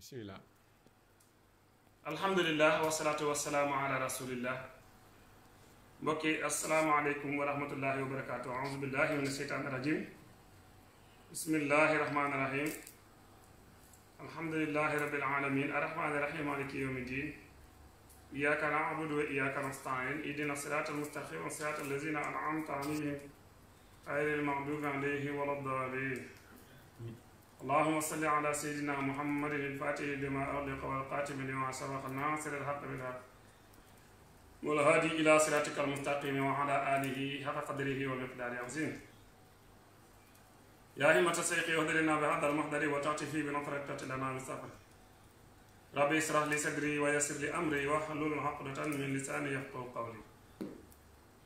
bisimilah. alhamdulilah wasalaatu wasalaamu ala rasulillah mbokki asalaamaaleykum wa rahmatullahi wa barakaatu auzu billahi min asheytaan rajim bismillahi rahmaani rahim alhamdulilahi rabbil alamin arrahmaani rahim maliki yawmi din iyyaka na'budu wa iyyaka nasta'in ihdina siraatal mustaqim siraatal lazina an'amta alayhim ghayril maghdubi alayhim wa lad-daalliin اللهم صل على سيدنا محمد الفاتح لما أغلق والقاتم لما سبق الناصر الحق بالحق والهادي إلى صراطك المستقيم وعلى آله حق قدره ومقداره العظيم يا همة الشيخ اهدرنا بهذا المحضر وتعطفي بنطرة لنا بالسفر ربي اشرح لي صدري ويسر لي أمري واحلل عقدة من لساني يفقهوا قولي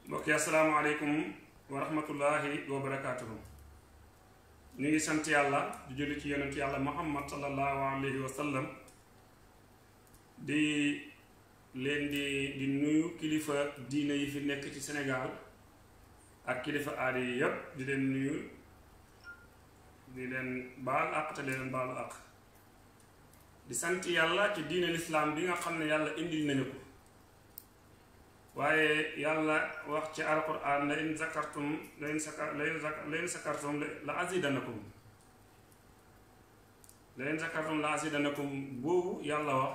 mbokk yi asalaamaaleykum wa rahmatullahi wa barakaatuhu ñu ngi sant yàlla di julli ci yonent yàlla muhammad sallallahu alayhi wa sallam di leen di di nuyu kilifa diine yi fi nekk ci senegaal ak kilifa aada yi yépp di leen nuyu di leen baal àq te leen baalu àq di sant yàlla ci diine lislaam bi nga xam ne yàlla indil nañu ko waaye yàlla wax ci alquran la in zakartum la in sakar la in zakartum la azidanakum zakartum la yàlla wax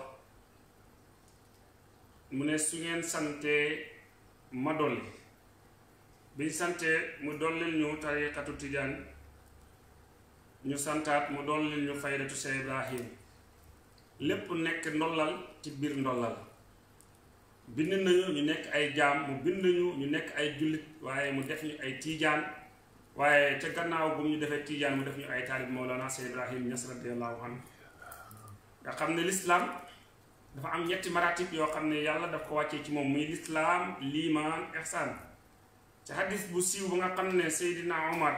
mu ne su ngeen sante ma dolli biñ sante mu dollil ñu tariqatu tijaan ñu santaat mu dollil ñu faydatu sa ibrahim lépp nekk ndollal ci biir ndollal bind nañu ñu nekk ay jaam mu bind ñu ñu nekk ay jullit waaye mu def ñu ay tiijaan waaye ca gannaaw bu mu ñu defee tiijaan mu def ñu ay taalib Mawlana Seyd Ibrahim Niass radiyallahu anhu nga xam ne lislaam dafa am ñetti maratib yoo xam ne yàlla daf ko wàccee ci moom muy lislaam liimaan ihsaan ci hadis bu siiw ba nga xam ne Seydina Omar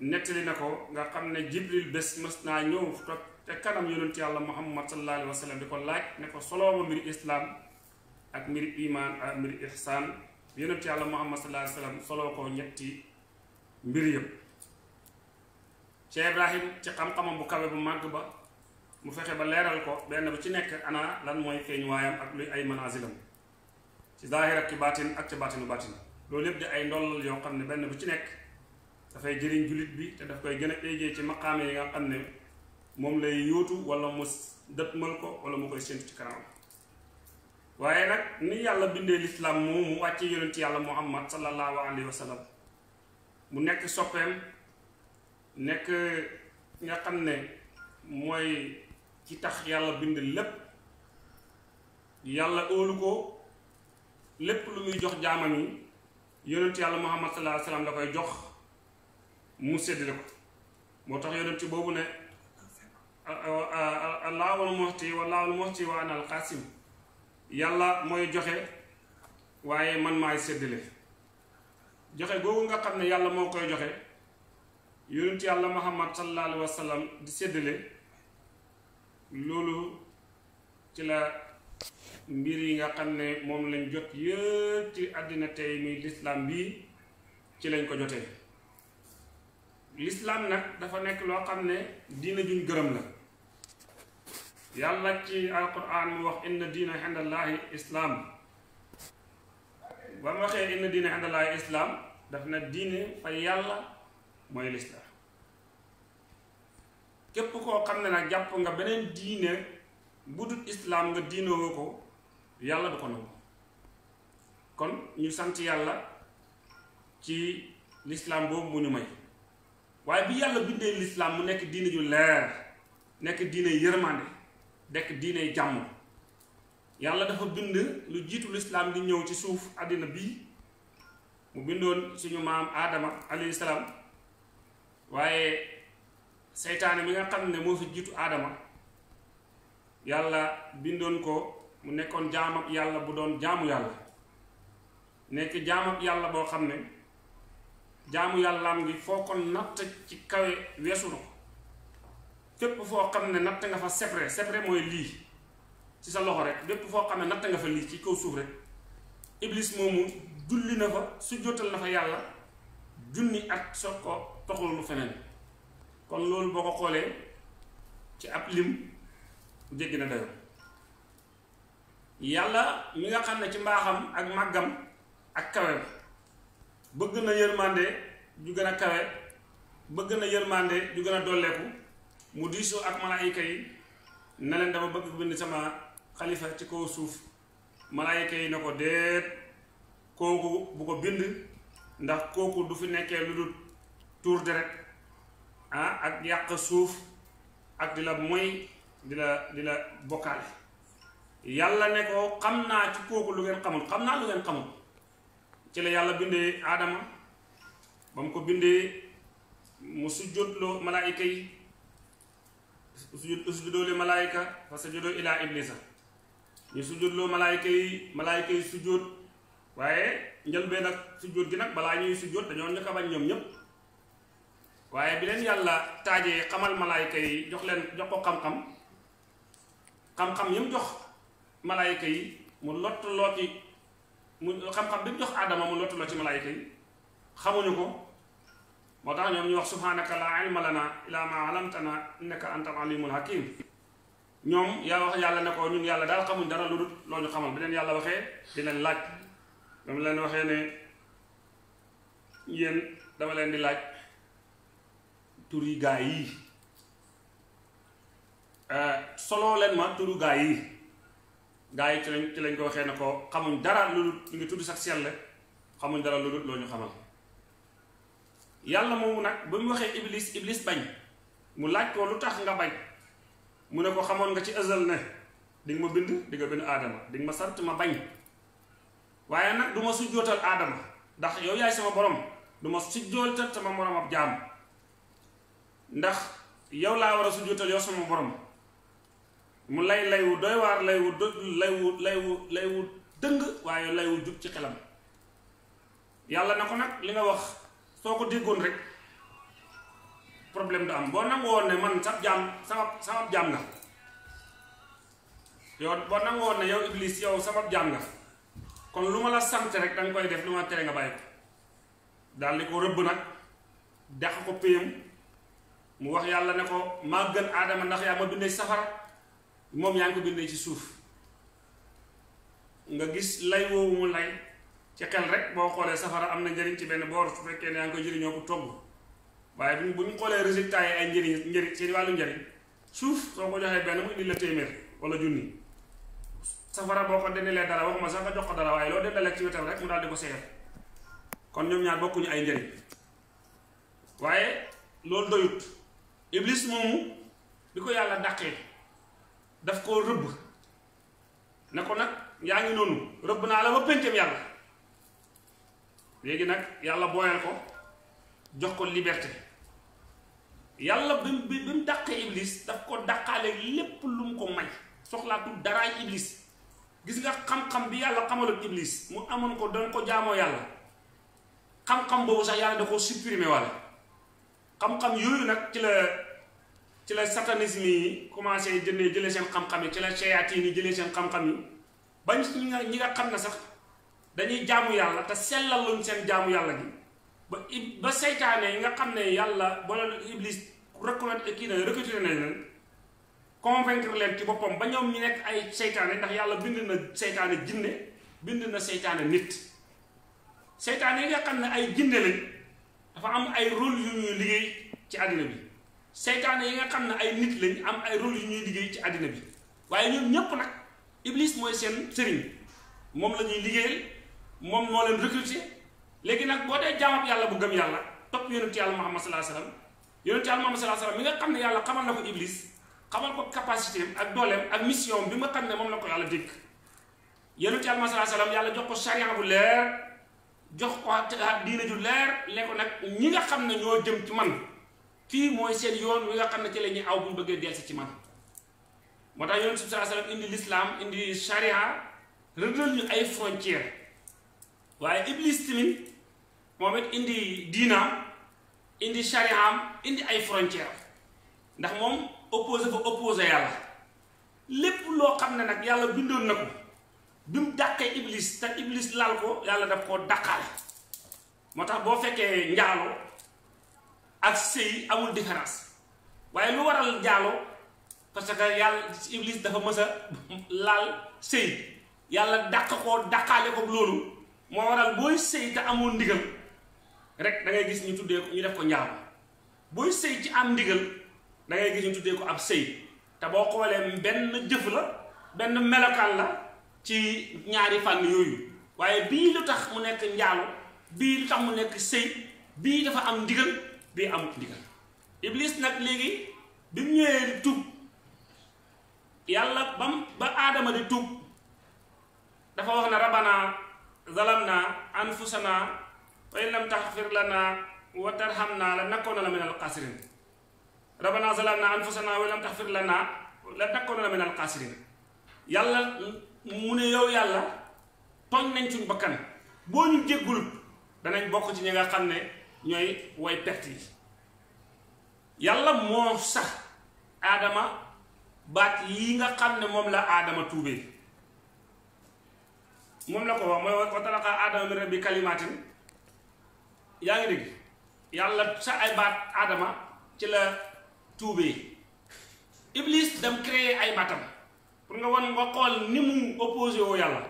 nettali na ko nga xam ne Jibril bés mës naa ñëw toog te kanam yonent yàlla Muhammad sallallahu alayhi wa sallam ko laaj ma mbir islaam ak mbiri iman ak mbiri ihsaan yonent yàlla muhammad sallallahu alayhi wa sallam soloo ko ñetti mbir yëpp Cheikh Ibrahim ci xam-xamam bu kawe bu màgg ba mu fexe ba leeral ko benn bu ci nekk ana lan mooy feeñ waayam ak luy ay manasilam ci zaahir ak ci baatin ak ci baatinu baatin loolu yëpp di ay ndollal yoo xam ne benn bu ci nekk dafay jëriñ jullit bi te daf koy gën a éegee ci maqaame yi nga xam ne moom lay yuutu wala mu dëtmal ko wala mu koy séntu ci waaye nag ni yàlla bindee lislaam moom mu wàcce yonent yàlla muhammad sallallahu alayhi wa sallam mu nekk soppeem nekk nga xam ne mooy ci tax yàlla bind lépp yàlla óolu ko lépp lu muy jox jaamam yi yonent yàlla muhammad sallallahu alayhi wa sallam la koy jox mu séddale ko moo tax yonent boobu ne al muhti wa ana al qaasim yàlla mooy joxe waaye man maay séddale joxe googu nga xam ne yàlla moo koy joxe yonent yàlla muhammad sallallahu alayhi wa sallam di séddale loolu ci la mbir yi nga xam ne moom lañ jot yëpp ci àddina tey muy lislaam bii ci lañ ko jotee lislaam nag dafa nekk loo xam ne diina juñ gërëm la yàlla ci alquran mu wax inna diina indallaahi islaam ba waxee inna diina indallaahi islaam daf na diine fa yàlla mooy lislaam képp koo xam ne nag jàpp nga beneen diine bu islaam nga diinoo ko yàlla du ko nangu kon ñu sant yàlla ci lislaam boobu mu ñu may waaye bi yàlla bindee lislaam mu nekk diine ju leer nekk diine yërmande dekk diiney jàmm yàlla dafa bind lu jiitu lislaam di ñëw ci suuf àddina bii mu bindoon suñu maam aadama alayhi salaam waaye seytaane mi nga xam ne moo fi jiitu aadama yàlla bindoon ko mu nekkoon jaamab yàlla bu doon jaamu yàlla nekk jaamab yàlla boo xam ne jaamu yàllaam ngi foo ko natt ci kawe weesu na fépp foo xam ne natt nga fa sepre sepre mooy lii ci sa loxo rek fépp foo xam ne natt nga fa lii ci kaw suuf rek iblis moomu julli na fa su jotal na fa yàlla junni ak soog ko toxul feneen kon loolu boo ko xoolee ci ab lim jéggi na dayo yàlla mi nga xam ne ci mbaaxam ak màggam ak kawe bëgg na yërmande ju gën a kawe bëgg na yërmande ju gën a dolleeku mu diisoo ak malaayika yi ne leen dama bëgg bind sama xalifa ci kaw suuf malaayika yi na ko déet kooku bu ko bind ndax kooku du fi nekkee lu dul tuur deret ah ak yàq suuf ak di la moy di la di la bokkaale yàlla ne ko xam naa ci kooku lu ngeen xamul xam naa lu ngeen xamul ci la yàlla bindee aadama ba mu ko bindee mu sujjóotloo malaayika yi sujud usjudu li malaayika fa sajudu ilaa iblisa ñu sujudloo malaayika yi malaayika yi sujud waaye njëlbeen ak sujud gi nag balaa ñuy sujud dañoo njëkk a bañ ñoom ñëpp waaye bi leen yàlla taajee xamal malaayika yi jox leen jox ko xam-xam xam-xam yëpp jox malaayika yi mu lottuloo ci mu xam-xam bi mu jox aadama mu lottuloo ci malaayika yi xamuñu ko moo tax ñoom ñu wax subhaanaka laa ilma lana ilaa maa alamtana innaka antal alimul hakim ñoom yaa wax yàlla ne ko ñun yàlla daal xamuñ dara lu dul loo ñu xamal bi leen yàlla waxee di leen laaj dama leen waxee ne yéen dama leen di laaj turi gaa yi euh, soloo leen ma turu gaa yi gaa yi ci lañ ci lañ ko waxee ne ko xamuñ dara lu dul tudd sax sell xamuñ dara lu loo ñu xamal yàlla moomu nag ba mu waxee iblis iblis bañ mu laaj ko lu tax nga bañ mu ne ko xamoon nga ci ëzal ne di ma di nga bind aadama di ma sant ma bañ waaye nag du ma sujjootal aadama ndax yow yaay sama borom du ma sujjootal sama morom ab ndax yow laa war a sujjootal yow sama borom mu lay lay wu doy waar lay wu do lay wu lay wu lay wu dëng waaye lay wu jub ci xelam yàlla na ko nag li nga wax soo ko déggoon rek problème du am boo nangoon ne man sab jaam sama sama jaam nga yow boo nangoon ne yow Iblis yow sama jaam nga kon lu ma la sant rek danga koy def lu ma la tere nga bàyyi ko daal di ko rëbb nag dex ko péyam mu wax yàlla ne ko maa gën aadama ndax yaa ma bindee safara moom yaa ngi ko bindee ci suuf nga gis lay woowu lay ci xel rek boo xoolee safara am na njëriñ ci benn boor su fekkee ne yaa ngi koy jëriñoo ko togg waaye bu ñu xoolee résultat yi ay njëriñ njëriñ seen wàllu njëriñ suuf soo ko joxee benn mu indi la téeméer wala junni safara boo ko dendalee dara waxuma sax nga jox ko dara waaye loo dendalee ci wetam rek mu daal di ko seer kon ñoom ñaar bokkuñu ay njëriñ waaye loolu doyut iblis moomu bi ko yàlla dàqee daf koo rëbb ne ko nag yaa ngi noonu rëbb naa la ba péncam yàlla léegi nag yàlla booyal ko jox ko liberté yàlla bi mu bi mu dàqee iblis daf ko dàqaale lépp lu mu ko may soxlaatul daraay iblis gis nga xam-xam bi yàlla xamaloon iblis mu amoon ko doon ko jaamoo yàlla xam-xam boobu sax yàlla da ko supprimer walla xam-xam yooyu nag ci la ci la satanisme yi commencé jëndee jële seen xam-xam yi ci la shayatin yi jëlee seen xam-xam yi bañ ñi nga ñi nga xam na sax dañuy jaamu yàlla te sellal luñ seen jaamu yàlla gi ba ib ba seytaane yi nga xam ne yàlla ba leen iblis reconnaître kii na recruter nañ leen convaincre leen ci boppam ba ñoom ñu nekk ay seytaane ndax yàlla bind na seytaane jinne bind na seytaane nit seytaane yi nga xam ne ay jinne lañ dafa am ay rôle yu ñuy liggéey ci àddina bi seytaane yi nga xam ne ay nit lañ am ay rôle yu ñuy liggéey ci àddina bi waaye ñoom ñépp nag iblis mooy seen sëriñ moom la ñuy moom moo leen recruter léegi nag boo dee jaamab yàlla bu gëm yàlla topp yonent yàlla Muhammad sallallahu alayhi wa sallam yonent yàlla Muhammad sallallahu alayhi wa sallam mi nga xam ne yàlla xamal na ko Iblis xamal ko capacité ak dooleem ak mission bi nga xam ne moom la ko yàlla dénk yonent yàlla Muhammad sallallahu alayhi wa sallam yàlla jox ko charia bu leer jox ko diine ju leer ne ko nag ñi nga xam ne ñoo jëm ci man fii mooy seen yoon wi nga xam ne ci la ñuy aw bu ñu bëggee delsi ci man moo tax yonent bi sallallahu alayhi wa sallam indi l'islam indi charia rëddal ñu ay frontières waaye iblis tamit moom it indi diinaam indi shariaam indi ay frontière ndax moom opposé fa opposé yàlla lépp loo xam ne nag yàlla bindoon na ko bi mu dàqee iblis te iblis laal ko yàlla daf koo dàqaale moo tax boo fekkee njaalo ak sëy amul différence waaye lu waral njaalo parce que yàlla iblis dafa mës a laal sëy yàlla dàq koo dàqaale ko loolu moo waral booy sëy te amoo ndigal rek dangay gis ñu tuddee ko ñu def ko njaam booy sëy ci am ndigal da gis ñu tuddee ko ab sëy te boo xoolee benn jëf la benn melokaan la ci ñaari fànn yooyu waaye bii lu tax mu nekk njaalo bii lu tax mu nekk sëy bii dafa am ndigal bii amut ndigal iblis nag léegi bi mu ñëwee di tuub yàlla bam ba aadama di tuub dafa wax na rabanaa zalamna anfusana wa in lam taxfir lana wa tarhamna la nakkoona la min al xaasirin rabbana zalamna anfusana wa in lam taxfir lana la nakkoona la min al xaasirin yàlla mu ne yow yàlla tooñ nañ suñ bakkan boo ñu jéggul danañ bokk ci ñi nga xam ne ñooy way perte yi yàlla moo sax aadama baat yi nga xam ne moom la aadama tuubee moom la ko wax mooy wa talaqa aadama min bi kalimaatin yaa ngi dégg yàlla sa ay baat aadama ci la tuubee iblis dem créer ay baatam pour nga wan nga xool ni mu opposé woo yàlla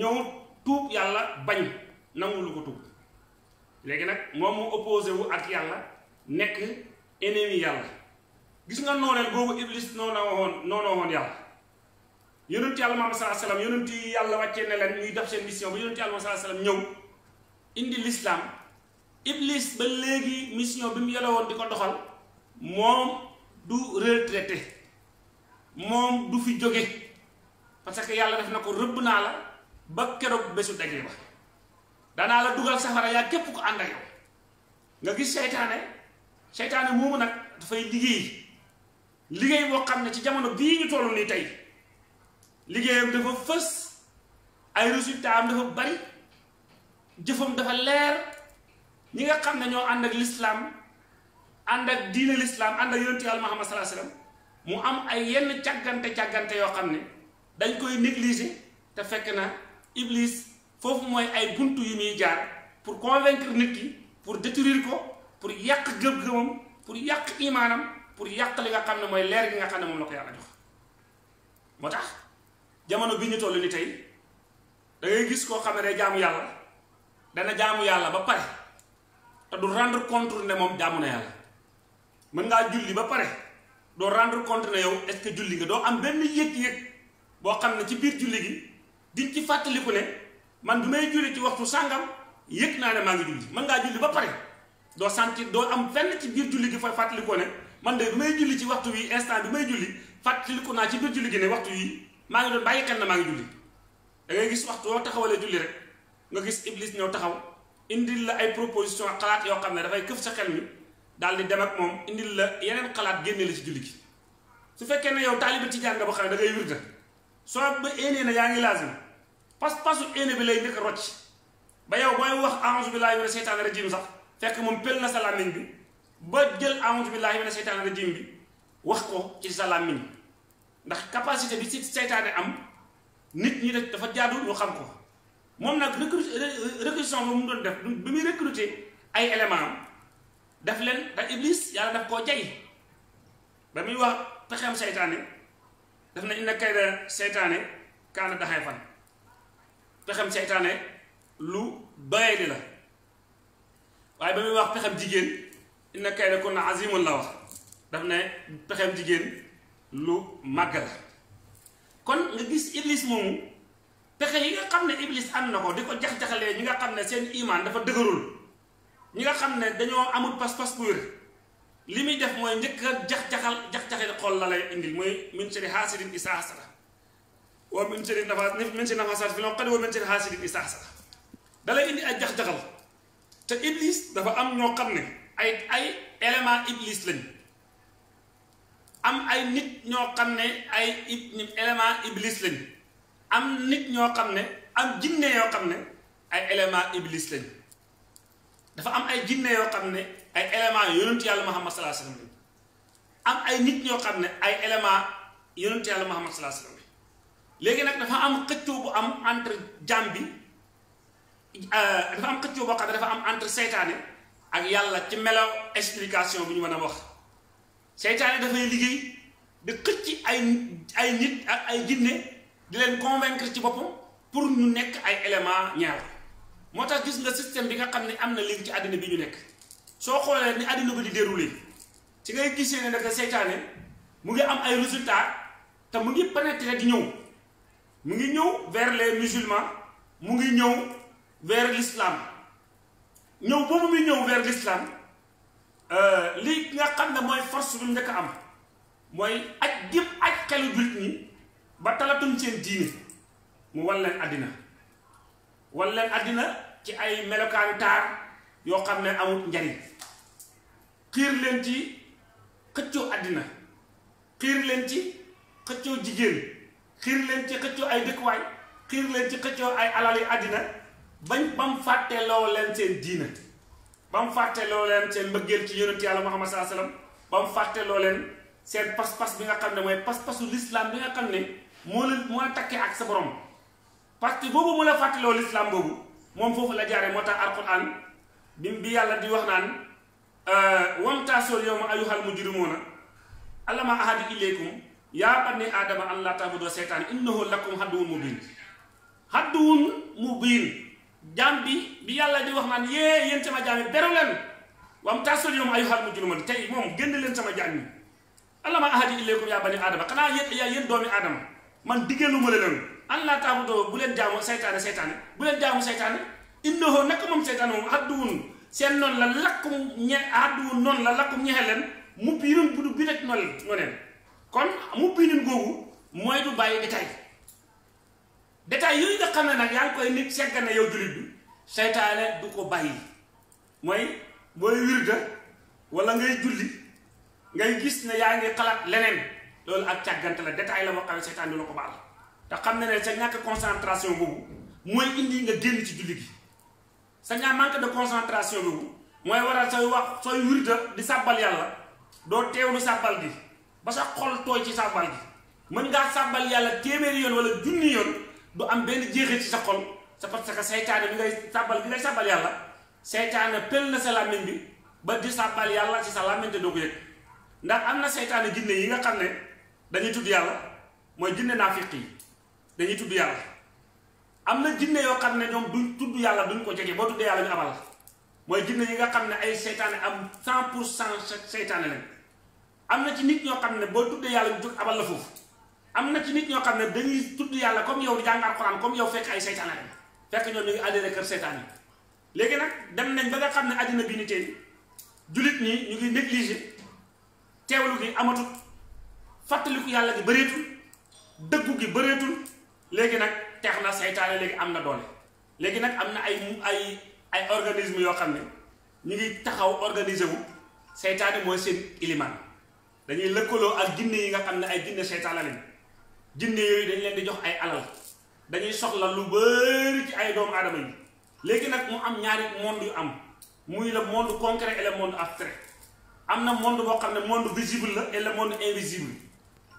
ñëw tuub yàlla bañ nangu lu ko tuub léegi nag moom mu opposé wu ak yàlla nekk ennemi yàlla gis nga nooneel boobu iblis noona woon noona yàlla yonent yàlla Muhammad sallallahu alayhi wasallam yonent yi yàlla wàccee ne leen ñuy def seen mission ba yonent yàlla Muhammad sallallahu alayhi wasallam ñëw indi l'islam iblis ba léegi mission bi mu yore woon di ko doxal moom du retraité moom du fi jóge parce que yàlla def na ko rëbb naa la ba keroog bésu daje ba danaa la dugal safara yaa képp ko ànd ak yow nga gis seytaane seytaane moomu nag dafay liggéey liggéey boo xam ne ci jamono bii ñu toll nii tey liggéeyam dafa fës ay résultat am dafa bari jëfam dafa leer ñi nga xam ne ñoo ànd ak lislaam ànd ak diine lislaam ànd ak yonentu Yàlla Muhammad sallallahu mu am ay yenn càggante càggante yoo xam ne dañ koy négliger te fekk na iblis foofu mooy ay bunt yu muy jaar pour convaincre nit ki pour détruire ko pour yàq gëm-gëmam pour yàq imaanam pour yàq li nga xam ne mooy leer gi nga xam ne moom la ko yàlla jox moo tax jamono bi ñu toll ni tey da ngay gis koo xam ne day jaamu yàlla dana jaamu yàlla ba pare te du rendre compte ne moom jaamu na yàlla mën ngaa julli ba pare doo rendre compte ne yow est-ce que julli nga doo am benn yëg-yëg boo xam ne ci biir julli gi diñ ci fàttaliku ne man du may julli ci waxtu sàngam yëg naa ne maa ngi julli mën ngaa julli ba pare doo sentir doo am fenn ci biir julli gi fa fàttalikoo ne man de du may julli ci waxtu wi instant du may julli fàttaliku naa ci biir julli ne waxtu yi maa ngi doon bàyyi xel na maa ngi julli dangay gis waxtu woo taxawalee julli rek nga gis iblis ñëw taxaw indi la ay proposition xalaat yoo xam ne dafay këf sa xel mi daal di dem ak moom indil la yeneen xalaat génne si ci julli gi su fekkee ne yow taaliba ci jàng ba xam ne da ngay wirda soo ba éenee na yaa ngi laazim pas-pasu éene bi lay njëkk a ba yow booy wax a'uuzu billaahi mina seytaani rajiim sax fekk moom pel na sa làmmiñ bi ba jël a'uuzu billaahi mina seytaani rajiim bi wax ko ci sa làmmiñ ndax capacité bi si seytaane am nit ñi def dafa jaadu ñu xam ko moom nag recrut moom mu doon def bi muy recruter ay élément am daf leen da iblis yàlla daf koo jay ba muy wax pexeem seytaane daf na inna kayda seytaane kaana daxay fan pexeem seytaane lu doyee di la waaye ba muy wax pexeem jigéen inna na kunna azimun la wax daf ne pexeem jigéen lu màgg la kon nga gis iblis moomu pexe yi nga xam ne iblis am na ko di ko jax-jaxalee ñi nga xam ne seen imaan dafa dëgërul ñi nga xam ne dañoo amul pas-pas bu wér li muy def mooy njëkk a jax-jaxal jax-jaxal xol la lay indi mooy min sharri haasidin izaa hasad wa min sharri nafaas min sharri nafaasaati fil uqad wa min sharri haasidin izaa hasad da lay indi ay jax-jaxal te iblis dafa am ñoo xam ne ay ay élément iblis lañ am ay nit ñoo xam ne ay élément iblis lañ am nit ñoo xam ne am jinne yoo xam ne ay élément iblis lañ dafa am ay jinne yoo xam ne ay élément yonentu yàlla Muhammad sallallahu alayhi wasallam am ay nit ñoo xam ne ay élément yonentu yàlla Muhammad sallallahu alayhi wasallam léegi nag dafa am xëccoo bu am entre jaam bi euh, dafa am xëccoo boo xam ne dafa am entre seytaane ak yàlla ci melo explication bu ñu mën a wax seytaane dafay liggéey di xëcc ay ay nit ak ay jinne di leen convaincre ci boppam pour ñu nekk ay élément ñaar moo tax gis nga système bi nga xam ne am na léegi ci àddina bi ñu nekk soo xoolee ni àddina bi di déroulé ci ngay gisee ne nag seytaane mu ngi am ay résultat te mu ngi pénétrer di ñëw mu ngi ñëw vers le musulmans mu ngi ñëw vers l'islam ñëw boobu muy ñëw vers l'islam Euh, li nga xam ne mooy force bi njëkk am mooy aj gépp aj xelu jullit ñi ba talatuñ seen diine mu wan àddina wan leen àddina ci ay melokaan taar yoo xam ne amul njariñ xiir leen ci xëccoo àddina xiir leen ci xëccoo jigéen xiir leen ci xëccoo ay dëkkuwaay xiir leen ci xëccoo ay alal yi àddina bañ bam fàtte loo leen seen diina ba mu fàtte loo leen seen mbëggeel ci yonent yàlla Muhammad sallallahu alayhi wasallam ba mu fàtte loo leen seen pas-pas bi nga xam ne mooy pas-pasu l'islam bi nga xam ne moo la moo la takkee ak sa borom parce que boobu mu la fàtteloo l'islam boobu moom foofu la jaare moo tax alquran bi bi yàlla di wax naan euh, wamtaasul yawma ayyuhal mujrimuuna alama ahadi ilaykum yaa bani aadama an laa taabudoo seytaan innahu lakum hadduwun mubiin hadduwun mubiin jaam bi bi yàlla di wax naan yee yéen sama jaam yi beru leen wam tasul yoom ayu xal mujjul man tey moom génn leen sama jaam yi allah ma ahadi ilaykum yaa bani aadama xanaa yéen yaa yéen doomi aadama man diggeelu ma leen an laa taabudoo bu leen jaamu seytaane seytaane bu leen jaamu seytaane innahu naka moom seytaane moom adduwun seen noonu la lakkum ñe adduwun noonu la lakkum ñexe leen mu biirun budu bi rek noonu noo leen kon mu biirin googu mooy du bàyyi détail détail yooyu nga xam ne nag yaa ngi koy nit seggan na yow jullit bi seytaane du ko bàyyi mooy booy wirda walla ngay julli ngay gis ne yaa ngi xalaat leneen loolu ak càggante la détail la moo xam ne la ko baal te xam ne ne sa ñàkk concentration boobu mooy indi nga génn ci julli gi sa ñaa manque de concentration boobu mooy waral sooy wax sooy wirda di sàbbal yàlla doo teewlu sàbbal gi ba sa xol tooy ci sàbbal gi mën ngaa sàbbal yàlla téeméeri yoon wala junni yoon du am benn jeexee ci sa xol c'est parce que seytaane bi ngay sàbbal bi ngay sàbbal yàlla seytaane pel na sa làmmiñ bi ba di sàbbal yàlla ci sa làmmiñ te doo ko yëg ndax am na seytaane jinne yi nga xam ne dañuy tudd yàlla mooy jinne naafiq yi dañuy tudd yàlla am na jinne yoo xam ne ñoom du tudd yàlla duñ ko jege boo tuddee yàlla ñu abal mooy jinne yi nga xam ne ay seytaane am 100 pour cent seytaane lañ am na ci nit ñoo xam ne boo tuddee yàlla ñu jóg abal foofu am na ci nit ñoo xam ne dañuy tudd yàlla comme yow jàng alxuraan comme yow fekk ay seytaan la fekk ñoom ñu ngi adhéré kër seytaan léegi nag dem nañ ba nga xam ne àddina bi ni tey jullit nii ñu ngi négligé teewlu gi amatul fàttaliku yàlla gi bëreetul dëggu gi bëreetul léegi nag teex na seytaane léegi am na doole léegi nag am na ay ay ay organisme yoo xam ne ñu ngi taxaw organiser wu seytaane mooy seen iliman dañuy lëkkaloo ak ginne yi nga xam ne ay ginne seytaane jinne yooyu dañ leen di jox ay alal dañuy soxla lu bari ci ay doomu aadama yi léegi nag mu am ñaari monde yu am muy le monde concret et le am na monde boo xam ne monde visible la et le monde invisible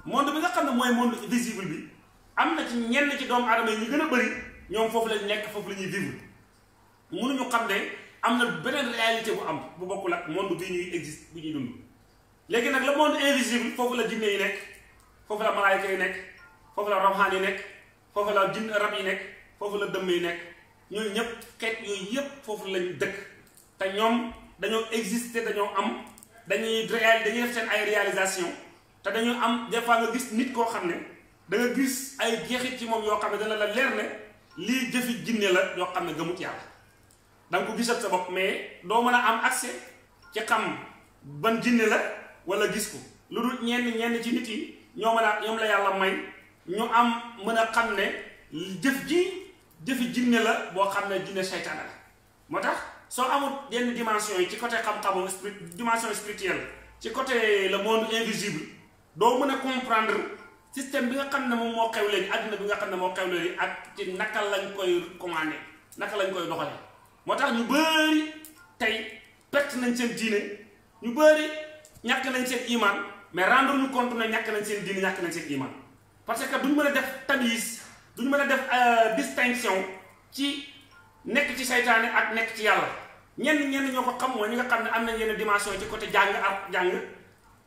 monde bi nga xam ne mooy monde visible bi am na ci ñenn ci doomu aadama yi ñu gën a bëri ñoom foofu lañ nekk foofu la ñuy vivre ñu xam ne am na beneen réalité bu am bu bokkul ak monde bii ñuy existe bu ñuy dund léegi nag le monde invisible foofu la jinne yi nekk foofu la malaayka nekk foofu la rawxaan yi nekk foofu la jinn rab yi nekk foofu la dëmm yi nekk ñooñu ñëpp xeet yooyu yëpp foofu lañ dëkk te ñoom dañoo existe dañoo am dañuy réal dañuy def seen ay réalisation te dañoo am des nga gis nit koo xam ne da nga gis ay jeexit ci moom yoo xam ne dana la leer ne lii jëfi jinne la yoo xam ne gëmut yàlla da nga ko gisal sa bopp mais doo mën a am accès ci xam ban jinne la walla gis ko lu dul ñenn ñenn ci nit yi ñoo mën a ñoom la yàlla may ñu am mën a xam ne jëf ji jëfi jinne la boo xam ne jinne seytaane la moo tax soo amul yenn dimension yi ci côté xam-xamu dimension spirituelle ci côté le monde invisible doo mën a comprendre système bi nga xam ne moom moo xew léegi àddina bi nga xam ne moo xew léegi ak ci naka lañ koy commandé naka lañ koy doxale moo tax ñu bëri tey perte nañ seen diine ñu bëri ñàkk nañ seen iman mais rendre ñu compte ne ñàkk nañ seen diine ñàkk nañ seen parce que duñ mën a def tamis duñ mën a def euh, distinction ci nekk ci saytaane ak nekk ci yàlla ñenn ñenn ñoo ko xam mooy ñi nga xam ne am nañ yenn dimension ci côté jàng ak jàng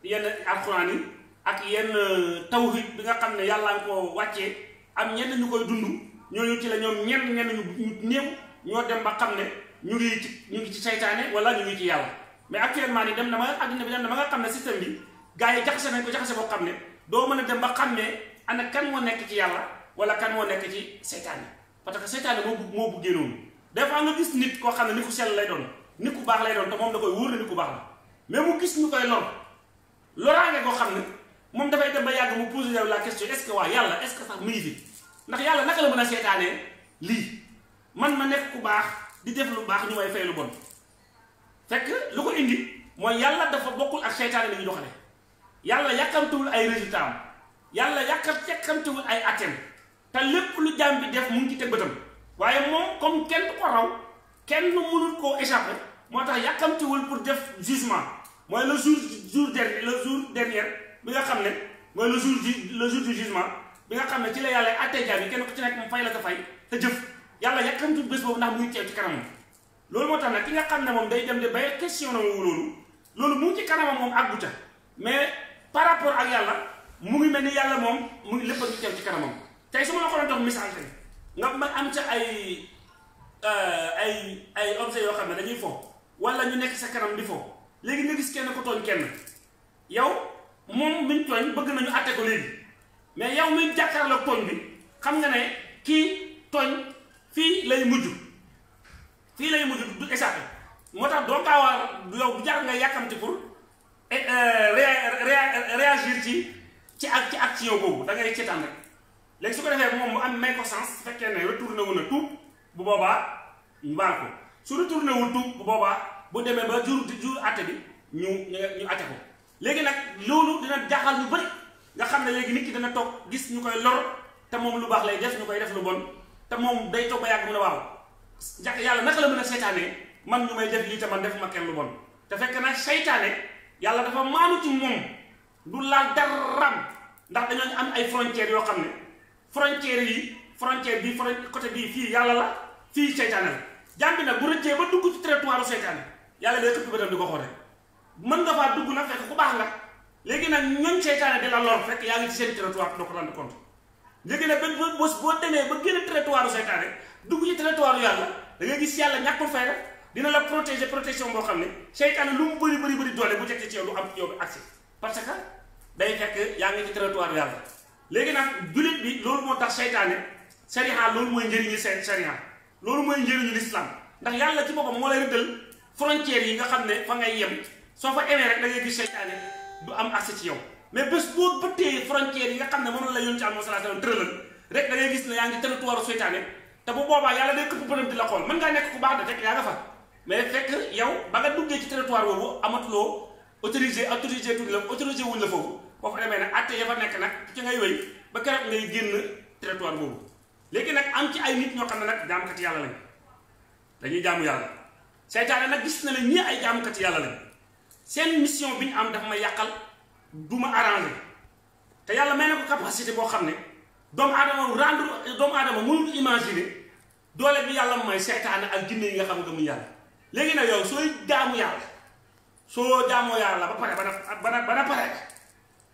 yenn alxuraan yi ak yenn euh, tawhid bi nga xam ne yàlla nga ko wàccee am ñenn ñu koy dund ñooñu ci la ñoom ñenn ñenn ñu néew ñoo dem ba xam ne ñu ngi ci ñu ngi ci saytaane wala ñu ngi ci yàlla mais actuellement ni dem na ma adduna bi dem ma nga xam ne système bi gars yi jaxase nañ ko jaxase boo xam ne doo mën a dem ba xam ne ana kan moo nekk ci yàlla wala kan moo nekk ci seytaane parce que seytaane moo bugg moo buggee noonu des fois nga gis nit koo xam ne ni ku sell lay doon nit ku baax lay doon te moom da koy wóor na nit ku baax la mais mu gis ñu koy koo xam ne moom dafay dem ba yàgg mu posé la question est ce waa yàlla est ce que sax mu ngi fi ndax yàlla naka la mën a seytaanee lii man ma nekk ku baax di def lu baax ñu may fay lu bon fekk lu ko indi mooy yàlla dafa bokkul ak seytaane la ñu doxale yàlla yàkkamtuwul ay résultat yàlla yàqal yàqamtewul ay atem te lépp lu jàmm bi def mu ngi ci teg bëtam waaye moom comme kenn ko raw kenn mënul koo échappé moo tax yàqamtewul pour def jugement mooy le jour jour dernier le jour dernier bi nga xam ne mooy le jour le jour du jugement bi nga xam ne ci la yàlla atte jaam yi kenn ku ci nekk mu fay la sa fay te jëf yàlla yàqamtewul bés boobu ndax mu teew ci kanamam loolu moo tax nag ki nga xam ne moom day dem de bay question na wu loolu loolu mu ngi ci kanamam moom mais par rapport ak yàlla mu ngi mel ni yàlla moom mu ngi lépp a ngi teew ci kanamam tey su ma la ko doon jox message tey ma am sax euh, ay ay ay objet yoo xam ne dañuy fo wala ñu nekk sa kanam di fo léegi nga gis kenn ko tooñ kenn yow moom miñ tooñ bëgg nañu àtte ko léegi mais yow mi la tooñ bi xam nga ne kii tooñ fii lay mujj fii lay mujj du échappé moo tax doo gaaw a yow bu jar nga yàkkamti pour eh, euh, réagir ci ci ak ci action boobu dangay ngay seetaan rek léegi su ko defee moom mu am may ko sens su fekkee ne retourné wu na tu bu boobaa ñu baal ko su retourné wul tuub bu boobaa bu demee ba jur jur àtte bi ñu ñu àtte ko léegi nag loolu dina jaaxal ñu bëri nga xam ne léegi nit ki dana toog gis ñu koy lor te moom lu baax lay def ñu koy def lu bon te moom day toog ba yàgg mu ne waaw jàkk yàlla naka la mën a seytaane man ñu may def lii te man def ma kenn lu bon te fekk seytaane yàlla dafa maanu ci moom du laal daram ndax dañoo am ay frontières yoo xam ne frontières yi frontière bi côté bii fii yàlla la fii seytaane la jàmbi nag bu rëccee ba dugg ci territoire seytaane yàlla day xëpp bëtam di ko xoolee mën nga faa dugg nag fekk ku baax nga léegi nag ñoom seytaane di la lor fekk yaa ngi ci seen territoire doo ko rendre compte boo demee ba génn territoire seytaane dugg ci territoire yàlla da ngay gis yàlla ñàkkul fay dina la protéger protection boo xam ne seytaane lu mu bëri bëri bëri doole bu teg ci yow du am yow bi accès parce que day fekk yaa ngi ci territoire yàlla léegi nag jullit bi loolu moo tax seytaane sariya loolu mooy njëriñu seen sariya loolu mooy njëriñu l'islam ndax yàlla ci boppam moo lay rëddal frontières yi nga xam ne fa ngay yem soo fa emee rek da ngay gis seytaane am accès ci yow mais bés boo bëttee frontières yi nga xam ne mënul la yoon ci am sallallahu alayhi wa sallam rek da ngay gis ne yaa ngi territoire seytaane te bu boobaa yàlla day këpp bënam di la xool mën ngaa nekk ku baax de fekk yaa nga fa mais amatuloo autorisé autorisé tuuti la autorisé wuñ la foofu boo fa demee nag atte ya fa nekk nag ci ngay wéy ba keroog ngay génn territoire boobu léegi nag am ci ay nit ñoo xam ne nag jaamukati yàlla lañ dañuy jaamu yàlla seytaane nag gis na ne ñii ay jaamukati yàlla lañ seen mission bi ñu am dafa ma yàqal du ma arrangé te yàlla may na ko capacité boo xam ne doomu aadama rendre doomu aadama mënul imaginer doole bi yàlla may seytaane ak jinne yi nga xam nga mu yàlla léegi nag yow sooy jaamu yàlla soo jaamoo la ba pare bana bana bana pare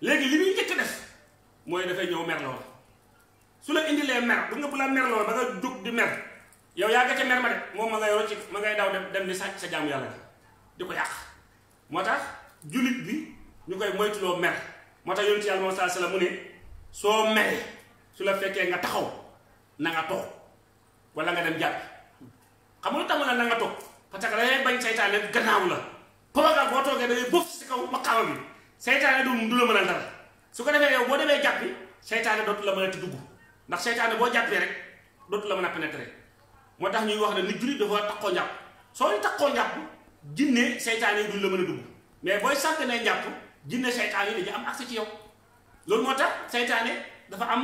léegi li muy njëkk def mooy dafay ñëw merloo la su la indilee mer bu nga bu la merloo ba nga dugg di mer yow yaa nga ca mer ma de moom ma ngay rocci ma ngay daw dem dem ni sàcc sa jaamu yàlla di ko yàq moo tax jullit bi ñu koy moytuloo mer moo tax yonent yàlla moom saa la mu ne soo meree su la fekkee nga taxaw na nga toog wala nga dem jàpp xam nga lu tax na nga toog parce que da ngay bañ saytaane gannaaw la programme boo toogee da ngay ci kaw maqaama seytaane du du la mën a dara su ko defee yow boo demee jàppi seytaane dootu la mën a ti dugg ndax seytaane boo jàppee rek dootu la mën a pénétrer moo tax ñuy wax ne nit jullit dafa takkoo njàpp soo ñu takkoo njàpp jinne seytaane yi duñ la mën a dugg mais booy sàkk ne njàpp jinne seytaane yi dañu am accès ci yow loolu moo tax seytaane dafa am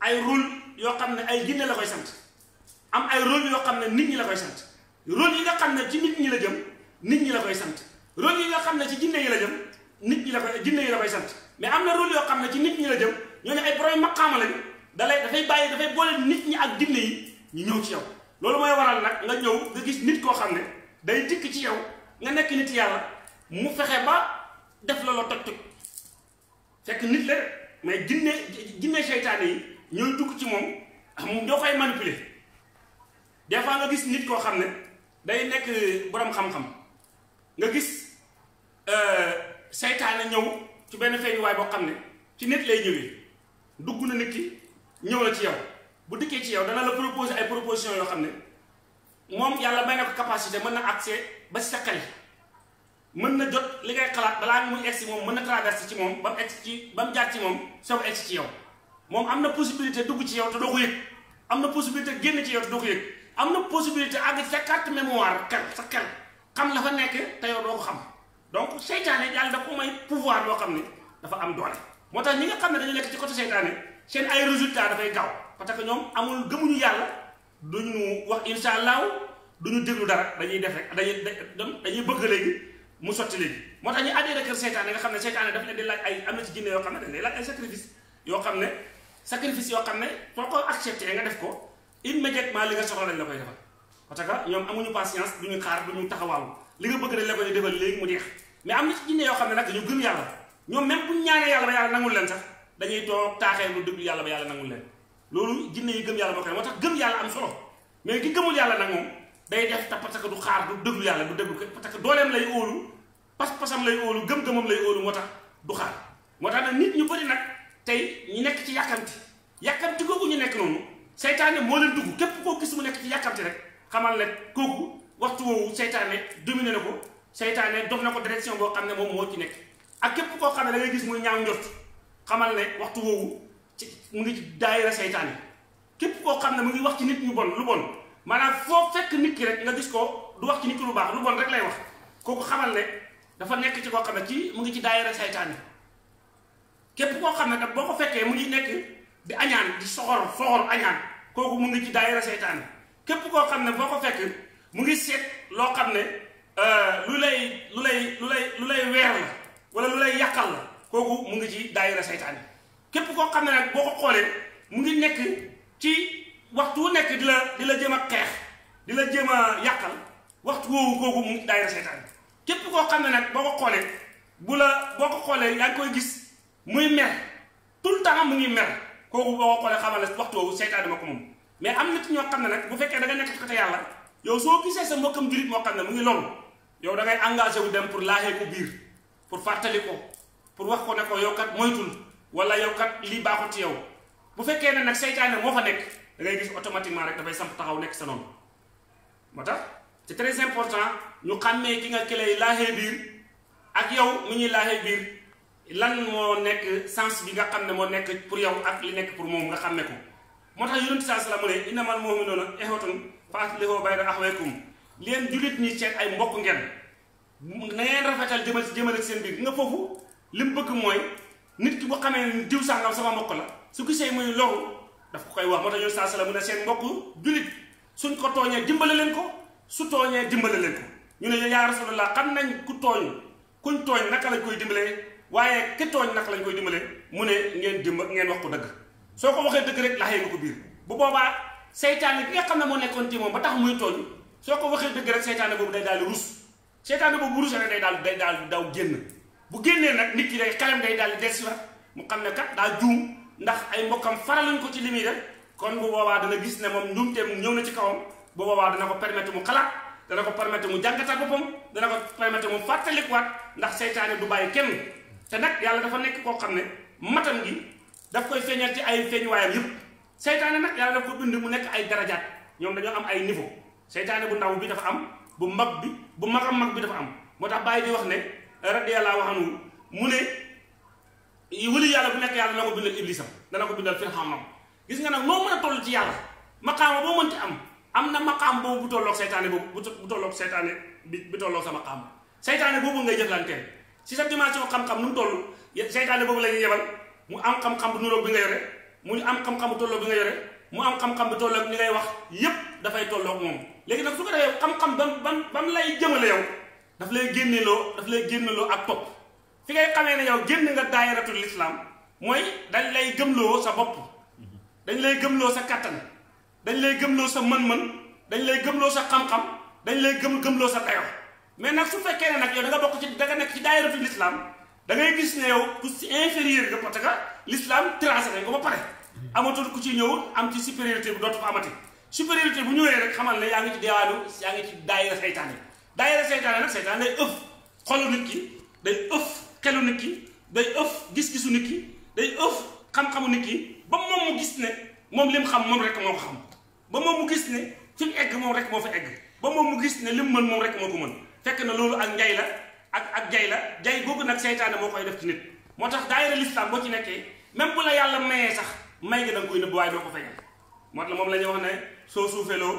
ay rôle yoo xam ne ay jinne la koy sant am ay rôle yoo xam ne nit ñi la koy sant rôle yi nga xam ne ci nit ñi la jëm nit ñi la koy sant rôle yi nga xam ne ci jinne yi la jëm nit ñi la koy jinne yi la sant mais am na rôle yoo xam ne ci nit ñi la jëm ñoo ne ay borom maqaama lañu dalay dafay bàyyi dafay boole nit ñi ak jinne ñu ñëw ci yow loolu mooy waral nag nga ñëw nga gis nit koo xam ne day dikk ci yow nga nekk nit yàlla mu fexe ba def la la toj toj fekk nit yi ñooy dugg ci moom ah, moom doo koy manipuler des fois nga gis nit koo xam ne day nekk borom xam-xam nga gis euh, seytaane ñëw ci benn feeñuwaay boo xam ne ci nit lay ñëwee dugg na nit ki ñëw na ci yow bu dikkee ci yow dana la proposer ay proposition yoo xam ne moom yàlla may na ko capacité mën na accès ba si sa mën na jot li ngay xalaat balaa muy egsi moom mën na traversé ci moom ba mu egsi ci ba mu jaar ci moom soo ko ci yow moom am na possibilité dugg ci yow te doo ko yëg am na possibilité génn ci yow te doo ko yëg am na possibilité àgg sa carte mémoire xam la fa nekk te yow donc seytaane yàlla da ko may pouvoir loo xam ne dafa am doole moo tax ñi nga xam ne dañu nekk ci côté seytaane seen ay résultat dafay gaaw parce que ñoom amul gëmuñu yàlla duñu wax insha allahu duñu déglu dara dañuy def rek dañuy dañuy bëgg léegi mu léegi moo tax ñu adhéré kër nga xam ne seytaane daf leen di laaj ne dañ lay laaj ay sacrifice yoo xam ne sacrifice yoo xam ne soo ko accepté nga def ko immédiatement li nga soxla lañ la koy defal parce que ñoom amuñu patience duñu xaar duñu taxawaalu li nga bëgg rek la ko ñu defal léegi mu jeex mais am na ci jinne yoo xam ne nag dañu gëm yàlla ñoom bu ñu ñaanee yàlla ba yàlla nangul leen sax dañuy toog taaxee lu déglu yàlla ba yàlla nangul leen loolu jinne yi gëm yàlla boo xam ne moom que du lay óolu moo tax du xaar moo tax nag nit ñu bëri nag tey ñu nekk ci yàkkamti yàkkamti googu ñu nekk noonu seytaane moo leen dugg képp koo gis mu nekk ci yàkkamti rek xamal ne kooku waxtu woowu seytaane dominé na ko seytaane dox na ko direction boo xam ne moom moo ci nekk ak képp koo xam ne da gis muy ñaaw xamal ne waxtu woowu ci mu ngi ci daayira seytaane képp koo xam ne mu ngi wax ci nit ñu bon lu bon maanaam foo fekk nit ki rek nga gis ko du wax ci nit ki lu baax lu bon rek lay wax kooku xamal ne dafa nekk ci koo xam ne ci mu ngi ci daayira seytaane képp koo xam ne nag boo ko fekkee mu ngi nekk di añaan di soxor soxor añaan kooku mu ngi ci daayira seytaane képp koo xam ne boo ko fekk mu ngi seet loo xam ne euh, lu lay lu lay lu lay lu lay weer la wala lu lay yàqal la kooku mu ngi ci daayira seytaan yi képp koo xam ne nag boo ko xoolee mu ngi nekk ci waxtu wu nekk di la di la jëm a xeex di la a yàqal waxtu woowu kooku mu ngi ci daayira seytaan koo xam ne nag boo ko xoolee bu la boo ko xoolee yaa ngi koy gis muy mer tout le temps mu ngi mer kooku boo ko xoolee xamal ne waxtu woowu ma ko moom mais am na ci ñoo xam ne nag bu fekkee da nga nekk ci côté yàlla yow soo gisee sa mbokkam jurit moo xam ne mu ngi loolu yow da ngay engagé wu dem pour laajee ko biir pour fàttali ko pour wax ko ne ko yow kat moytul wala yow kat lii baaxul ci yow bu fekkee ne nag seytaane moo fa nekk da ngay gis automatiquement rek dafay samp taxaw nekk sa noonu moo tax c'est très important ñu xàmmee ki nga kilay laajee biir ak yow mu ñuy laajee biir lan moo nekk sens bi nga xam ne moo nekk pour yow ak li nekk pour moom nga xàmme ko moo tax yonent saa salaam mu ne innamal mu'minuuna ixwatun faslihoo bayna axwaykum leen jullit ñi seen ay mbokk ngeen na ngeen rafetal jëmal jëmal ak seen biir nga foofu li mu bëgg mooy nit ki bu xamee diw sàngam sama mbokk la su gisee muy loru daf ko koy wax moo tax ñun saa sala mu ne seen mbokk jullit suñ ko tooñee jëmbale leen ko su tooñee dimbale leen ko ñu ne yaa rasulallah xam nañ ku tooñ kuñ tooñ naka lañ koy dimbalee waaye ki tooñ naka lañ koy dimbalee mu ne ngeen dimba ngeen wax ko dëgg soo ko waxee dëgg rek laxee nga ko biir bu boobaa seytaane bi nga xam ne moo nekkoon ci moom ba tax muy tooñ soo ko waxee dëgg rek seytaane boobu day daal di rus seytaane boobu bu rusee ne day daal day daal di daw génn bu génnee nag nit ki day xelam day daal di des la mu xam ne kat daal juum ndax ay mbokkam faraluñ ko ci li muy def kon bu boobaa dana gis ne moom njuumteem ñëw na ci kawam bu boobaa dana ko permettre mu xalaat dana ko permettre mu jàngatal boppam dana ko permettre mu fàttalikuwaat ndax seytaane du bàyyi kenn te nag yàlla dafa nekk koo xam ne matam gi daf koy feeñal ci ay feeñuwaayam yëpp seytaane nag yàlla dafa ko bind mu nekk ay darajaat ñoom dañoo am ay niveau seytaane bu ndaw bi dafa am bu mag bi bu magam mag bi dafa am moo tax bàyyi di wax ne radiyallahu anhu mu ne wëli yàlla bu nekk yàlla na ko bindal iblisam dana ko bindal firxaamam gis nga nag moo mën a toll ci yàlla maqaama boo mënti am am na maqaam boobu bu tolloog seytaane boobu bu tolloog seytaane bi bi tolloog sa maqaam seytaane boobu ngay jëflanteel si sa dimension xam-xam nu mu toll seytaane boobu la ñuy mu am xam-xam bu nuroog bi nga mu am xam-xam bu tolloog bi nga yore mu am xam-xam bu tolloog ni ngay wax yépp dafay tolloog moom léegi nag su ko defee xam-xam bam bam bam lay jëmale yow daf lay génneloo daf lay génneloo ak topp fi ngay xamee ne yow génn nga daayiratul islam mooy dañ lay gëmloo sa bopp dañ lay gëmloo sa kattan dañ lay gëmloo sa mën-mën dañ lay gëmloo sa xam-xam dañ lay gëm gëmloo sa tayo mais nag su fekkee ne nag yow da nga bokk ci da nga nekk ci daayiratul islam da gis ne yow ku si inférieur nga parce que l'islam terrassé nañ ko ba pare amatul ku ci ñëw am ci supériorité bu dootu fa amati supériorité bu ñëwee rek xamal ne yaa ngi ci deewaanu yaa ngi ci daayira seytaane daayira seytaane nag seytaane day ëf xolu nit ci day ëf xelu nit ki day ëf gis-gisu nit ki day ëf xam-xamu nit ki ba moom mu gis ne moom li mu xam moom rek moo ko xam ba moom mu gis ne fi mu egg moom rek moo fi egg ba moom mu gis ne lim mën moom rek moo ko mën na loolu ak njay la ak ak jay la jay boobu nag seytaane moo koy def ci nit moo tax daa daayira lislaam boo ci nekkee même bu la yàlla mayee sax may nga da koy nëbb waaye ko feeñal moo tax moom la ñuy wax ne soo suufeloo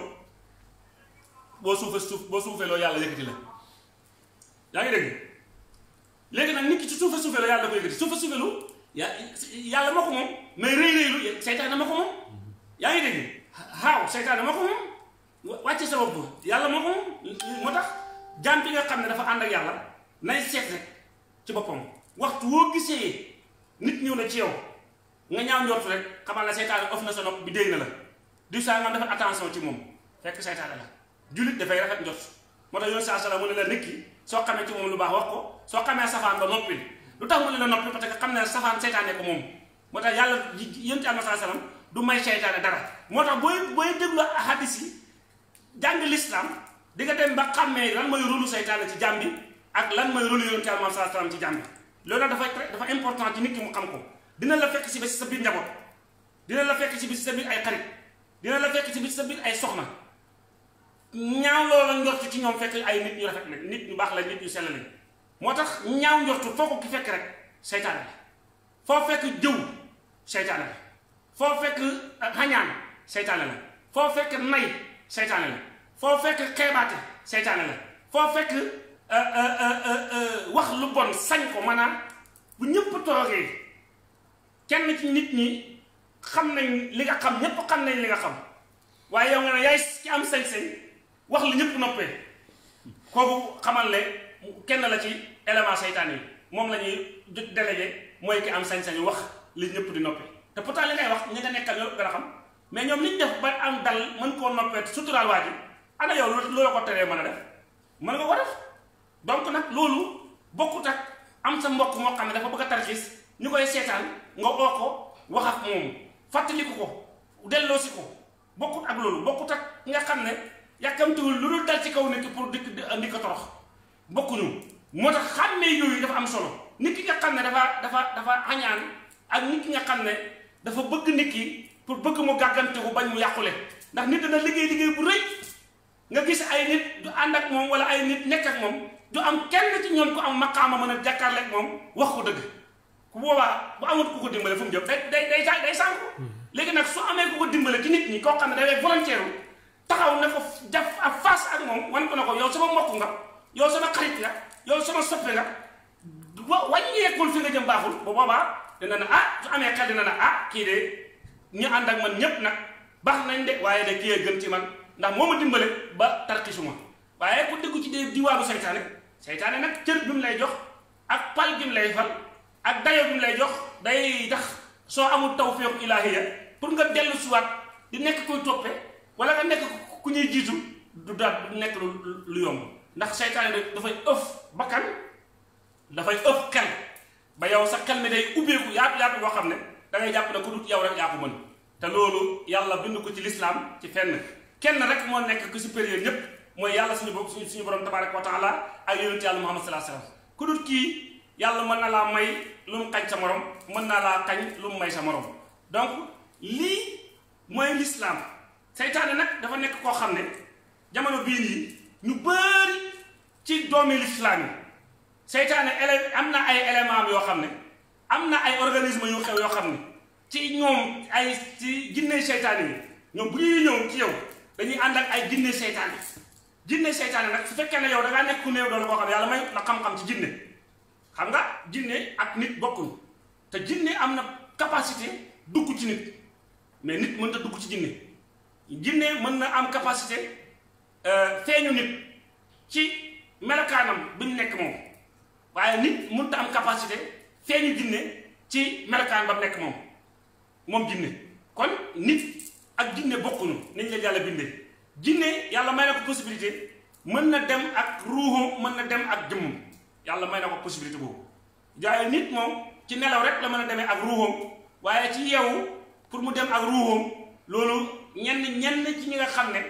boo suufe suuf boo suufeloo yàlla yëkkati la yaa ngi dégg léegi nag nit ki ci suufe suufelo yàlla da ko yëkkati suufe suufelu yàlla moo ko moom mais rëy rëylu seytaane moo ko moom yaa ngi dégg xaaw seytaane ko moom yàlla moo ko moom moo tax jaam nga xam ne dafa ànd ak yàlla nay seet rek ci boppam waxtu woo gisee nit ñëw na ci yow nga ñaaw njort rek xamal la seytaane of na sa nopp bi dégg na la du saa nga defal attention ci moom fekk seytaane la jullit dafay rafet njort moo tax yoon saa sala mu ne la nit ki ci moom lu baax wax ko soo xamee safaan ba noppi lu tax mu ne la noppi parce que xam ne safaan seytaane ko moom moo tax yàlla yénti am saa salam du may seytaane dara moo tax booy booy déglu hadis yi jàng lislaam di nga dem ba xàmmee lan mooy rôlu seytaane ci jàmm ak lan mooy rôle yonent Yàlla sallallahu alayhi ci jàmm loolu dafa dafa important ci nit ki mu xam ko dina la fekk si ba si sa biir njaboot dina la fekk si bi si sa biir ay xarit dina la fekk si bi si sa biir ay soxna ñaaw loola njortu ci ñoom fekk ay nit ñu rafet lañ nit ñu baax la nit ñu sell lañ moo tax ñaaw njortu foo ko ki fekk rek seytaane la foo fekk jëw seytaane la foo fekk xañaan seytaane la foo fekk nay seytaane la foo fekk xeebaate seytaane Euh, euh, euh, wax lu bon sañ ko manaan bu ñëpp toogee kenn ci nit ñi xam nañ li nga xam ñëpp xam nañ li nga xam waaye yow nga ne yaay ci am sañ-sañ wax li ñëpp noppee kooku xamal ne kenn la ci élément seytaan yi moom la ñuy délégué mooy ki am sañ-sañ wax li ñëpp di noppee te pourtant li ngay wax ñi nga nekkal ñoo gën a xam mais ñoom liñ def ba am dal mën koo noppee suturaal waa ji ana yow loolu la ko teree mën a def mën nga ko def donc nag loolu bokkut ak am sa mbokk moo xam ne dafa bëgg a tarxiis ñu koy seetaan nga oo ko wax ak moom fàttaliku ko delloosi ko bokkut ak loolu bokkut ak nga xam ne yàkkamtiwul lu dul dal ci kaw nit ki pour dikk di ko torox bokkuñu moo tax xàmmee yooyu dafa am solo nit ki nga xam ne dafa dafa dafa añaan ak nit ki nga xam ne dafa bëgg nit ki pour bëgg mu gàggante ko bañ mu yàqule ndax nit dana liggéey liggéey bu rëy nga gis ay nit du ànd ak moom wala ay nit nekka moom du am kenn ci ñoom ku am maqaama mën a jàkkaarle ak moom wax ko dëgg ku boobaa bu amut ku dimbale fu mu jëm day day day day sànku mm-hmm. léegi nag su amee ku ko dimbale ci nit ñi koo xam ne dafay volontaire taxaw na ko def ak face ak moom wan ko na ko yow sama mbokk nga yow sama xarit nga yow sama soppe nga wa wàññeekul fi nga jëm baaxul bu boobaa dina na ah amee xel dina na ah kii de ñu ànd ak man ñépp nag baax nañ de waaye de kii gën ci man ndax moo ma dimbale ba tarxisuma waaye ku dëggu ci dee diwaanu saytaane saytaane nag cër bi mu lay jox ak pal bi mu lay fal ak dayo bi mu lay jox day tax soo amul tawfiq ilaahiya pour nga dellu siwaat di nekk koy toppe wala nga nekk ku ñuy jiitu du daal du nekk lu yomb ndax saytaane rek dafay ëf bakkan dafay ëf xel ba yow sa xel mi day ubbeeku yaatu yaatu boo xam ne da jàpp ne ku dut yow rek yaa ko mën te loolu yàlla bind ko ci lislaam ci fenn kenn rek moo nekk ku supérieur ñépp mooy yàlla suñu bopp suñu borom tabaraka wa taala ak yonent yàlla muhammad sallallahu alayhi wasallam ku dul kii yàlla mën na laa may lu mu xañ sa mën na laa xañ lu may sa morom donc lii mooy lislaam seytaane nag dafa nekk koo xam ne jamono bii nii ñu bëri ci doomi lislaam yi seytaane élève am na ay élément yoo xam ne am na ay organisme yu xew yoo xam ne ci ñoom ay ci jinne seytaane yi ñoom bu ñuy ñëw ci yow dañuy ànd ak ay jinne seytaane jinne seytaane nag su fekkee ne yow da ngaa nekk ku néew doole boo xam yàlla may la xam-xam ci jinne xam nga jinne ak nit bokkuñ te jinne am na capacité dugg ci nit mais nit mën ta dugg ci jinne jinne mën na am capacité euh, feeñu nit ci melokaanam bi nekk moom waaye nit mën am capacité feeñu jinne ci melokaan ba mu nekk moom moom jinne kon nit ak jinne bokkuñu nañ leen yàlla bindee jinne yàlla may na ko possibilité mën na dem ak ruuxu mën na dem ak jëmm yàlla may na ko possibilité boobu jaaye nit moom ci nelaw rek la mën a demee ak ruuxam waaye ci yeewu pour mu dem ak ruuxam loolu ñenn ñenn ci ñi nga xam ne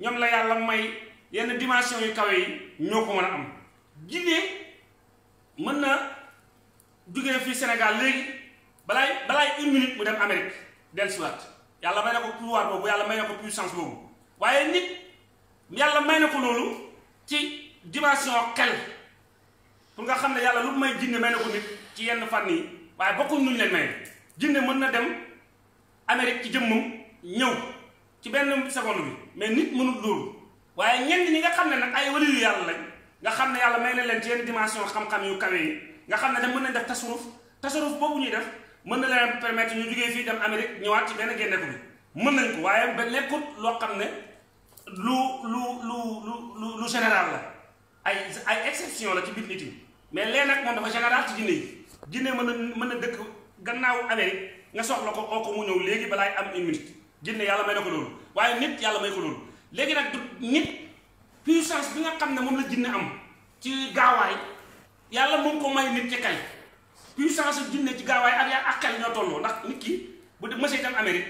ñoom la yàlla may yenn dimension yu kawe yi ñoo ko mën a am jinne mën na jógee fii Sénégal léegi balaay balaay une minute mu dem Amérique dellusiwaat yàlla may na ko pouvoir boobu yàlla may na ko puissance boobu waaye nit yàlla may na ko loolu ci dimension xel pour nga xam ne yàlla lu may jinne may na ko nit ci yenn fànn yi waaye bokkuñ ñu leen may jinne mën na dem Amérique ci jëmmam ñëw ci benn seconde bi mais nit mënul loolu waaye ñenn ñi nga xam ne nag ay waliyu yàlla lañ nga xam ne yàlla may na leen ci yenn dimension xam-xam yu kawe yi nga xam ne dem mën nañ def tasaruf tasaruf boobu ñuy def mën na leen permettre ñu jugee fii dem Amérique ñëwaat ci benn génneeku bi mën nañ ko waaye ba nekkut loo xam ne lu lu lu lu lu général la ay ay exception la ci biir nit yi mais lee nag moom dafa général ci jinne yi jinne mën na mën na dëkk gannaaw Amérique nga soxla ko oo ko mu ñëw léegi balaay am une minute jinne yàlla may na ko loolu waaye nit yàlla may ko loolu léegi nag du nit puissance bi nga xam ne moom la jinne am ci gaawaay yàlla moom ko ma nit ci puissance ak junne ci gaawaay ak yaa ak xel ñoo tolloo ndax nit ki bu mësee dem Amérique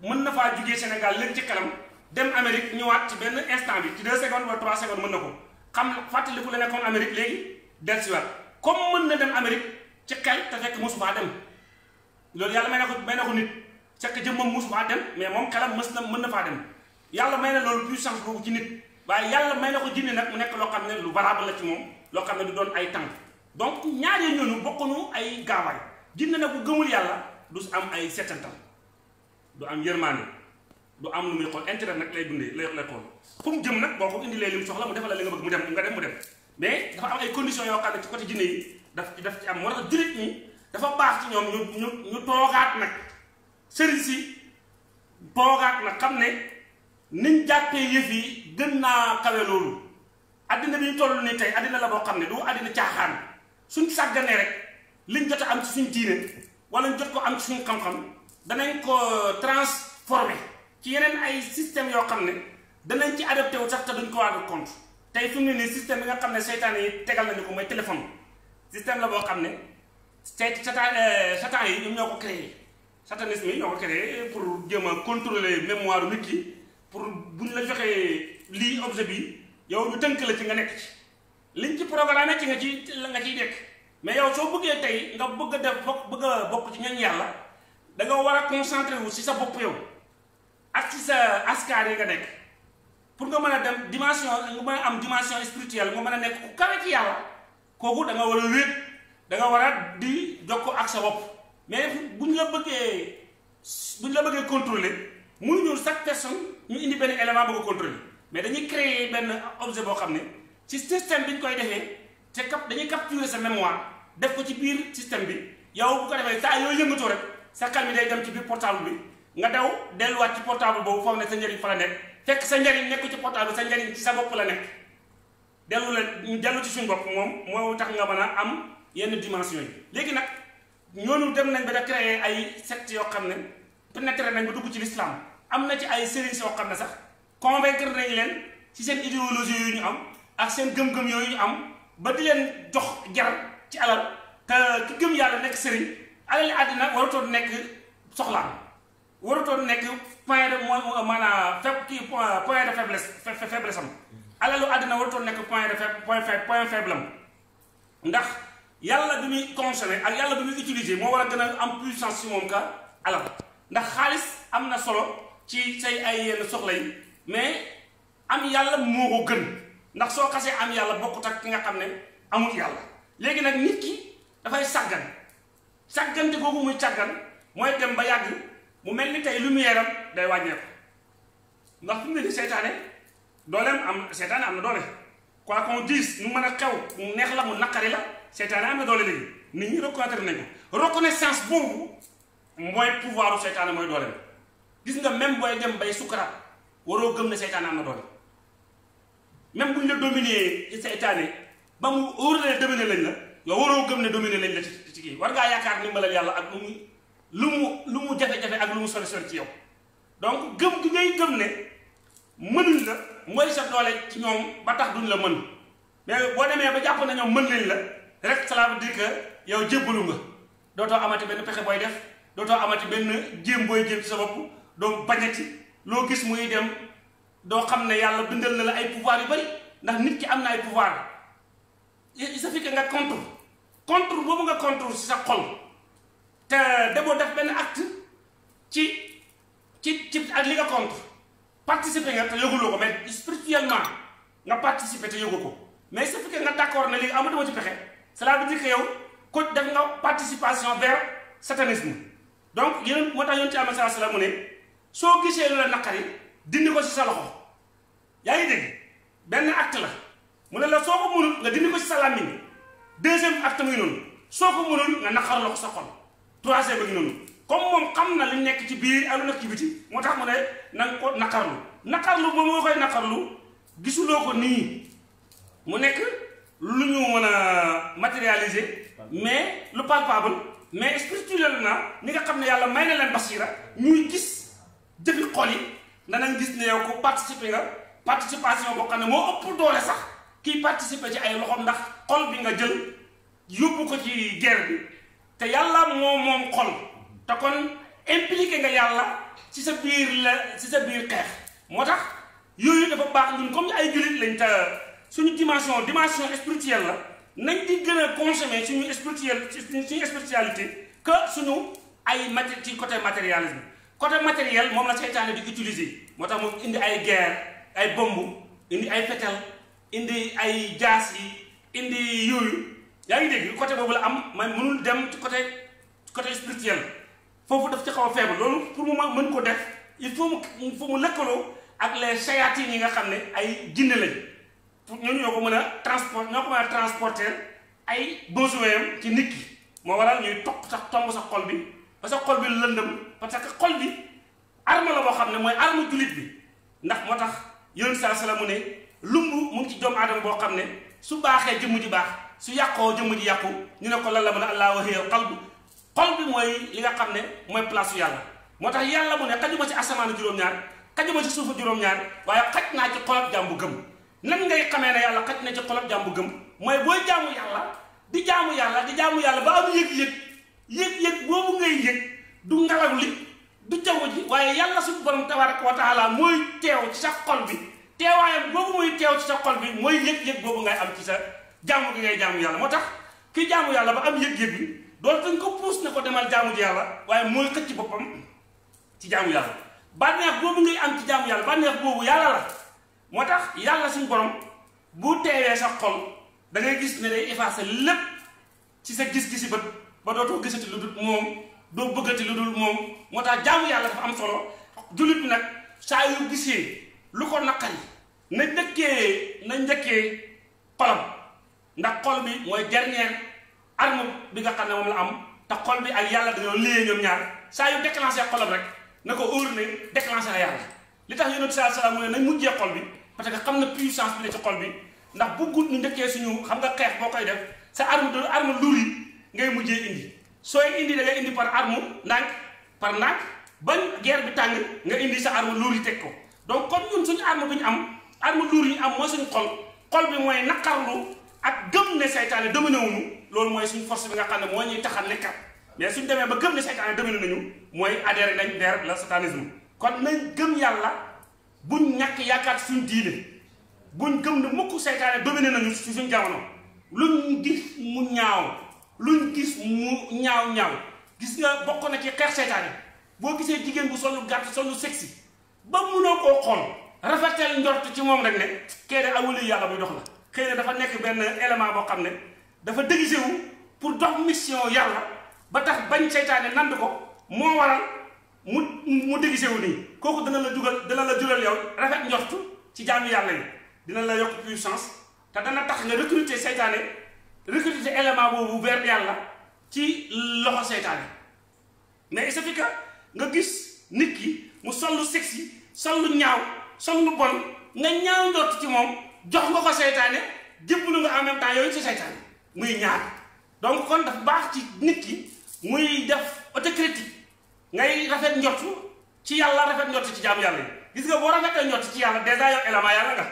mën na faa jugee Sénégal leen ci xelam dem Amérique ñëwaat ci benn instant bi ci deux secondes wala trois secondes mën na ko xam fàttaliku la nekkoon Amérique léegi dellusiwaat comme mën na dem Amérique ci xel te fekk mosu faa dem loolu yàlla may na ko may ko nit fekk jëmmam mosu dem mais moom xelam mës na mën na faa dem yàlla may na loolu puissance boobu ci nit waaye yàlla nekk loo xam ne lu valable la moom loo xam ne du doon ay temps donc ñaari ñooñu bokkuñu ay gaawaay jinne ne ku gëmul yàlla du am ay setantal du am yërmaande du am lu muy xool intérêt nag lay dundee lay lay xool fu jëm nag boo ko indilee li mu soxla mu defal la li nga bëgg mu dem nga dem mu dem mais dafa am ay conditions yoo xam ne ci côté jinne yi daf daf ci am moo tax jullit ñi dafa baax ci ñoom ñu ñu ñu toogaat nag sëriñ si toogaat nag xam ne niñ jàppee yëf yi gën naa kawe loolu addina bi ñu toll nii tey addina la boo xam ne du addina caaxaan. suñ sàgganee rek liñ jot a am ci suñ diine wala ñu ko am ci suñ xam-xam danañ ko euh, transformé ci yeneen ay système yoo xam ne danañ ci adapté wu sax te duñ ko waag compte tey fi mu nii système bi nga xam ne seytaan yi tegal nañu ko mooy téléphone système la boo xam ne seyt satan euh, yi ñoom ñoo ko créé satanisme yi ñoo ko créé pour jéem a contrôler mémoire nit ki pour buñ la joxee lii objet bi yow ñu tënk la ci nga nekk ci liñ ci programme ci nga ci nga ciy dekk mais yow soo bëggee tey nga bëgg a def bokk bëgg a bokk ci ñoom yàlla da nga war a concentré wu si sa bopp yow ak si sa askar yi nga nekk pour nga mën a dem dimension nga mën a am dimension spirituelle nga mën a nekk ku kawe ci yàlla kooku danga war a wéet da nga war a di ko ak sa bopp mais buñ la bëggee buñ la bëggee contrôler mënuñu chaque personne ñu indi benn élément bëgg a contrôler mais dañuy créer benn objet boo xam ne. ci système bi ñu koy defee te cap dañuy capturer sa mémoire def ko ci biir système bi yow bu ko defee saa yooyu yëngatoo rek sa xel day dem ci biir portable bi nga daw delluwaat ci portable boobu foog ne sa njëriñ fa la nekk fekk sa njëriñ nekk ci portable sa njëriñ ci sa bopp la nekk dellu la dellu ci suñu bopp moom moo tax nga mën a am yenn dimension yi léegi nag ñooñu dem nañ ba da créer ay secte yoo xam ne te pénétré nañ ba dugg ci l'islam am na ci ay sëriñ yoo xam ne sax convaincre ci seen idéologie yu ñu am ak seen gëm-gëm yooyu ñu am ba di leen jox jar ci alal te ki gëm yàlla nekk sëriñ alali àddina waratoo nekk soxlaa waratoo nekk point de mooy maanaam faible kii point de faiblesse faiblesse am alalu àddina waratoo nekk point de point point faible am ndax yàlla bi muy consommé ak yàlla bi muy utilisé moo war a gën a am puissance si moom ka alal ndax xaalis am na solo ci say ay yenn soxla yi mais am yàlla moo ko gën ndax soo xasee am yàlla bokkut ak ki nga xam ne amul yàlla léegi nag nit ki dafay sàggan sàggante boobu muy sàggan mooy dem ba yàgg mu mel ni tey lumière am day wàññeeku ndax fi mu ne seytaane dooleem am seytaane am na doole quoi qu'on dise mën a xew mu neex la naqari la seytaane am na doole léegi nit ñi reconnaître nañu reconnaissance boobu mooy pouvoiru seytaane mooy dooleem gis nga même booy dem bay sukkaraat waroo gëm ne seytaane am na doole même bu ñu la dominé ci seytaane ba mu wóor la ne dominé lañ la yow waroo gëm ne dominé lañ la ci ci kii war ngaa yaakaar ndimbalal yàlla ak lu mu lu mu lu mu jafe-jafe ak lu mu sori sori ci yow donc gëm gi ngay gëm ne mënuñ la mooy sa doole ci ñoom ba tax duñ la mën mais boo demee ba jàpp na ñoom mën lañ la rek cela veut dire que yow jébbalu nga dootoo amati benn pexe booy def dootoo amati benn jéem booy jéem ci sa bopp doo bañati loo gis muy dem doo xam ne yàlla bindal na la ay pouvoir yu bari ndax nit ki am na ay pouvoir il suffit que nga contre contre boobu nga contre si sa xol te demoo def benn acte ci ci ci ak li nga contre participer nga te yëguloo ko mais spirituellement nga participer te yëgu ko mais il suffit que nga d'accord ne léegi amatuma ci pexe cela veut dire que yow ko def nga participation vers satanisme donc yéen moo tax yoon ci amal salaam mu ne soo gisee lu la naqari dindi ko ci sa loxo yaa ngi dégg benn acte la mu ne la soo ko mënul nga dindi ko si sa làmmiñ deuxième acte muy noonu soo ko mënul nga naqar la ko sa xol troisième ba ngi noonu comme moom xam na li nekk ci biir ak lu nekk ci biti moo tax mu ne na nga ko naqarlu naqarlu moom nga koy naqarlu gisuloo ko nii mu nekk lu ñu mën a matérialiser mais lu palpable mais na ñi nga xam ne yàlla may na leen basira ñuy gis jëfi xol yi danañ gis ne yow ku participer nga participation boo xam ne moo ëpp doole sax kiy participer ci ay loxoom ndax xol bi nga jël yóbbu ko ci guerre bi te yàlla moo moom xol te kon impliqué nga yàlla ci sa biir la ci sa biir xeex moo tax yooyu dafa baax ñun comme ay jullit lañ te suñu dimension dimension spirituelle la nañ di gën a consommer suñu spirituel suñu spiritualité que suñu ay maté ci côté matérialisme côté matériel moom la seytaane di utiliser moo tax moom indi ay guerre ay bomb indi ay fetal indi ay jaas yi indi yooyu yaa ngi dégg côté boobu la am man mënul dem ci côté côté spirituel foofu daf ci xaw a faible loolu pour mu mën ko def il faut mu faut mu lëkkaloo ak les sayaatin yi nga xam ne ay jinne lañ pour ñooñu ñoo ko mën a transport ñoo ko mën a transporter ay besoin ci nit ki moo waral ñuy toq sax tomb sa xol bi ba sa xol bi lëndëm parce que xol bi arme la boo xam ne mooy arme jullit bi ndax moo tax yonent saa la mu ne lumb mu ngi ci doomu aadama boo xam ne su baaxee jëmm ji baax su yàqoo jëmm ji yàqu ñu ne ko lan la mën a allah wa hiya qalb xol bi mooy li nga xam ne mooy place yàlla moo tax yàlla mu ne xajuma ci asamaanu juróom-ñaar xajuma ci suufu juróom-ñaar waaye xaj naa ci xolab jàmbu gëm nan ngay xamee na yàlla xaj na ci xolab jàmbu gëm mooy booy jaamu yàlla di jaamu yàlla di jaamu yàlla ba am yëg du ngelaw li du jaww ji waaye yàlla suñu borom tabaraka wa taala mooy teew ci sa xol bi teewaayam boobu muy teew ci sa xol bi mooy yëg-yëg boobu ngay am ci sa jaamu gi ngay jaamu yàlla moo tax ki jaamu yàlla ba am yëg-yëg bi doolu ko puus ne ko demal jaamu ji yàlla waaye mooy xëcc boppam ci jaamu yàlla bànneex boobu ngay am ci jaamu yàlla bànneex boobu yàlla la moo tax yàlla suñu borom bu teewee sa xol da ngay gis ne day effacer lépp ci sa gis-gisi bët ba dootoo gisati lu dul moom doo bëggati lu dul moom moo tax jaamu yàlla dafa am solo jullit bi nag saa yu gisee lu ko naqari na njëkkee na njëkkee xolam ndax xol bi mooy dernière arme bi nga xam ne moom la am te xol bi ak yàlla dañoo liyee ñoom ñaar saa yu déclenché xolam rek na ko óor ne déclenché na li tax yonent saa salaam mu ne nañ mujjee xol bi parce que xam na puissance bi ne ci xol bi ndax bëggut ñu njëkkee suñu xam nga xeex boo koy def sa arme de arme lourd yi ngay mujjee indi sooy indi da nga indi par arme ndànk par ndànk ba guerre bi tàng nga indi sa arme lourd yi teg ko donc comme ñun suñu arme bi ñu am arme lourd yi am mooy suñu xol xol bi mooy naqarlu ak gëm ne seytaane dominé wuñu loolu mooy suñu force bi nga xam ne moo ñuy taxal mais suñu demee ba gëm ne seytaane dominé nañu mooy adhéré nañ vers le satanisme kon na gëm yàlla buñ ñàkk yaakaar suñ diine buñ gëm ne mukk seytaane dominé nañu si suñu jamono luñ gis mu ñaaw luñ gis mu ñaaw ñaaw gis nga bokk na ci xeex seytaane boo gisee jigéen bu solu gàtt solu si ba munoo koo xool rafetal njort ci moom rek ne kee de awuli yàlla bu dox la xëy na dafa nekk benn élément boo xam ne dafa déguisé pour dox mission yàlla ba tax bañ seytaane nand ko moo waral mu mu déguisé wu nii kooku dana la jugal dana la jural yow rafet njort ci jaamu yàlla yi dina la yokk puissance te dana tax nga recruter seytaane si élément boobu benn yàlla ci loxo seytaane mais il suffit nga gis nit ki mu sol lu sexy sol lu ñaaw sol lu bon nga ñaaw njort ci moom jox nga ko seytaane jébbalu nga en même yooyu ci seytaane muy ñaar donc kon dafa baax ci nit ki muy def autocritique ngay rafet njort ci yàlla rafet njot ci jaamu yàlla yi gis nga boo rafetee njort ci yàlla dèjà yow élément yàlla nga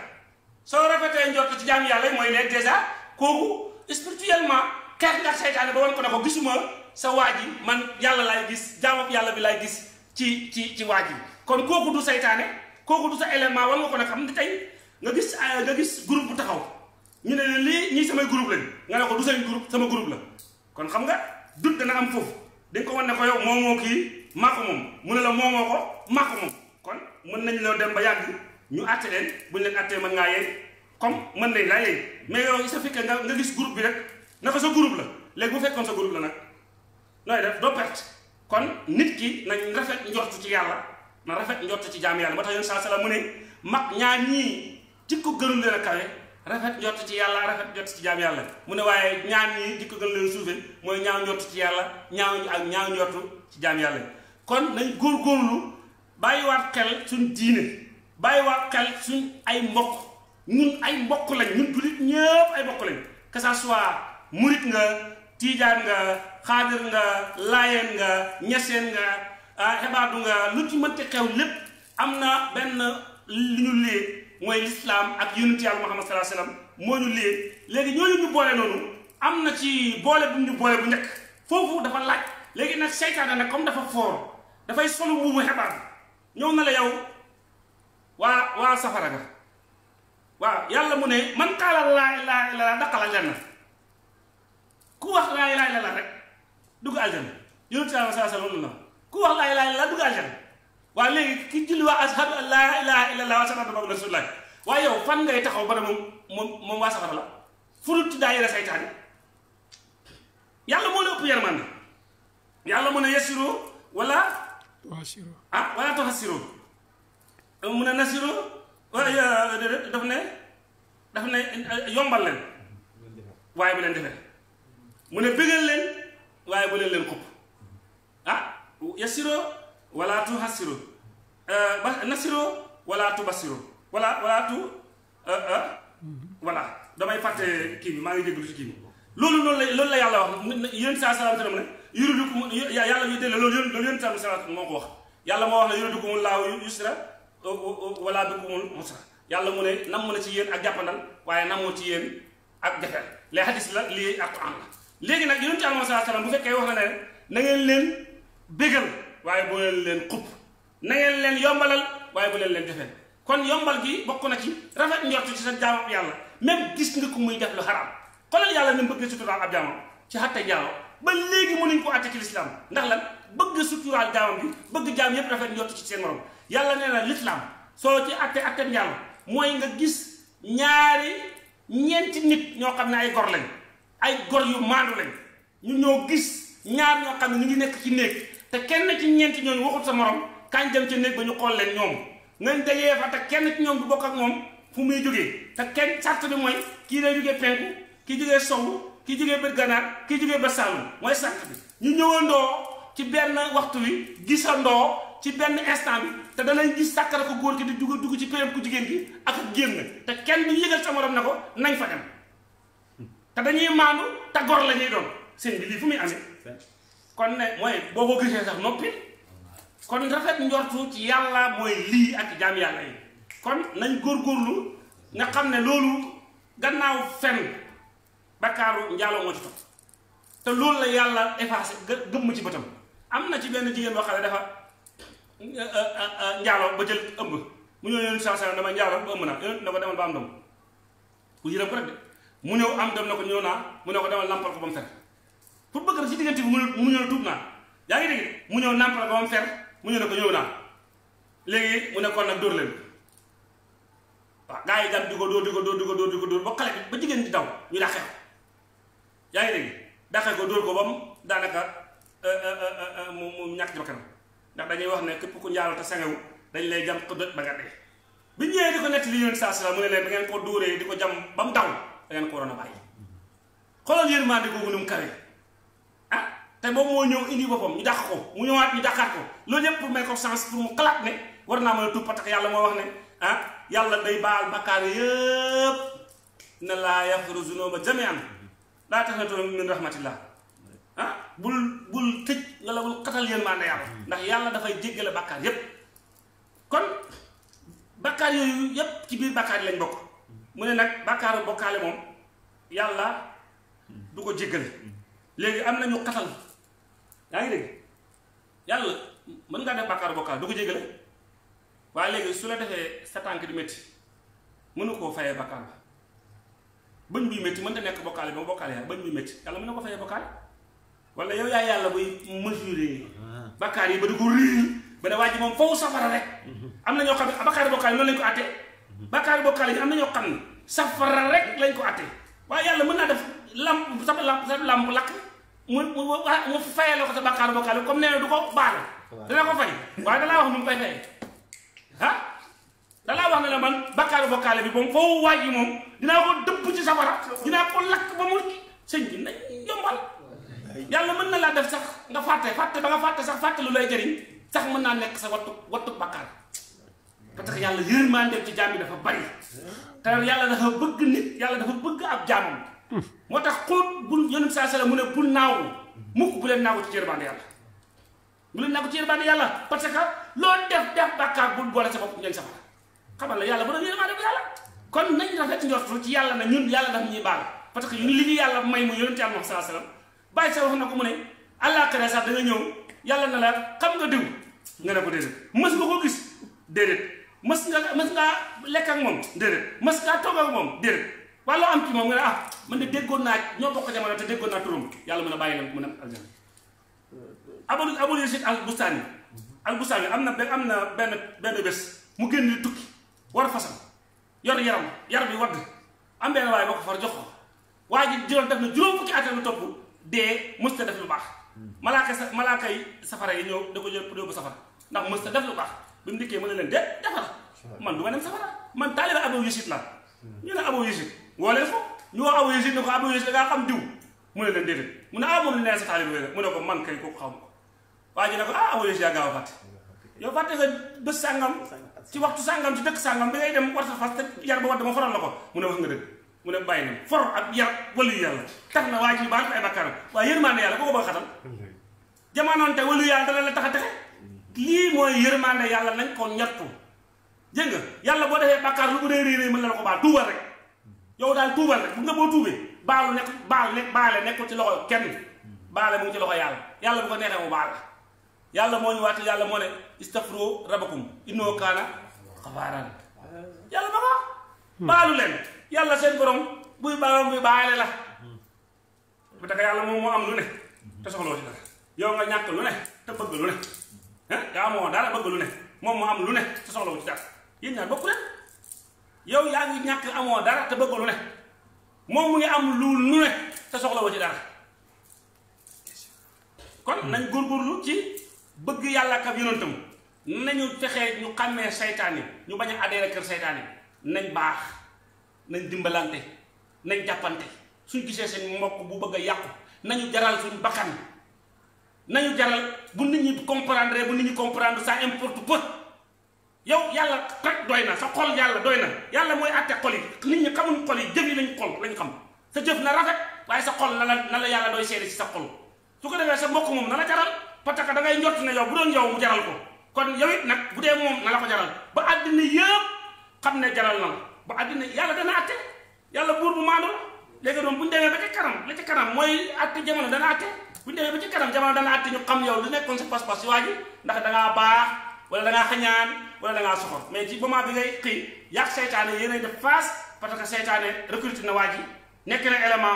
soo rafetee njort ci jaamu yàlla yi mooy ne dèjà kooku spirituellement xeex nga seytaane ba wan ko ne ko gisuma sa waa ji man yàlla laay gis jaamam yàlla bi laay gis ci ci ci waa ji kon kooku du seytaane kooku du sa élément wan nga ko ne xam nga tey nga gis ah, nga gis groupe bu taxaw ñu ne leen lii ñii samay groupe lañ nga ne ko du seen groupe sama groupe la kon xam nga dut dana am foofu dañ ko wan ne ko yow moomoo kii maa moom mu ne la moomoo ko maa moom kon mën nañu loo dem ba yàgg ñu àtte leen buñ leen àttee mën ngaa comme mën nañ laa léegi mais yow sa fekkee nga nga gis groupe bi rek na fa sa group la léegi bu fekkoon sa groupe la nag nooy def doo perte kon nit ki nañ rafet njort ci yàlla na rafet njort ci jaam yàlla moo yoon saa sala mu ne mag ñaar ñii jikko gënul leen a kawe rafet njort ci yàlla rafet njort ci jaam yàlla mu ne waaye ñaan ñii jikko gënul leen suufe mooy ñaaw njort ci yàlla ñaaw ak ñaaw njort ci jaam yàlla kon nañ góorgóorlu bàyyiwaat xel suñ diine bàyyiwaat xel suñ ay mbokk ñun ay mbokk lañ ñun jullit ñëpp ay mbokk lañ que ça soit murit nga tiijaan nga xaadir nga laayeen nga ñeseen nga ah, xebaatu nga lu ci mënti xew lépp am na benn ñu lii mooy lislaam ak yonent yàlla Muhammad sallallahu alayhi wasallam moo ñu lii léegi ñooñu ñu boole noonu am na ci boole bu ñu boole bu njëkk foofu dafa laaj léegi nag seytaane nag comme dafa foor dafay solu mbuumu xebaat ñëw na la yow waa waa safara nga waaw yàlla mu ne man xaalal laa ilaaha illallaah daqal wax laa ilaaha illallaah rek dugg aljanna yonent sa loolu la ku wax laa ilaaha illallaah dugg aljanna waaw léegi ki julli waa ashadu an laa ilaaha illallaah wa ashadu anna rasuulullaah waaye yow fan ngay taxaw ba ne moom moom moom waa safara la furut ci daayira saytaani yàlla moo la ëpp yërmande yàlla mu ne yasiru wala. wala tuxasiru ah wala tuxasiru wala daf ne daf ne eh, yombal leen waaye bu leen defee mu ne bëggal leen waaye bu leen leen xupp ah yasiroo wala tu hasiroo eh, ba nasiroo wala tu basiroo wala wala tu eh, voilà damay fàtte kii bi maa ngi jégalu ci kii bi loolu loolu la loolu la yàlla wax yéen saa salaam salaam ne yuridukum yàlla ñu delloo loolu yéen loolu yéen saa moo ko wax yàlla moo wax ne yuridukum laahu yusra Euh, euh, euh, wala bikumul musra yàlla mu ne nam mu ne ci yéen ak jàppandal waaye namoo ci yéen ak jafeel les hadis la lii ak Quraan la léegi nag yonent alayhi salaam bu fekkee wax na ne na ngeen leen bégal waaye bu leen leen xupp na ngeen leen yombalal waaye bu leen leen jafeel kon yombal gi bokk na ci rafet njort ci sa jaamam yàlla même gis nga ko muy def lu xaraam xoolal yàlla ni mu bëgg suturaal ab jaamam ci xatte njaalo ba léegi mënuñ ko àtte ci lislaam ndax lan bëgg suturaal jaamam bi bëgg jaam yépp rafet njort ci seen morom yàlla ne na l'islam soo ci atte atte njàll mooy nga gis ñaari ñeenti nit ñoo xam ne ay gor lañ ay gor yu maandu lañ ñu ñoo gis ñaar ñoo xam ne ñu ngi nekk ci néeg te kenn ci ñeenti ñooñu waxut sa moroom kañ dem ci néeg ba ñu xool leen ñoom ngañ dajee fa te kenn ci ñoom du bokk ak moom fu muy jógee te kenn sàrt bi mooy kii lay jógee penku kii jógee sowu kii jógee bët ganaar kii jógee bët saalum mooy sàrt bi ñu ñëwandoo ci benn waxtu wi gisandoo ci benn instant bi te danañ gis sàkkara ko góor ki di dugg dugg ci péyam ku jigéen bi ak génn te kenn du yëgal sa morom na ko nañ fa dem te dañuy maandu te gor la ñuy doon seen bi lii fu muy amee kon ne mooy boo ko gisee sax noppi kon rafet njortu ci yàlla mooy lii ak jaam yàlla yi kon nañ góorlu nga xam ne loolu gannaaw fen bakkaaru njaaloo moo ci topp te loolu la yàlla effacé gëmm ci bëtam am na ci benn jigéen boo xam ne dafa Euh, euh, euh, njaalo ba jël ëmb mu ñëw yonent sallallahu alayhi wasallam dama njaalo ba ëmb naa yonent ko demal ba am doom ku yërëm ko rek de mu ñëw am doom na ko ñëw naa mu ne ko demal nampal ko ba mu fer pour bëgg na ci diggante bi mu ñëw tuub naa yaa ngi dégg mu ñëw nampal ko ba mu fer mu ñëw ne ko ñëw naa léegi mu ne kon nag dóor leen waaw gaa yi daan di ko dóor di ko dóor di ko dóor di ko dóor ba xale bi ba jigéen daw ñu daqee ko yaa ngi dégg daqee ko dóor ko ba mu daanaka mu ñàkk ndax dañuy wax ne képp ku njaaloo sangewu dañ lay jam ko doj ba nga dee bi ñëwee di ko nett li yéen saa sala mu ne leen da ngeen ko dóoree di ko jam ba mu daw da ngeen ko waroon a bàyyi xoolal yërmande googu nu mu kawe ah te boobu moo ñëw indi boppam ñu dàq ko mu ñëwaat ñu dàqaat ko loolu yëpp pour may ko sens pour mu xalaat ne war naa mën a tuub parce que yàlla moo wax ne ah yàlla day baal bakkaar yëpp na laa yaxiru zunuba jamian laa tax bul bul tëj lala bul xatal yéen maanaam yàlla hmm. ndax yàlla dafay jéggale bàkkaar yépp kon bàkkaar yooyu yépp ci biir bàkkaar yi lañ bokk mu ne nag bàkkaaru bokkaale moom yàlla du ko jéggale hmm. léegi am nañu xatal yaa ngi dégg yàlla mën ngaa def bàkkaaru bokkaale du ko jéggale waaye su la defee sa koo fayee ba bëñ buy métti mën ta nekk bokkaale ba mu bokkaale yàlla bëñ buy métti yàlla mën na ko fayee bokkaale wala yow yaa yàlla buy mesurer ah. bakkaar yi ba di riir ba ne waa ji moom foofu safara rek mm-hmm. am na ñoo xam ne ah, bakkaar bokkaale noonu lañ ko àtte mm-hmm. bakkaar bokkaale na ñoo xam ne safara rek lañ ko àtte waaye yàlla mën naa def lamp sa lamp sa lamp lakk mu mu mu ah, fayaloo ko sa bakkaar bokkaale nee na du ko baal dana ko fay waaye dalaa wax nu mu koy dalaa wax ne la man bakkaar bokkaale bi moom foofu waa ji moom dinaa ko dëpp ci safara dinaa ko lakk ba mu sëñ bi nañ yombal yàlla mën na laa def sax nga fàtte fàtte ba nga fàtte sax fàtte lu lay jëriñ sax mën naa nekk sa wattu wattu bakkaar parce que yàlla yërmande ci jaam yi dafa bari te yàlla dafa bëgg nit yàlla dafa bëgg ab jaamam moo tax xóot bul yonent saa sala mu ne bul naaw mukk bu leen naaw ci yërmande yàlla bu leen naaw ci yàlla parce que loolu def def bakkaar bul boole sa bopp ngeen safara xamal la yàlla bu doon yërmande bu yàlla kon nañ rafet njortu ci yàlla na ñun yàlla daf ñuy baal parce que ñun li yàlla may mu yonent yàlla sallallahu alayhi wasallam bàyyi sa wax na ko mu ne àllaaxira sax da nga ñëw yàlla na la xam nga diw nga ne ko déedéet mës nga ko gis déedéet mës nga mës ngaa lekk ak moom déedéet mës ngaa toog moom déedéet wala am moom nga ah, man de déggoon naa ñoo bokk jamono te déggoon naa yàlla mën a bàyyi leen ko mën a aljana abul abul yasid al bustaani al am na am na benn benn bés mu génn di tukki war fasam yor yaram yar bi wadd am benn waaye boo ko far jox ko waa ji juróom def na juróom fukki at lu topp dee mësta def lu baax ma sa malaaka yi safara yi ñëw da ko jël pour yóbbu safara ndax mësta def lu baax bi mu dikkee mu ne de defara man du ma safara man taaliba abou yusit la ñu ne abou yusit woo leen ko ñu woo abou yusit ne ko abou diw mu ne leen déedéet mu ne ah moom nee sa taaliba wér mu ne ko man kay kooku xaw ma waa ji ne ko ah abou yusit yaa gaaw a fàtte yow fàtte nga bés sàngam ci waxtu sàngam ci dëkk sàngam bi ngay dem war sa te yar ba war dama faral mu ne bàyyi na for ak yar walu yàlla tax na waa ji baal ko ay bakkaaram waaye yërmande yàlla kooku ba xatal jamonoonte walu yàlla dana la tax a texe lii mooy yërmande yàlla ko ñettu dégg nga yàlla boo defee bakkaar lu ko dee réeréer mën la ko baal tuubal rek yow daal tuubal rek bu nga boo tuubee baalu nekk baal nekk ci loxo kenn baale mu ngi ci loxo yàlla yàlla bu ko neexee mu baal yàlla moo ñu waat yàlla moo ne istafro rabakum innoo kaana xafaaran yàlla ba leen yàlla seen borom buy baram bi baale la bu tax yàlla moom moo am lu ne te soxloo ci dara yow ñàkk lu te bëgg ah yaa amoo dara bëgg lu ne moom am lu ne te soxlawu ci yow yaa ngi ñàkk amoo dara te bëgg lu ne moom mu ngi am lu lu ne te soxlawu ci dara kon nañ góorgóorlu ci bëgg yàlla ak yonentam nañu fexee ñu xàmmee saytaan yi ñu bañ a adhéré kër saytaan yi nañ baax nañ dimbalante nañ jàppante suñ gisee seen mbokk bu bëgg a yàqu nañu jaral suñ bakkan nañu jaral bu nit ñi comprendre bu nit ñi comprendre ça importe peu yow yàlla rek doy na sa xol yàlla doy na yàlla mooy àtte xol yi nit ñi xamuñ xol yi jëf yi lañ xol lañ xam sa jëf na rafet waaye sa xol na la na la yàlla doy seede sa xol su ko defee sa mbokk moom na la jaral parce que da ngay njort ne yow bu doon yow mu jaral ko kon yow it nag bu dee moom na la ko jaral ba àddina yëpp xam ne jaral na ba àddina yàlla dana atte yàlla buur bu maandu la léegi doon bu ñu demee ba ca kanam la ci kanam mooy atte jamono dana atte bu ñu demee ba ca kanam jamono dana atte ñu xam yow lu nekkoon si waa ji ndax dangaa baax wala dangaa xañaan wala dangaa soxor mais ci moment bi ngay xëy yàq seytaane yéen a def face parce que seytaane recruté waa nekk na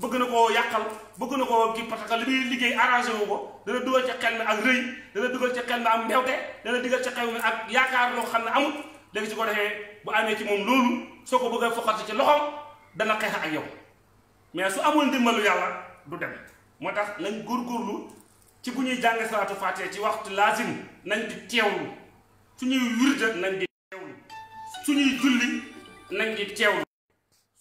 bëgg na koo yàqal bëgg na koo kii parce que li muy arrangé wu ko dana dugal ca xel mi ak rëy dana dugal ca xel am mbewte dana digal ca xel mi yaakaar loo xam ne amul léegi su ko defee bu amee ci moom loolu soo ko bëggee foqati ci loxo dana xeex ak yow mais su amul ndimbalu yàlla du dem moo tax nañ góorgóorlu ci bu ñuy jàng salaatu faatee ci waxtu laazim nañ di teewlu suñuy wirda nañ di teewlu suñuy julli nañ di teewlu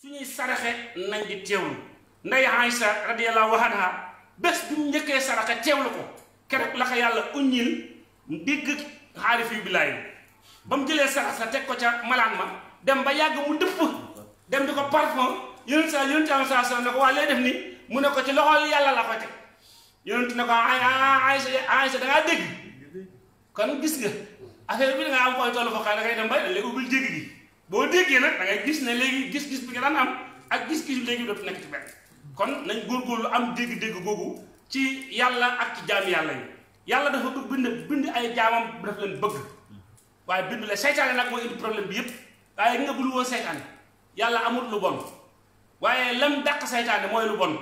suñuy saraxe nañ di teewlu nday Aïcha radiyallahu anha bés bu njëkkee saraxe teewlu ko keroog la ko yàlla uññil ndigg xaarifi billaahi ba mu jëlee sarax sa teg ko ca malaan ma dem ba yàgg mu dëpp dem di ko parfum yonent sa yonent am saa sa ne ko waa lay def nii mu ne ko ci loxol yàlla la ko teg yonent ne ko ay Aysa da ngaa kon gis nga affaire bi da am koy tollu foo xam ne da ngay dem ba léegi ubbil dégg gi boo déggee nag da gis ne léegi gis-gis bi nga a am ak gis-gis bi léegi dootu nekk ci benn kon nañ góorgóorlu am dégg-dégg googu ci yàlla ak ci jaam yàlla yi yàlla dafa ko bind bind ay jaamam daf leen waaye bind la seytaane nag mooy indi problème bi yëpp waaye nga bul woon seytaane yàlla amul lu bon waaye lam daq seytaane mooy lu bon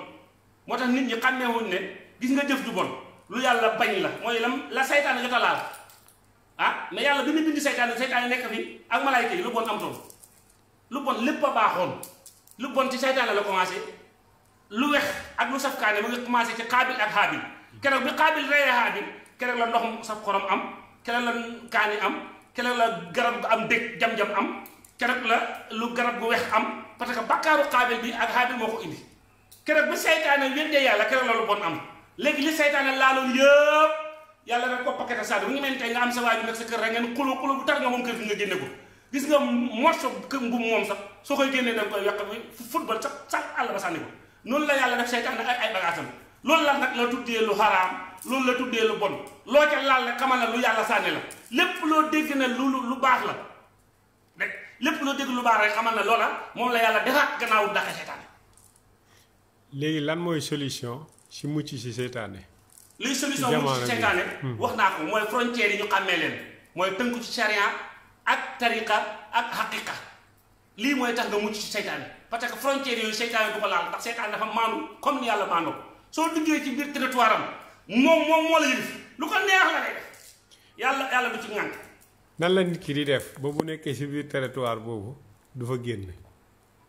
moo tax nit ñi xàmmeewuñ ne gis nga jëf ju bon lu yàlla bañ la mooy lam la seytaane jot a laal ah mais yàlla bi mu bind seytaane seytaane nekk fi ak malaayka yi lu bon am toon lu bon lépp a baaxoon lu bon ci seytaane la commencé lu wex ak lu kaani mu ngi commencé ci xaabil ak xaabil keroog bi xaabil reyee xaabil keroog ndox saf xorom am keroog la kaani am keneen la garab gu am dëkk jam-jam am keneen la lu garab gu wex am parce que bakkaaru xaabil bi ak xaabil moo ko indi bi bu saytaane wéddee yàlla keneen la lu bon am léegi li saytaane laaloon yëpp yàlla rek ko pakete sa waaju sa kër rek ngeen xuloo xuloo bu tar nga moom ko gis nga morso kër bu moom sax soo koy noonu la yàlla def saytaane ay ay bagaasam loolu la nag la tuddee lu xaraam loolu la tuddee lu bon loo ca laal la xamal na lu yàlla sànni la lépp loo dégg na lu lu baax la rek lépp loo dégg lu baax rek xamal na loola moom la yàlla defaat gannaaw ndax seytaane léegi lan mooy solution si mucc si seytaane liy solution mucc si seytaane hmm. wax naa ko mooy frontières yi ñu xàmmee leen mooy tënku ci charia ak tariqa ak xaqiqa lii mooy tax nga mucc ci seytaane parce que frontières yooyu seytaane du ko laal ndax seytaane dafa maandu ci biir territoire moom moom moo la yëg lu ko neex la lay yàlla yàlla ci ŋànk nan la nit ki di def ba bu nekkee si biir territoire boobu du fa génn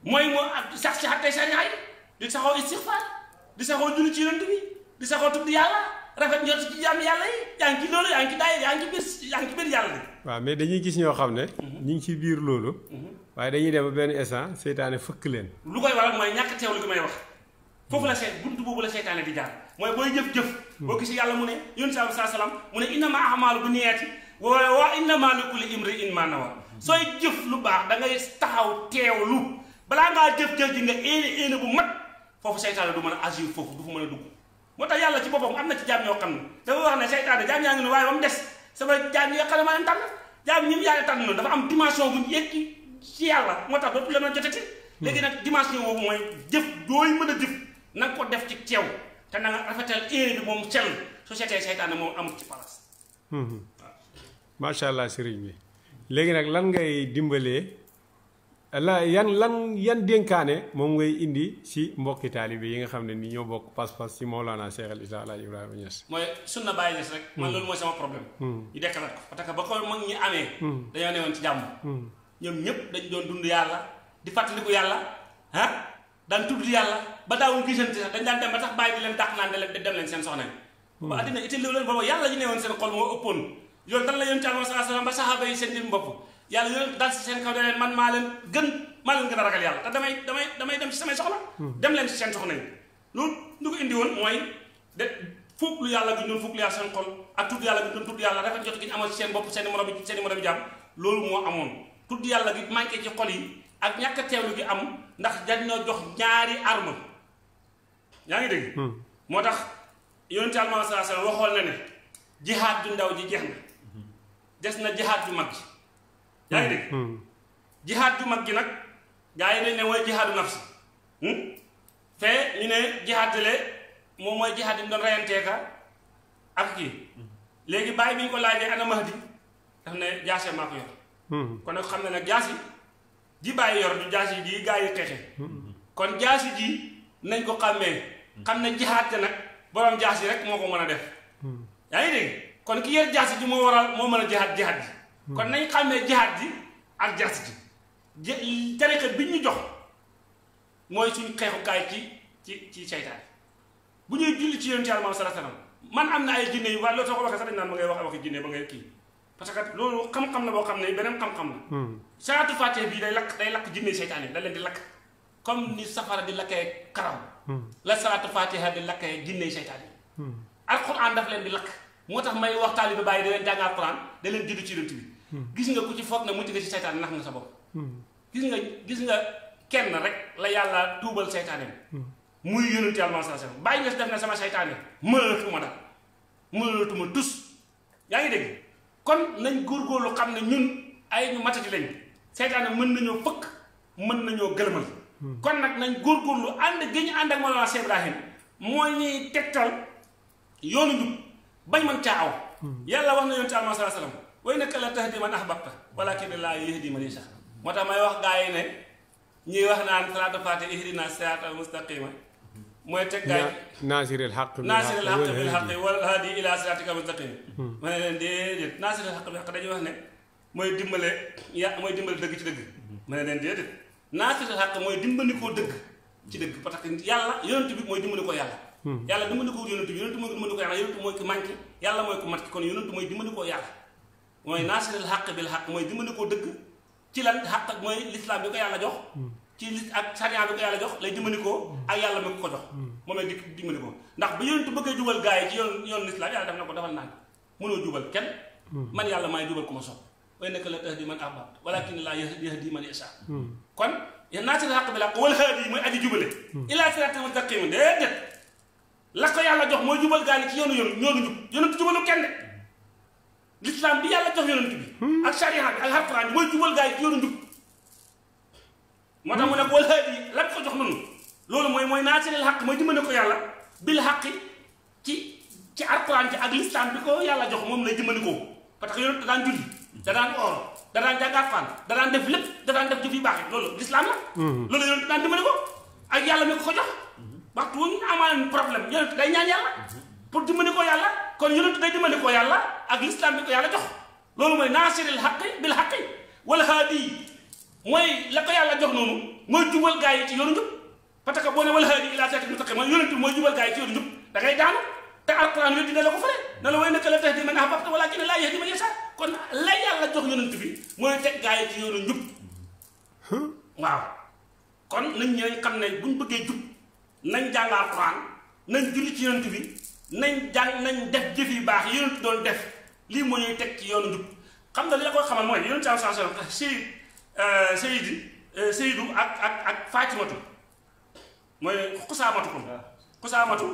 mooy moo ak sax si xattee sa ñaay di saxoo istixfaar di saxoo julli ci yonent bi di saxoo tudd yàlla rafet njort ci jàmm yàlla yi yaa ngi ci loolu yaa ngi ci daay yaa ngi ci biir yàlla bi waaw mais dañuy gis ñoo xam ne mhm. ñu ngi ci biir loolu mhm. waaye dañuy dem a benn instant seytaane fëkk leen lu koy waral mooy ñàkk teewlu gi may wax la boobu la seytaane di jaar mooy booy jëf-jëf boo gisee yàlla mu ne yón si alai salaam mu ne innama ahmaalu bi niyaati waaye waa innama li kulli imri in maa nawa sooy jëf lu baax da ngay taxaw teewlu balaa ngaa jëf-jëf ji nga éene éene bu mat foofu seytaane du mën a agir foofu du fa mën a dugg moo tax yàlla ci boppam am na ci jaam ñoo xam ne dafa wax ne seytaane jaam yaa ngi ne waaye ba mu des sama jaam yi nga xam ne maa leen tànn jaam ñi mu yàlla tànn noonu dafa am dimension bu yegg ci yàlla moo tax dootu la mën a jotati léegi nag dimension boobu mooy jëf dooy mën a jëf na nga ko def ci teew te na nga rafetal éere bi moom sell su seytaane moom amul ci place. Hmm. Ah. macha allah sëriñ bi léegi nag lan ngay dimbalee la yan lan yan dénkaane moom ngay indi si mbokki taalibe yi nga xam ne ni ñoo bokk pas-pas si Mawlana Cheikh al Islam Alaaji Ibrahima Niass. mooy sunna bàyyi rek. man hmm. loolu mooy sama problème. Hmm. ñu dekkalaat ko parce que ba ko mag ñi amee. dañoo newoon ci jàmm. ñoom ñëpp dañ doon dund yàlla di fàttaliku yàlla ah? daan tudd yàlla ba daawuñ gisante sax dañ daan dem ba tax bàyyi di leen tax naan leen dem leen seen soxna yi hmm. ba addina itam leen boobu yàlla la yonent alayhi salaam ba saxaaba yi seen jëm bopp yàlla yoon dal si seen kaw daleen man maa leen gën maa leen gën a ragal yàlla te damay damay damay dem si samay soxla hmm. dem leen si seen soxna yi loolu lu ko indi woon mooy de fukk lu yàlla gi doon fukk lu yàlla seen xol ak tudd yàlla gi doon tudd yàlla rafet jot gi ñu amoon seen bopp seen i seen i morom jàmm loolu moo ak ñàkk a teewlu gi am ndax dañ ñoo jox ñaari arme yaa ngi dégg. Hmm. moo tax yonent almaa saa sallam waxoon na ne jihaad ju ndaw ji jeex na des na jihaad ju mag ji. yaa ngi dégg. Hmm. jihaad ju mag ji nag gars yi dañ ne mooy jihaadu nafsi hmm? fee ñu ne jihaad moom mooy jihaad yi doon reyanteeka ak kii léegi bàyyi bi ñu ko laajee ana mahdi daf ne jaase maa ko kon nag xam ne nag jaasi. ji bàyyi yor du yi ji gaa yi xeexe kon jaasi ji nañ ko xàmmee xam ne jihaate nag borom yi rek moo ko mën a def yaa ngi dégg kon ki jaas jaasi ji moo waral moo mën a jihaat jihaat ji kon nañ xàmmee jihaat ji ak jaasi ji tarixa bi ñu jox mooy suñ xeexukaay ci ci ci seytaan bu ñuy julli ci yonent Yàlla moom sala salaam man am na ay jinne yu waaye loolu soo ko waxee sax naan ma ngay wax waxi jinne ba ngay kii parce que loolu xam-xam la boo xam ne beneen xam-xam la. Hmm. saatu fàtte bi day lakk day lakk jinne seytaane da leen di lakk comme ni safara di lakkee karaw. Hmm. la saatu fatiha di lakkee jinne seytaane yi. Hmm. alquran daf leen di lakk moo tax may wax taalibe bàyyi da leen jàng alquran da leen juddu ci yonent bi. gis nga ku ci na ne mucc nga ci seytaane nax nga sa bopp. gis nga gis nga kenn rek la yàlla tuubal seytaaneem. muy yonent yàlla sallallahu alayhi wasallam bàyyi nga def ne sama seytaane mënalatuma dara mënalatuma tus yaa ngi dégg. kon nañ góor góor góorgóorlu xam ne ñun ay ñu matati lañ seytaane mën nañoo fëkk mën nañoo gëlëmal hmm. kon nag nañ góor góorgóorlu ànd gi ñu ànd ak Mawlana Cheikh Ibrahim mooy ñuy tegtal yoonu njub bañ mën caa aw hmm. yàlla wax na yoon ci alma saa salaam way naka la tahdi man ahbabta walakin laa yahdi man yasha moo tax may wax gaa yi ne ñuy wax naan salaatu faati ihdina siraatal mustaqima mooy teg gaay naasiril xaq naasiril xaq bil xaq wal hadi ila siratika mustaqim ma xaq mooy dimbale ya mooy dimbale dëgg ci dëgg ma ne leen déedéet naasiril xaq mooy dimbali koo dëgg ci dëgg parce que yàlla yonent bi mooy dimbali koo yàlla hmm. yàlla dimbali koo yonent bi yonent mooy dimbali koo yàlla yonent mooy mooy ko mat ki koo yàlla mooy naasiril xaq bi xaq mooy dimbali koo dëgg ci lan xaq mooy lislaam bi ko yàlla jox hmm. ci li ak sariya bi ko yàlla jox lay dimbanikoo ak yàlla mi ko ko jox hmm. moom lay di dimbanikoo ndax bi yonent bëggee jubal gars yi ci yoon yoon lislaam na ko defal naa ko mënoo hmm. yàlla ma sopp way nekk la tahdi man ahbabta walakin laa yahdi man yasha hmm. kon naa si la ko wal haadi mooy aji jubale la yàlla jox mooy jubal gars ci yoonu yoonu yoonu jub yonent jubalu kenn lislaam bi yàlla jox yonent bi ak sariya bi ak alxuraan bi mooy jubal gars yi ci yoonu njub moo tax mu ne wal haadi lan ko jox noonu loolu mooy mooy naasilil xaq mooy dimbale ko yàlla bil xaqi ci ci alquran ci ak lislaam bi ko yàlla jox parce que yonent daan julli da daan oor da daan jàngaat fan da daan def lépp da daan def jëf yu baax loolu la mhm. loolu ko ak yàlla mi ko ko jox waxtu wu ñu amaan problème kon yonent day dimbale ko ko yàlla jox loolu mooy naasiril xaqi bil xaqi wal haadi mooy la ko yàlla jox noonu mooy jubal gaa yi ci yoonu njub parce que boo ne wal haadi ilaa siraatil mustaqiim mooy yonent bi mooy jubal gaa yi ci yoonu njub da ngay daanu te alquran yooyu dina la ko fële na la way naka la tahdi man ahbabta walaakinna kon la yàlla mooy yoonu njub waaw kon nañ ñooñ xam ne buñ bëggee jub nañ jàng alquran nañ julli ci yonent bi nañ jàng nañ def jëf yu baax yonent doon def lii moo teg ci yoonu njub xam nga li la ko xamal mooy yonent sallallahu alayhi wasallam Euh, Seydi euh, Seydou ak ak ak Fatimatu mooy xusaamatu ko ah. xusaamatu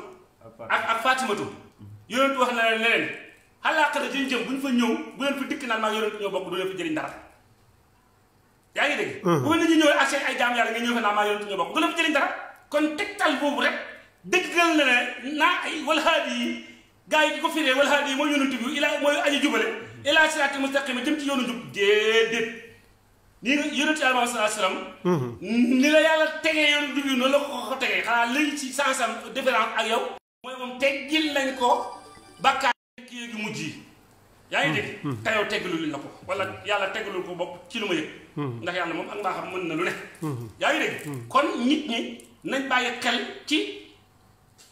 ak ak Fatimatu yonent wax na leen leneen xalaaxara jën jëm bu ñu fa ñëw bu leen fa dikk naan maa yonent ñoo bokk du leen fa jëriñ dara yaa ngi dégg bu leen ñu ñëw ak seen ay jaam yàlla nga ñëw fa naan maa yonent ñoo bokk du leen fa jëriñ dara kon tegtal boobu rek dëggal na ay walhaadi yi gars yi di ko firee walhaadi yi mooy yonent ilaa mooy aji jubale ilaa siraati mustaqima jëm ci yoonu jub déedéet ni yonente alayhi salaam mm-hmm. ni la yàlla tegee yoon du bi noonu la ko ko tegee xanaa léegi ci sansam différence ak yow mooy moom teggil nañ ko bàkkaar kii yu mujj yi yaa ngi dégg mm-hmm. te yow teggilu luñ la ko wala mm-hmm. yàlla teggilu ko bopp ci lu ma yëg ndax yàlla moom ak mbaaxam mën na lu ne yaa ngi dégg kon nit ñi nañ bàyyi xel ci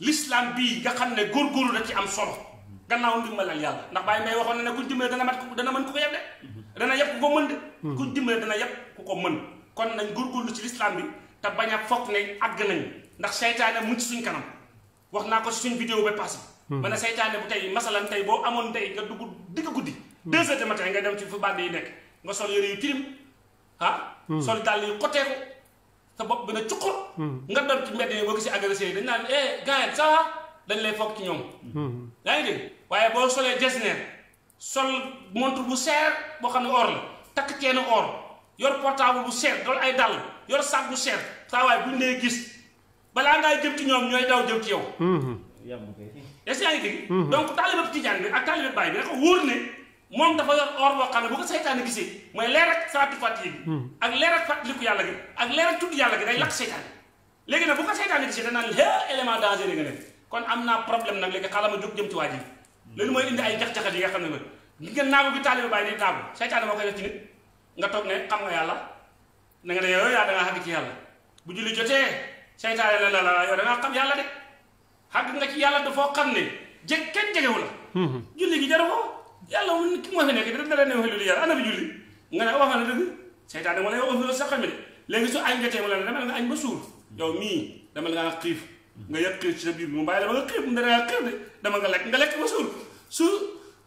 l'islam bii nga xam ne góor góorgóorlu da ci am solo gannaaw ndimbalal yàlla ndax bàyyi mbay waxoon na ne kuñ dimbale dana mat dana mën ku ko yeb de dana yeb ku ko mën de hmm. kuñ dimbale dana yeb ku ko mën kon nañ góorgóorlu ci lislaam bi te bañ a foog ne àgg nañ ndax seytaane mu ci suñ kanam wax naa ko suñ vidéo ba passé hmm. ma ne seytaane bu tey masalan tey boo amoon tey nga dugg digg guddi hmm. deux nga dem ci fu bande yi nekk nga sol yëre yu tilim ah sol dàll yu xotee sa bopp bi na cuqur nga doon ci mbedd yi boo gisee agressé dañ naan eh gars yi ça dañ lay foog ci ñoom yaa ngi dégg waaye boo solee des jasneer sol montre bu seer boo xam ne or la takk ceenu or yor portable bu seer dool ay dàll yor sac bu seer saa waay buñ lay gis balaa ngaa jëm ti ñoom ñooy daw jëm ci yow. Mm-hmm. est-ce que yaa ngi dégg donc taalibe tijaan bi ak taalibe baay bi nga ko wóor ne moom dafa yor or boo xam bu ko seytaane gisee mooy leer ak salaatu fàttali bi mm-hmm. ak leer ak fàttaliku yàlla gi ak leer ak yàlla gi day lakk seytaane léegi nag bu ko seytaane gisee danaan élément kon am naa problème nag léegi xaaral ma jóg jëm ci loolu mooy indi ay jax-jaxat yi nga xam ne man gi ngeen naagu bi taalibe bàyyi nga toog ne xam nga yàlla da nga ne yow yaa da ngaa xàgg ci yàlla bu julli la la la xam yàlla de xàgg nga ci yàlla dafoo xam ne jég kenn jegewu la mm-hmm. julli gi jaru ko yàlla moom ki moo fi nekk daf dara ne waxi loolu yàlla su añ jotee mu la ne dama nga añ ba suur yow mii dama la ngaa xiif nga yëg xiif sa biir bi bàyyi la ba nga xiif mu dara xiif de dama nga lekk nga lekk ba suur su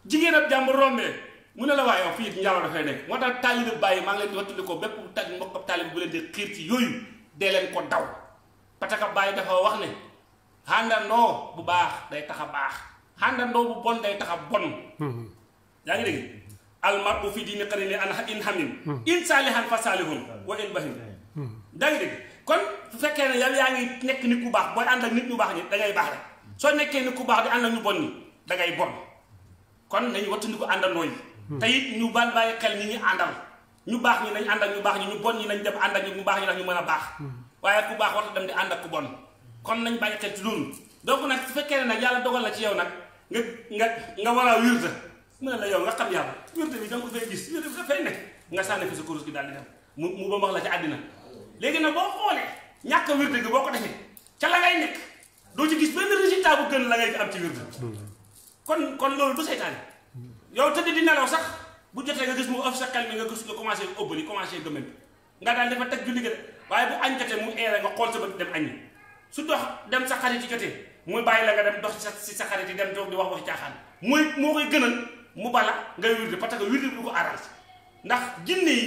jigéen ab jàmbur rombee mu ne la waaye yow fii njaaloo dafay nekk moo tax taalib bàyyi maa ngi leen di wattandi ko bépp ta mbokk taalib bu leen di xiir ci yooyu dee leen ko daw parce que bàyyi dafa wax ne xàndandoo bu baax day tax a baax xàndandoo bu bon day tax a bon yaa ngi dégg fii u fi diini qarini an in hamim in saalihan fa saalihun wa in bahim yaa ngi dégg kon su fekkee ne yow yaa ngi nekk nit ku baax booy ànd ak nit ñu baax ñi da ngay baax soo nekkee nit ku baax di ànd ak ñu bon ñi bon kon nañu wattandiku àndandoo yi te it ñu baal bàyyi xel ni ñu àndal ñu baax ñi nañ ànd ak ñu baax ñi ñu bon ñi nañ dem ànd ak ñu baax ñi ndax ñu mën a baax hmm. waaye ku baax warta dem di ànd ak ku kon nañ bàyyi xel ci loolu donc nag su fekkee ne nag yàlla dogal na ci yow nag nga nga nga war a wirda mu ne la yow nga xam yàlla wirda bi da nga ko fay gis wirda bi dafay nekk nga sànni fi sa kurus gi dal di dem mu mu ba wax la ci àddina léegi nag boo xoolee ñàkk wirda gi boo ko defee ca la ngay nekk doo ci gis benn résultat bu gën la ngay am ci kon kon loolu du seytaane yow tëdd di nelaw sax bu jotee nga gis mu ëff sa xel mi nga gis nga commencé ëbbali commencé gëmmen nga daal dafa teg julli ga waaye bu añ jotee mu eere nga xool sa bët dem aññi su dox dem sa xarit yi jotee muy bàyyi la nga dem dox si sa xarit yi dem toog di wax wax caaxaan muy moo koy gënal mu bala ngay wirde parce que wirde du ko arrangé ndax jinne yi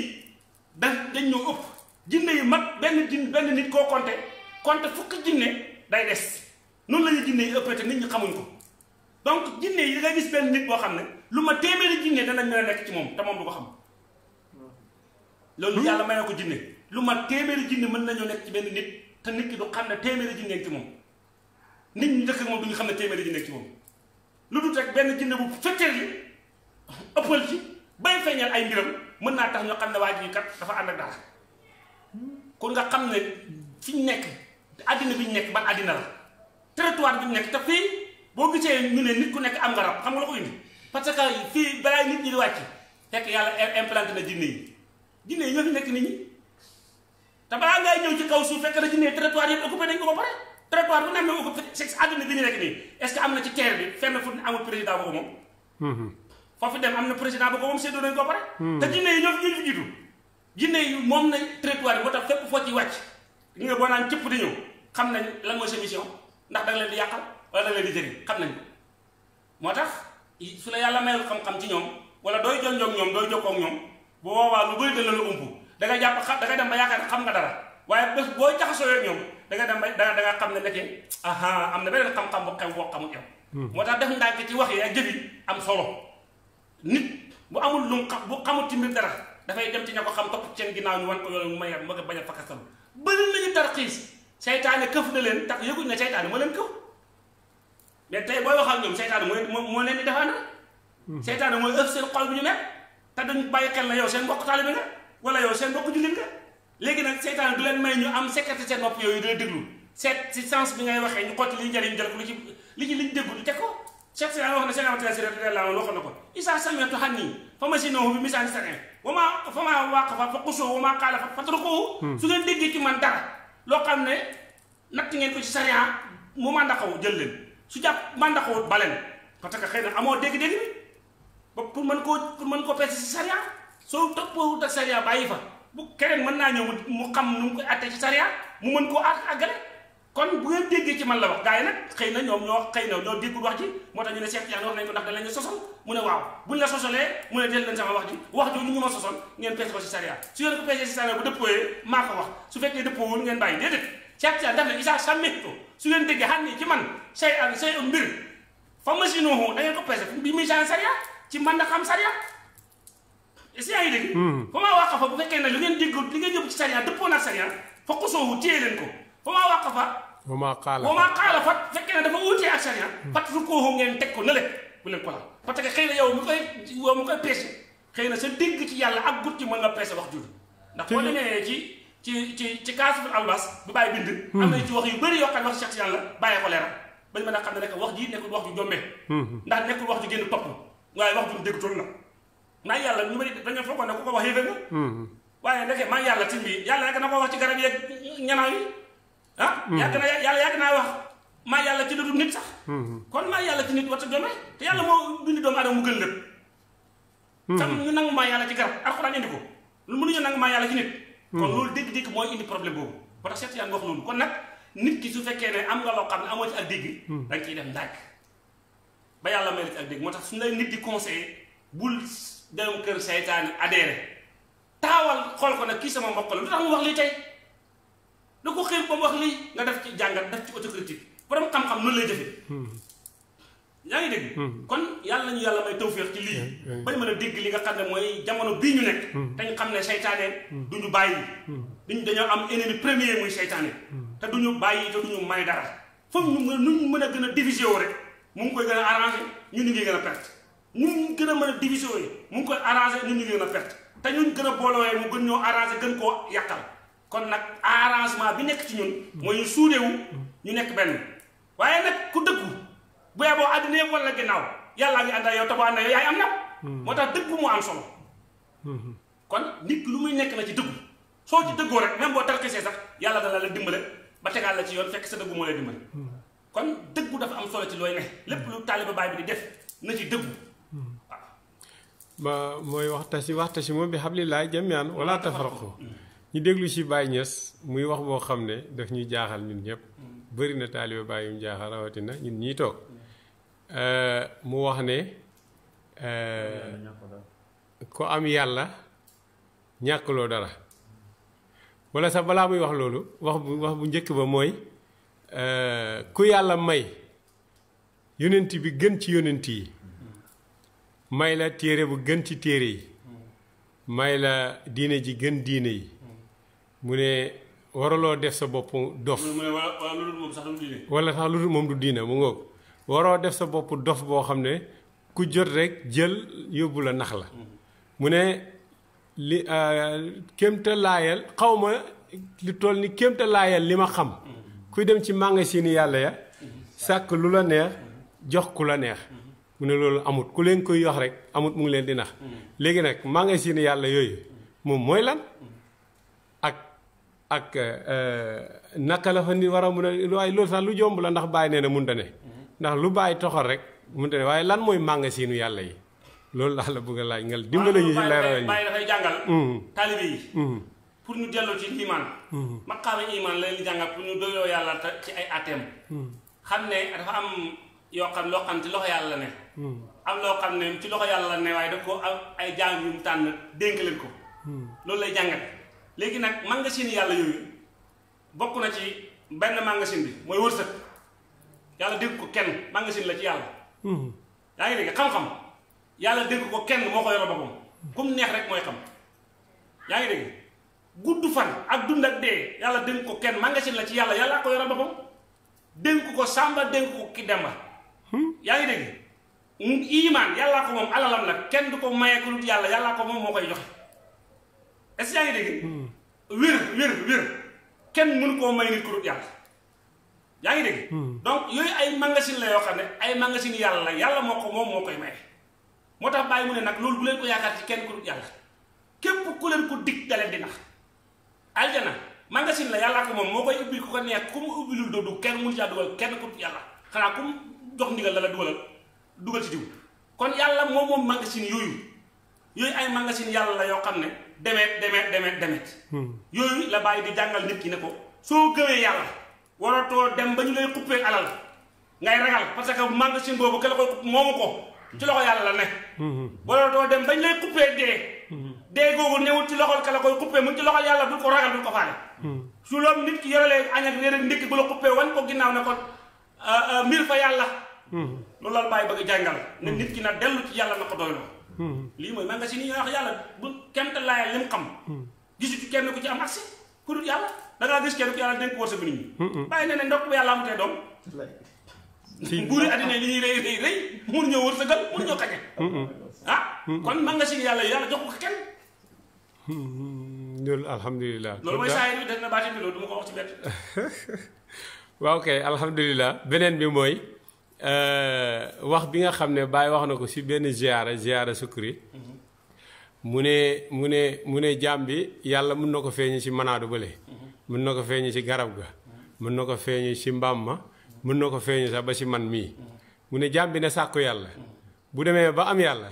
da dañ ñoo ëpp jinne yi mag benn jin benn nit koo compté compté fukki jinne day des noonu la ñuy jinne yi ëppee te nit ñi xamuñ ko donc jinne yi nga gis benn nit boo xam ne lu ma téeméeri jinne danañ mën a nekk ci moom te moom du ko xam loolu hmm? yàlla may na ko jinne lu ma téeméeri jinne mën nañoo nekk ci benn nit te nit ki du xam ne téeméeri jinne ci moom nit ñu dëkk moom du ñu xam ne téeméeri jinne ci moom lu dul rek benn jinne bu fekkee li ëppal ci bay feeñal ay mbiram mën naa tax ñoo xam ne waa ji kat dafa ànd ak dara kon nga xam ne fi ñu nekk àddina bi ñu nekk ban àddina la territoire bi ñu nekk te fii boo gisee ñu ne nit ku nekk am nga rab xam nga la ko indi parce que fii balaa nit ñi di wàcc fekk yàlla implanté na jinne yi jinne yi ñoo fi kaw suuf fekk na jinne territoire yëpp occupé nañ ko ba na ñu nekk nii est que am na ci terre bi fenn fu amul président boobu moom mm-hmm. foofu dem am na président bu ko moom séddoo nañ ko pare mm-hmm. te jinne yi ñoo fi ñu fi jinne yi moom nañ territoire bi moo tax fépp foo ci wàcc li nga boo naan cëpp di ñëw xam nañ lan mooy sa mission ndax da nga leen di yàqal wala la di jëriñ xam nañ moo tax su la yàlla mayal xam-xam ci ñoom wala dooy jonjoog ñoom dooy jokkoog ñoom bu boobaa lu bëri dana la ump da nga jàpp xam da dem ba yaakaar xam nga dara waaye bés boo jaxasoo ak ñoom da nga dem ba da nga xam ne nekkee aha am na beneen xam-xam bu xew boo xamul yow. Hmm. moo tax def ndànk ci wax yi ak jëf am solo nit bu amul lu xam bu xamul dara dafay dem ci ña ko xam topp seen ginnaaw ñu wan ko yoon mu may ma bañ a fakkasalu bëri nañu tarxiis seytaane këf na leen tax yëguñ ne seytaane moo leen këf mais tey booy wax ak ñoom seytaane moo leen moo leen di défendre hmm. seytaane mooy ëf seen xol bi ñu nekk te dañ bàyyi xel na yow seen mbokk taalibe nga wala yow seen mbokk jullit nga léegi nag seytaane du leen may ñu am sécurité seen bopp yooyu dina déglu seet si sens bi ngay waxee ñu xotti li njëriñ jël ko li ci li seen amatala xam nii fa ma si noowu bi misaan sanin wa maa hmm. loo xam ne natt ngeen ko ci sariya mu ma ndaxaw jël leen su jàpp màndaxoo bale na parce que xëy na amoo dégg-dégg bi ba pour mën koo pour mën koo peese si sariya soo toppoo ta sariya bàyyi fa bu keneen mën naa ñëw mu xam nu mu koy atte ci sariya mu mën koo àgg àggale kon bu ngeen déggee ci man la wax gars nag xëy na ñoom ñoo xëy na ñoo déggul wax ji moo tax ñu ne seet yàlla wax nañ ko ndax da lañu sosol mu ne waaw buñ la sosolee mu ne del leen sama wax ji wax jooju ñu ma sosol ngeen peese ko su ngeen ko peesee si sariya bu Cheikh Tidiane daf ne isaa sàmmitu su ngeen déggee xam ni ci man say an say am mbir fa masinuhu da ngeen ko peese bi muy saan ci man da xam sariya si yaa ngi dégg hmm. fa maa wàq fa bu li ngeen yóbbu ci sariya dëppoo na sariya fa xusoowu téye leen ko fa maa wa maa xaala fat fekkee ne dafa wuutee ak sariya hmm. fat fu kooxu ngeen teg ko nële bu leen ko laal parce que xëy yow mu koy yow mu koy peese xëy na sa dégg ci yàlla ak gut ci mën nga peese wax jul ndax boo demee ci ci ci kaasiful awlaas bu bàyyi bind hmm. am na ci wax yu bëri yoo xam ne wax Cheikh Tidiane la bàyyi ko leeral ba ñu mën a xam ne rek wax ji nekkul wax ju jombee hmm. ndax nekkul wax ju génn la naa yàlla ñu bëri dañoo foogoon ne ku ko wax yéefér nga hmm. waaye ndeke maa yàlla tim bi yàlla yàgg na ko wax ci garab yeeg ñanaaw yi ah yàgg yàlla yàgg naa wax maa yàlla ci lu dul nit sax yàlla ci nit warta te yàlla moo mu gën lépp tam ñu nangu maa yàlla ci garab alxuraan indi ko lu mënuñu nangu maa yàlla ci nit Hmm. kon loolu dégg-dégg mooy indi problème boobu ba tax seet yaa ngi wax loolu kon nag nit ki su fekkee ne am nga loo xam ne amoo ak dégg hmm. da nga ciy def ndànk ba yàlla may la ak dégg moo tax su ne nit di conseillé bul dem kër seytaane adhéré taawal xool ko nag kii sama mbokk la lu tax mu wax lii tey da ko xëy ba mu wax lii nga def ci jàngat def ci autocritique borom xam-xam noonu lay jëfee hmm. yaa ngi dégg hmm. kon yàlla nañu yàlla may tawféex ci lii hmm. Hmm. bañ mën a dégg li nga xam ne mooy jamono bii ñu nekk dañ xam ne seytaane du ñu bàyyi duñ dañoo am ennemi première muy seytaane te du ñu bàyyi te du ñu may dara foofu ñu ñu mën a gën a diviser wu rek mu ngi koy gën a arrangé ñun ñu ngi gën a perte ñu gën a mën a diviser wu mu ngi koy arrangé ñun ñu ngi gën a perte ñu ñun gën a boolowee mu gën ñoo arrangé gën koo yàqal kon nag arrangement bi nekk ci ñun mooy ñu suudewu ñu nekk benn waaye bu yeboo àddina yëpp wala ginnaaw yàllaa ngi ànd ak yow te ànd ak yow yaay am na. Hmm. moo tax dëggu moo am solo. Hmm. kon nit lu muy nekk na ci dëggu soo ci dëggoo rek même boo tarkisee sax yàlla dana la dimbale ba tegaal la ci yoon fekk sa dëggu moo lay dimbale. Hmm. kon dëggu dafa am solo ci looy ne lépp lu taaliba baay bi di def na ci dëggu. ba mooy waxtasi waxtasimu bi hablillahi jamiian wala ñu déglu ci Baye Niass muy wax boo xam ne daf ñuy jaaxal ñun ñëpp. bëri na taaliba baay yu mu jaaxal rawatina ñun ñii toog. Eh, mu wax ne eh, ku am yàlla ñàkkloo dara wala sa balaa muy wax loolu wax bu wax bu njëkk ba mooy eh, ku yàlla may yonent bi gën ci yonent yi may la téere bu gën ci téere yi may la diine ji gën diine yi mu ne waraloo def sa bopp dof wala sax lu dul moom du diine mu ngoog waroo def sa bopp dof boo xam ne ku jot rek jël yóbbu la nax la mu ne li euh, kémta laayal xaw ma li toll ni kémta li ma xam kuy dem ci magasin yàlla ya sàkk lu la neex jox ku la neex mu ne loolu amut ku leen koy yox rek amut mu ngi leen di nax léegi nag magasin yàlla yooyu moom mooy lan ak ak euh, naka la fa ni war a mun a waaye loolu sax lu jomb la ndax bàyyi nee na mun ne ndax lu bàyyi toxal rek mu ne waaye lan mooy màngasinu yàlla yi loolu laa la bëgg a laaj ngal dimbale ñu ci la ñu bàyyi dafay jàngal mm-hmm. taalibe yi mm-hmm. pour ñu dellu ci iman mm-hmm. maqaama iman la leen jàngal pour ñu doyoo yàlla te ci ay atem xam ne am yoo loo xam ci loxo yàlla la ne am loo xam ne ci loxo yàlla la ne waaye daf ko ay jaam yu tànn dénk leen ko loolu lay jàngat léegi nag màngasin yàlla yooyu bokk na ci benn màngasin bi mooy wërsëg yàlla dégg ko kenn magasin la ci yàlla. Hmm. yaa yàlla dégg ko kenn moo ko yore boppam kum neex rek mooy xam yaa ngi fan ak dund ak yàlla dénk ko kenn magasin la ci yàlla yàlla ko yore boppam dénk ko Samba dénk ko Kidemba. Hmm. yaa ngi dégg iimaan yàllaa ko moom alalam la kenn du ko maye ku yàlla yàllaa ko moom moo koy joxe est-ce que yaa ngi dégg. Hmm. wér kenn mënu koo may nit ku yàlla. yaa ngi dégg. Hmm. donc yooyu ay magasin la yoo xam ne ay magasin yàlla la yàlla moo ko moom moo koy maye. moo tax bàyyi mu ne nag loolu bu leen ko yaakaar ci kenn ku dul yàlla képp ku leen ko dig da leen di nax aljana magasin la yàllaa ko moom moo koy ubbi ku ko neex ku mu ubbilul doo du kenn mënu caa kenn ku yàlla xanaa ku mu jox ndigal la la dugalal dugal ci diw kon yàlla moom moom magasin yooyu yooyu ay magasin yàlla la yoo xam ne demeet demeet demeet demeet hmm. yooyu la bàyyi di jàngal nit ki ne ko waratoo dem ba ñu lay xuppee alal ngay ragal parce que magasin boobu ka la koy xupp moomu ko ci loxo yàlla la ne mm-hmm. waratoo dem ba ñu lay xuppee dee mm-hmm. dee googu newul ci loxol ka la koy xuppee mu ci loxol yàlla bul ko ragal bul ko faale mm-hmm. su loolu nit ki yorelee añ ak réer ne ko euh, euh, mbir fa yàlla la bàyyi bëgg jàngal ne ki na dellu yàlla na ko lii yàlla bu kenn laayal lim kenn ku ci am ku dul yàlla da gis kenn ku yàlla dénk wërsëg bi nit bàyyi na ne ndokk bu yàlla amutee doom. fii buuri àddina li ñuy rëy rëy rëy mun ñoo wërsëgal mun ñoo kañe. ah kon man nga si yàlla yàlla jox ko kenn. loolu alhamdulilah. loolu mooy saa yi def na bi loolu du ko wax ci bett. waaw kay alhamdulilah beneen bi mooy euh, wax bi nga xam ne Baye wax na ko si benn ziara ziara sukri mu ne mu ne mu ne jaam bi yàlla mun na ko feeñu ci manaadu bële mun na ko feeñu ci garab ga mun na ko feeñu ci mbaam ma mun na ko feeñu sax ba ci man mii mu ne jaam bi ne sàkku yàlla bu demee ba am yàlla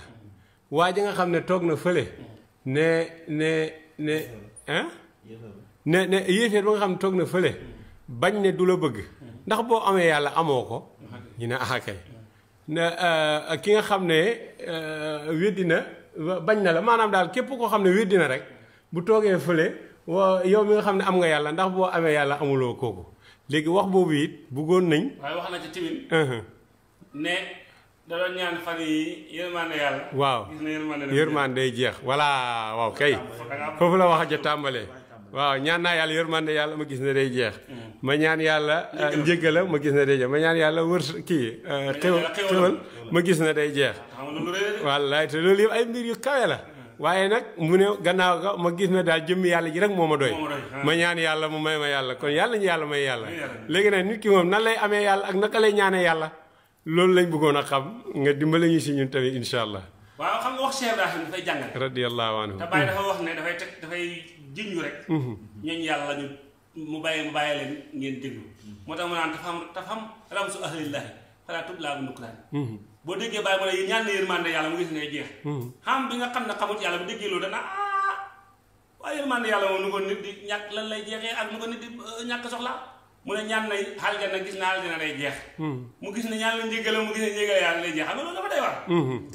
waa ji nga xam ne toog na fële ne ne ne hein ne ne yéeféer ba nga xam ne toog na fële bañ ne du la bëgg ndax boo amee yàlla amoo ko ñu ne axakay ne euh, ki nga xam ne euh, weddi na bañ na la maanaam daal képp koo xam ne weddi dina rek bu toogee fële wa yow mi nga xam ne am nga yàlla ndax boo amee yàlla amuloo kooku léegi wax boobu it bëggoon nañ. waaye wax na ci tamit. Uh-huh. ne da doon ñaan fan yi waaw gis day jeex voilà waaw kay foofu la wax ja tàmbalee. waaw ñaan naa yàlla yërmande yàlla ma gis na mm. euh, day jeex. ma ñaan yàlla. Euh, njëggala ma gis ne day ma ñaan yàlla wër kii. xew ma gis na day jeex. wallaay te loolu yëpp ay mbir yu kawe la. Mm. waaye nag mu ne gannaaw ga ma gis na daal jëmmi yàlla ji rek moo ma doy ah. ma ñaan yàlla mu may ma yàlla kon ah. yàlla ñu yàlla may yàlla léegi nag nit ki moom nan lay amee yàlla ak naka lay ñaanee yàlla loolu lañ bëggoon a xam nga dimbali ñu si ñun tamit insha allah waaw jiñ ñu rek. Mhm. ñooñu yàlla ñu mu bàyyi mu bàyyi leen ngeen déglu. moo tax mu naan tafam tafam ramsu ahlillahi falaa tublaa bi nuklaan. Mhm. boo déggee bàyyi mu ne yéen ñaan na yërmande yàlla mu gis ne jeex. Mhm. xam bi nga xam ne xamut yàlla bu déggee loolu dana ah waaye yërmande yàlla moom nu ko nit di ñàkk lan lay jeexee ak nu ko nit di euh, ñàkk soxla mu ne ñaan na aljana gis na aljana day jeex mu gis ne ñaan la njégala mu gis ne njégale yàlla lay jeex xam nga loolu dafa day war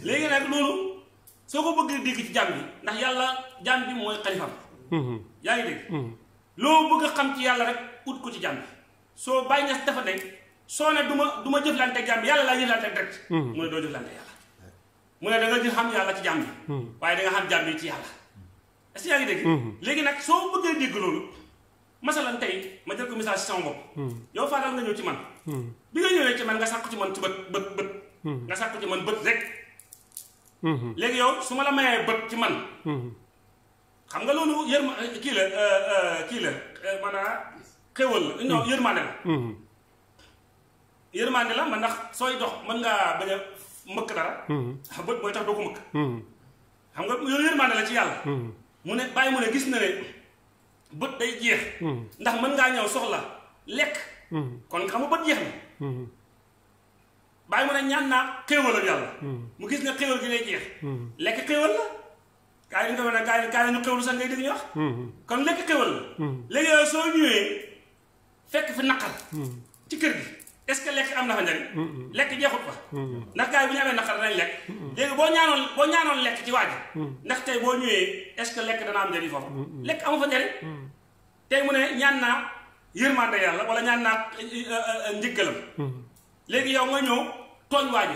léegi nag loolu soo ko bëgg dégg ci jàmm Mm-hmm. yaa ngi dégg mm-hmm. loo bëgg xam ci yàlla rek ut ko ci jàmm soo bàyyi ñas dafa ne soo ne du ma du ma jëflante jàmm yàlla laa jëflante direct mm-hmm. mu ne doo jëflante yàlla mu ne da nga di xam yàlla ci jàmm bi waaye da xam jàmm bi ci yàlla est-ce que yaa ngi dégg léegi nag soo bëggee dégg loolu masalan tey ma jël ko message si sama bopp yow faatal nga ñëw ci man bi nga ñëwee ci man nga sàkku ci man ci bët bët bët nga sàkku ci man bët rek léegi yow su ma la mayee bët ci man xam nga loolu yërma eh, kii la eh, eh, kii la maanaam xéwal la non mm-hmm. yërmande la mm-hmm. la man ndax sooy dox mën ngaa bañ a mëkk dara mm-hmm. tax doo ko mëkk xam nga loolu yërmande la ci yàlla mu ne bàyyi mu ne gis na ne bët day jeex ndax mën ngaa ñëw soxla lekk kon nga xam bët jeex na bàyyi mu ne ñaan naa xéwalal yàlla mu gis ne xéwal gi day jeex lekk xéwal la gaa yi ñu ko mën a gaa yi gaa yi ñu xewlu sax hmm. hmm. soo ñëwee fekk fi naqar. Hmm. ci kër gi ce que lekk am na fa njariñ. lekk jeexut fa. ndax gaa yi bu ñu amee naqar danañ lekk. boo ñaanoon boo ñaanoon lekk ci waaj. tey boo ñëwee est ce que lekk dana am njariñ foofu. lekk amu fa njariñ. tey mu ne ñaan naa yërmande yàlla wala ñaan naa eh, eh, eh, njëggalam. léegi yaw nga ñëw tooñ waaj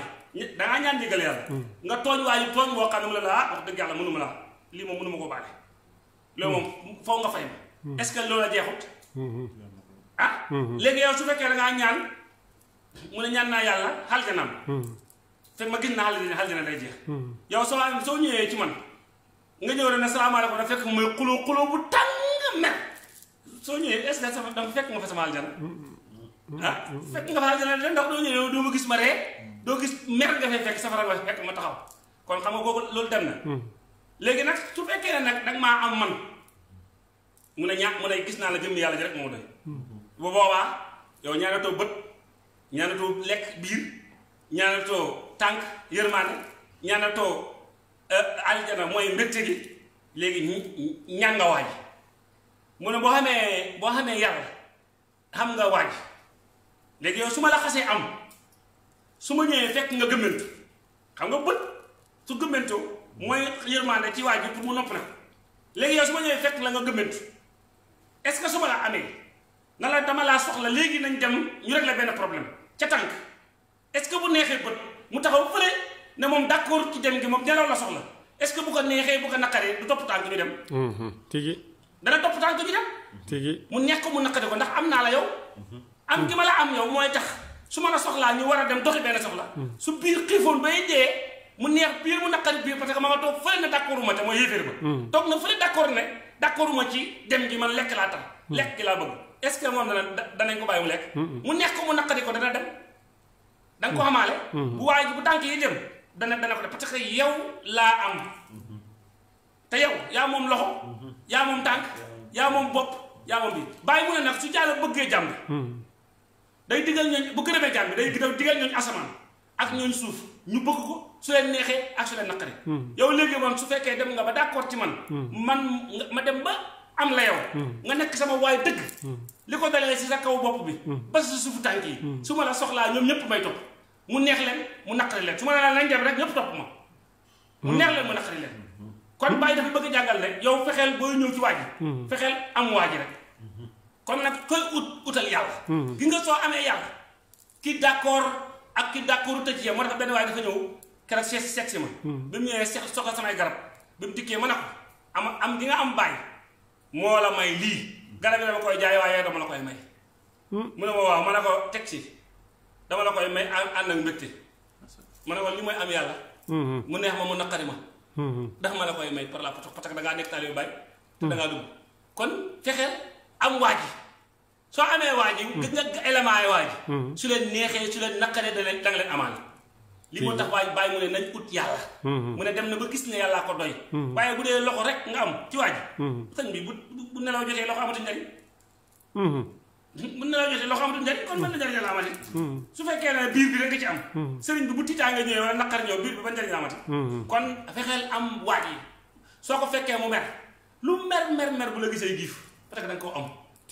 da ngaa ñaan njëggal yàlla. nga tooñ waaj tooñ boo xam ne mu ne ah, wax dëgg yàlla mënu ma lii moom ma ko baale. loolu moom foo nga fay ma. Hmm. est-ce que loola jeexut. Hmm. ah. Hmm. léegi yow su fekkee da ngaa ñaan mu ne ñaan naa yàlla xal dina am. fekk ma gis na xal dina day jeex. yow soo soo ñëwee ci man nga ñëw rek na salaamaaleykum da fekk muy xuloo xuloo bu tàng mer soo ñëwee est-ce que fekk nga fa sama aljana. ah fekk nga fa aljana de ndax doo ñëwee doo ma gis ma ree doo gis mer nga fay fekk safara nga fekk ma taxaw kon xam nga kooku loolu dem na. léegi nag su fekkee ne nag nag maa am man mu ne ñaa mu ne gis naa la jëm yàlla ji rek moo doy bu boobaa yow ñaanatoo bët ñaanatoo lekk biir ñaanatoo tànk yërmaane ñaanatoo euh, aljana mooy mbégte gi léegi ñaan nga waaj mu ne boo xamee boo xamee yàlla xam nga waaj léegi yow su ma la xasee am su ma ñëwee fekk nga gëmmantu xam nga bët su gëmmantoo mooy yërmande ci waa ji pour mu nopp na léegi yow su ma ñëwee fekk la nga gëmmentu est que su ma la amee na la dama laa soxla léegi nañ dem ñu la benn problème ca tànk est-ce que bu neexee bët mu taxaw fële ne moom d'accord ci dem gi moom delloo na soxla est-ce que bu neexee bu ko naqaree du topp tànk ñu dem. Mm-hmm. tigi. dana topp tànk ñu dem. tigi mu neex ko mu naqare ko ndax am naa la yow. Mm-hmm. am gi ma la am yow mooy tax su ma la soxlaa ñu war a dem doxi benn soxla. Mm-hmm. su biir xiifoon bay dee. mu neex biir mu naqari biir parce que ma nga toog fële na d' accord uma mooy yéeféer ba hmm. toog na fële d' accord ne d' accord uma ci dem gi man lekk laa tax hmm. lekk gi laa bëgg est ce que moom dana danañ ko bàyyi mu lekk hmm, mu neex ko mu naqari ko dana dem da nga ko xamaale bu waaye ji bu tànk yi dem dana dana ko def parce que yow laa am te yow yaa moom loxo yaa moom tànk yaa moom bopp yaa moom bi bàyyi mu ne nag su jàll bëggee jàmm day digal ñooñ bu gërëmee jàmm day digal ñooñ asamaan ak ñooñ suuf ñu bëgg ko su leen neexee ak su leen naqaree. Hmm. yow léegi man su fekkee dem nga ba d'accord ci man. Hmm. man ma dem ba am la yow. Hmm. nga nekk sama waay dëgg. li ko dalee si sa kaw bopp bi. ba si suufu tànk yi. su ma la soxlaa ñoom ñëpp may topp mu neex leen mu naqari leen su ma la lañ dem rek ñëpp topp ma. mu neex leen mu naqari leen. kon bàyyi dafa bëgg jàngal rek yow fexeel booy ñëw ci waa ji. fexeel am waa ji rek. kon nag koy ut utal yàlla. gi nga soo amee yàlla ki ak ki d'accord tëj yee moo tax benn waaye dafa ñëw keroog seet seet si ma hmm. bi mu ñëwee seet soxla samay garab bi mu dikkee ma ne ko am am di nga am bàyyi moo la may lii garab yi dama koy jaay waaye dama la koy may hmm. mu ne ma waaw ma ko teg si dama la koy may ànd ak mbégte ma ne ko li mooy am yàlla hmm. mu neex ma mu naqari ma ndax ma la koy may par la parce que da ngaa nekk taal yu bàyyi te da ngaa dugg kon fexeel am waa ji soo amee waa ji. gis nga mm. élément yi mm. su leen neexee su leen naqaree da leen da nga li moo mm. tax waaj bàyyi mu ne nañ ut yàlla. Mm-hmm. mu ne dem na ba gis ne yàllaa ko doy. Mm-hmm. waaye bu dee loxo rek nga am ci waaj. Mm-hmm. bi bu bu nelaw jotee loxo amatu njariñ. bu nelaw jotee loxo amatu njariñ kon mën na njariñ la amati. su fekkee ne biir bi rek ci am. sëriñ bi bu tiitaa nga ñëwee wala naqar ñëw biir bi ba njariñ la amati. kon fexeel am waaj yi soo ko fekkee mu mer lu mer mer mer bu la gisee giif parce que koo am.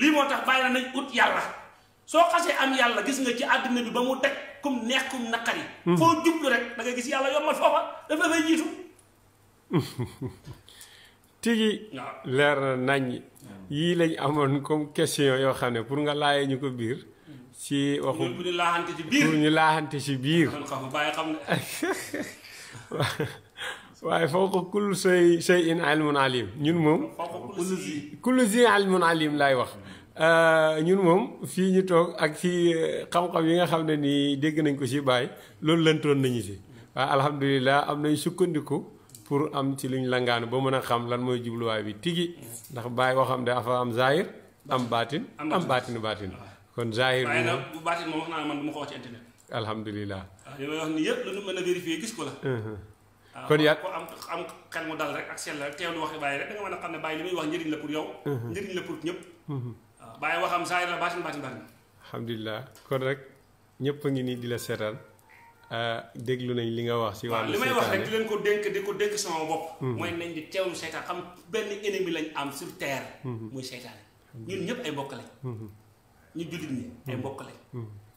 lii moo tax bàyyi na nañ ut yàlla soo xasee am yàlla gis nga ci àddina bi ba mu teg kum neex kum naqari. Hmm. foo jublu rek da gis yàlla yombal foofa daf la fay jiitu. tigi leer na nañ hmm. yii lañ amoon comme question yoo xam ne pour nga laajee ñu ko biir. Hmm. ci waxu pour ñu laaxante ci biir pour ñu laaxante ci biir. waaye fawqa kulli say say in ilmun alim ñun moom. kulli zi ilmun alim laay wax. Euh, ñun moom fii ñu toog ak ci euh, xam-xam yi nga xam ne nii dégg nañ ko si bàyyi loolu lëntoon nañu si waaye alhamdulilah am nañ sukkandiku pour am ci luñ langaan ba mën a xam lan mooy jubluwaay bi tigi ndax bàyyi waxam de dafa am zaahir am baatin am baatin baatin kon zaahir bi bu baatin moom wax naa man du ko wax ci internet. alhamdulilah. waaw li may mën a vérifier gis Ah, kon yaa ko am am xel mu dal rek ak sell rek teewlu waxi bàyyi rek da mën a xam ne bàyyi li muy wax njëriñ la pour yow. Mhm. njëriñ la pour ñëpp. waaw mhm. ah, bàyyi waxam saa la baatin baatin baatin. alhamdulilah rek ñëpp a nii di la seetaan ah, déglu nañ li nga wax. si wàllu li may wax rek di ko dénk ko dénk sama bopp. Mhm. mooy nañ di teewlu seytaan xam benn ennemi lañ am sur terre. muy seytaane ñun ñëpp ay mbokk lañ. ñu jullit ñi ay mbokk lañ.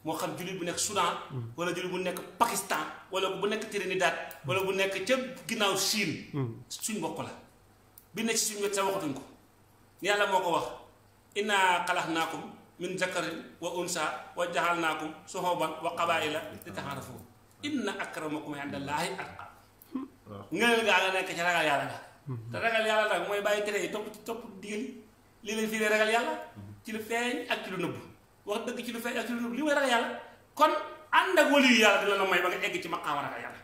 moo xam jullit bu nekk Soudan. wala jullit bu nekk Pakistan wala bu nekk Trinidad. wala bu nekk ca ginnaaw Chine. suñ bokk la bi ne ci suñ wet sa waxatuñ ko yàlla moo ko wax innaa xalaqnaakum min zakarin wa unsa wa jaxalnaakum suxooban wa qabaila li taxaarafu inna akramakum indallaahi atqaakum ngëneel gaa nga nekk ci ragal yàlla la te ragal yàlla nag mooy bàyyi tere yi topp ci topp digal lii lañ fi dee ragal yàlla ci lu feeñ ak wax dëgg ci lu feeñ ak ci lu li may ragal yàlla kon ànd ak waliyu yàlla dina la may ba nga egg ci maqaama ragal yàlla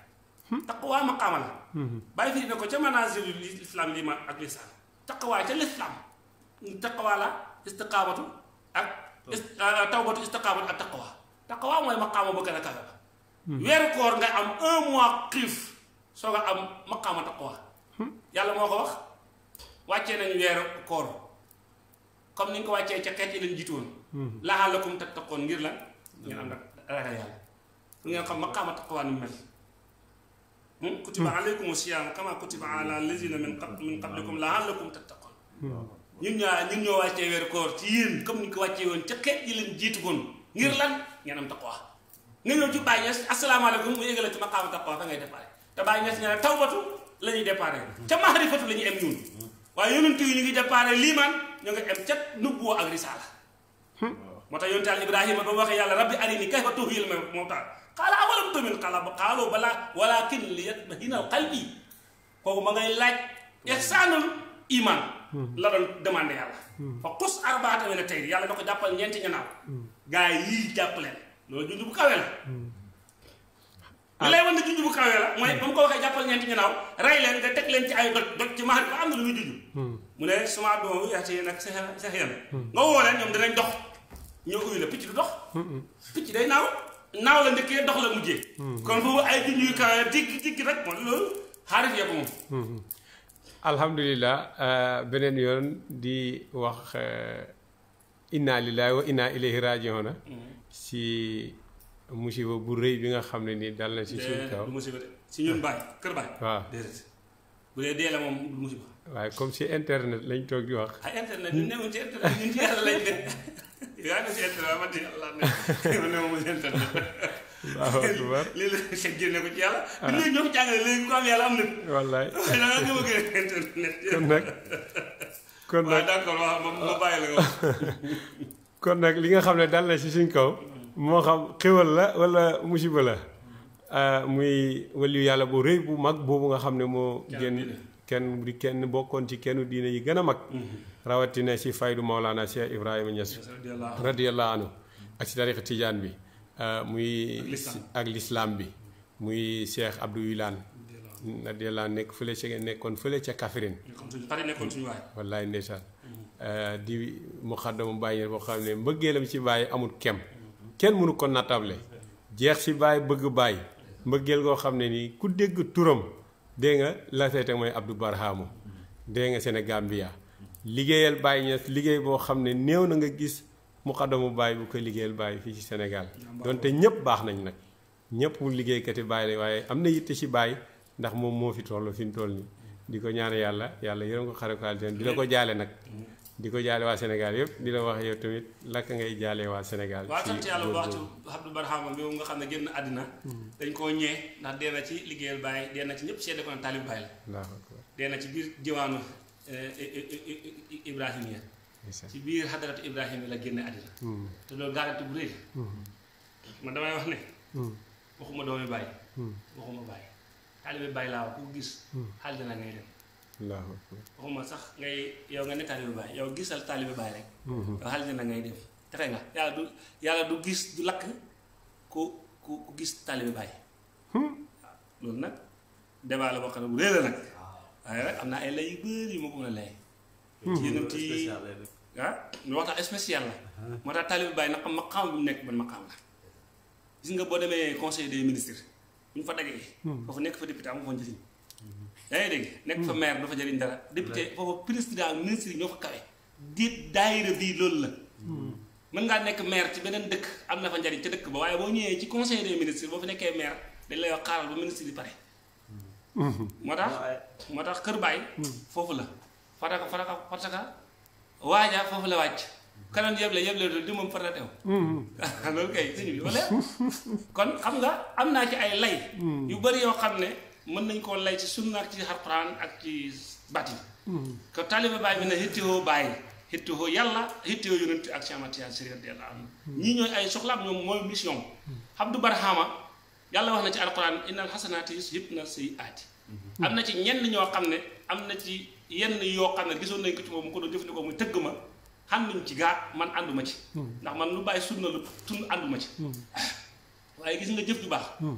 hmm? taqwa maqaama la hmm. bàyyi firi ne ko ca manazil l'islam liman ak lisan taqwa ca l'islam taqwa la istiqaamatu ak hmm. ah, ah, tawbatu istiqaamatu ak taqwa taqwa mooy maqaama ba gën a kawe ba weeru koor nga am un mois xiif soo nga am maqaama taqwa yàlla moo ko wax wàccee nañ weeru koor comme ni nga ko wàccee ca xeet yi lañ jiitoon laxaalakum tattaqoon ngir lan ngeen am ak ragal yàlla pour ngeen xam maqaama taqwaa nu mel hmm? kutiba hmm. alaykum siyaam kama kutiba ala lazina min qab min qablikum laalakum tattaqoon hmm. ñun ñaa ñun ñoo wàccee weer koor ci yéen comme ñu ko wàccee woon ca xeet yi leen jiitu woon ngir lan ngeen am taqwa nga ñëw ci bàyyi ñes asalaamaaleykum mu yëgale ci maqaama taqwa fa ngay déparé te bàyyi ñes ñaare tawbatu la ñuy déparé ca maarifatu la ñuy am ñun waaye yonent yi ñu ngi déparé liimaan ñu nga am ca nubboo ak risaala moo tax yonte yàlla ma ba mu waxee yàlla rabbi arini kayfa tuhyil mawtaa qaala awalam tu'min qaalu balaa walaakin liyatma'inna qalbi kooku ma ngay laaj ihsaanul iman hmm. la doon demandé yàlla hmm. fa xus arbaata mina tayri yàlla da ko jàppal ñeenti ñanaaw hmm. gaa yii jàppaleen loolu junj bu kawe la li lay wan ne junj bu kawe la mooy ba mu ko waxee jàppal ñeenti ñanaaw rey leen nga teg leen ci ay doj doj ci maari ko am na lu muy junj mu ne suma doomu yaati nag sa sa xel nga woo leen ñoom dinañ ñoo uyu la picc du dox. picc day naaw naaw la ndëkkee dox la mujjee. Mm-hmm. kon foofu ay di ñuy kawe digg digg rek mooy loolu xaarit yee ko moom. Mm-hmm. alhamdulilah euh, beneen yoon di wax euh, inna lillahi wa inna ilayhi rajiuna mm-hmm. si musiba bu rëy bi nga xam ne ni dal na si suñ kaw musiba de si ñun baay kër baay waaw déedéet bu dee dee la moom du musiba waaye comme si internet lañ toog di wax ay internet ñu newuñ ci internet ñun ci yàlla lañ de yaa ngi si waaw a gën internet. li nga xam ne dal na si suñ kaw. moo xam xéwal la wala musiba la. Ah, muy waliyu yàlla bu rëy bu mag boobu nga xam ne moo. génn kenn kenn bokkoon ci kenn diine yi gën a mag. Mm-hmm. rawatina si faydu Maolana Cheikh Ibrahima Niass radiyallahu anhu ak ci tariqa tijaan bi euh, muy ak lislaam bi muy Cheikh Abdou Wilane radiyallahu nekk fële ca nekkoon fële ca Kaffrine wallaay ndeysaan mm-hmm. euh, di muxaddamu bàyyi boo xam ne mbëggeelam ci bàyyi amul kem kenn mënu ko nattable jeex si bàyyi bëgg bàyyi mbëggeel goo xam ne nii ku dégg turam dégg nga la mooy abdu Barhamu dégg nga Sénégambia liggéeyal Baye Niass liggéey boo xam ne néew na nga gis mu muqaddamu Baye bu ko liggéeyal bàyyi fii ci Sénégal donte ñëpp baax nañ nag ñëpp liggéeykati Baye la waaye am na yitte ci Baye ndax moom moo fi toll fi mu toll nii di ko ñaan yàlla yàlla yërëm ko xare di la ko jaale nag di ko jaale waa Sénégal yëpp di la wax yow tamit lakka ngay jaale waa Sénégal waaw sant xam ne génn àddina mm-hmm. dañ koo ñee na ci liggéeyal Baye dee na ci ñëpp seede ko ne taalib Baye la dee na ci biir diwaanu Eh, eh, eh, ibrahimiya ci biir xadaratu ibrahim yi la génne àddina hmm. te loolu garanti bu rëy hmm. man damay wax ne hmm. waxuma doomi bàyyi waxuma bàyyi taalibe bàyyi laa wax ku gis xaal dina ngay dem waxuma sax ngay yow nga ne taalibe bàyyi yow gisal taalibe bàyyi rek yow xaal dina ngay dem texe nga yàlla du yàlla du gis du lakk ku ku ku gis taalibe bàyyi loolu nag débat la boo xam ne bu rëy nag waaye ah, nag am na ay lay yu bëri yu ma bëgg a lay. yéen hmm. ci ah lu waxtaan spécial la. Uh-huh. moo tax taalibe Baay nag maqaam bu mu nekk ban maqaam la gis nga boo demee conseil de ministres bu ñu fa dajee. Hmm. foofu nekk fa député fa njëriñ. Mm-hmm. yaa ngi dégg nekk fa hmm. maire dafa jëriñ dara. député foofu président ak ministre yi ñoo fa kawe. di daayira bii loolu la. Mm-hmm. mën ngaa nekk maire ci beneen dëkk am na fa njëriñ ca dëkk ba waaye boo ñëwee ci conseil des ministres boo fa nekkee maire dañ lay wax xaaral ba ministre yi pare. moo tax moo tax kër baay foofu la fataka fataka fataka waaja foofu la wàcc kanoon yëble yëble du di moom fata teew mm-hmm. kon xam nga am naa ci ay lay mm-hmm. yu bari yoo xam ne mën nañ koo lay ci sunna ci alxuraan ak ci batin mm-hmm. ko taaliba baay bi ne xittiwoo baay xittiwoo yàlla xittiwoo yonent ak Cheikh Ahmad Tidiane Chérif radiyallahu anhu ñii ñooy ay soxlaam ñoom mooy mission Abdou Barhama yàlla wax na ci alquran innal xasanaati si sayyiaati mhm. am na ci ñenn ñoo xam ne am na ci yenn yoo xam ne gisoon nañ ko ci moom mu ko doon jëfandikoo muy tëgg ma xam nañ ci gaa man ànduma ci hmm. ndax man lu bàyyi sunna lu tun ànduma ci hmm. waaye gis nga jëf ju baax hmm.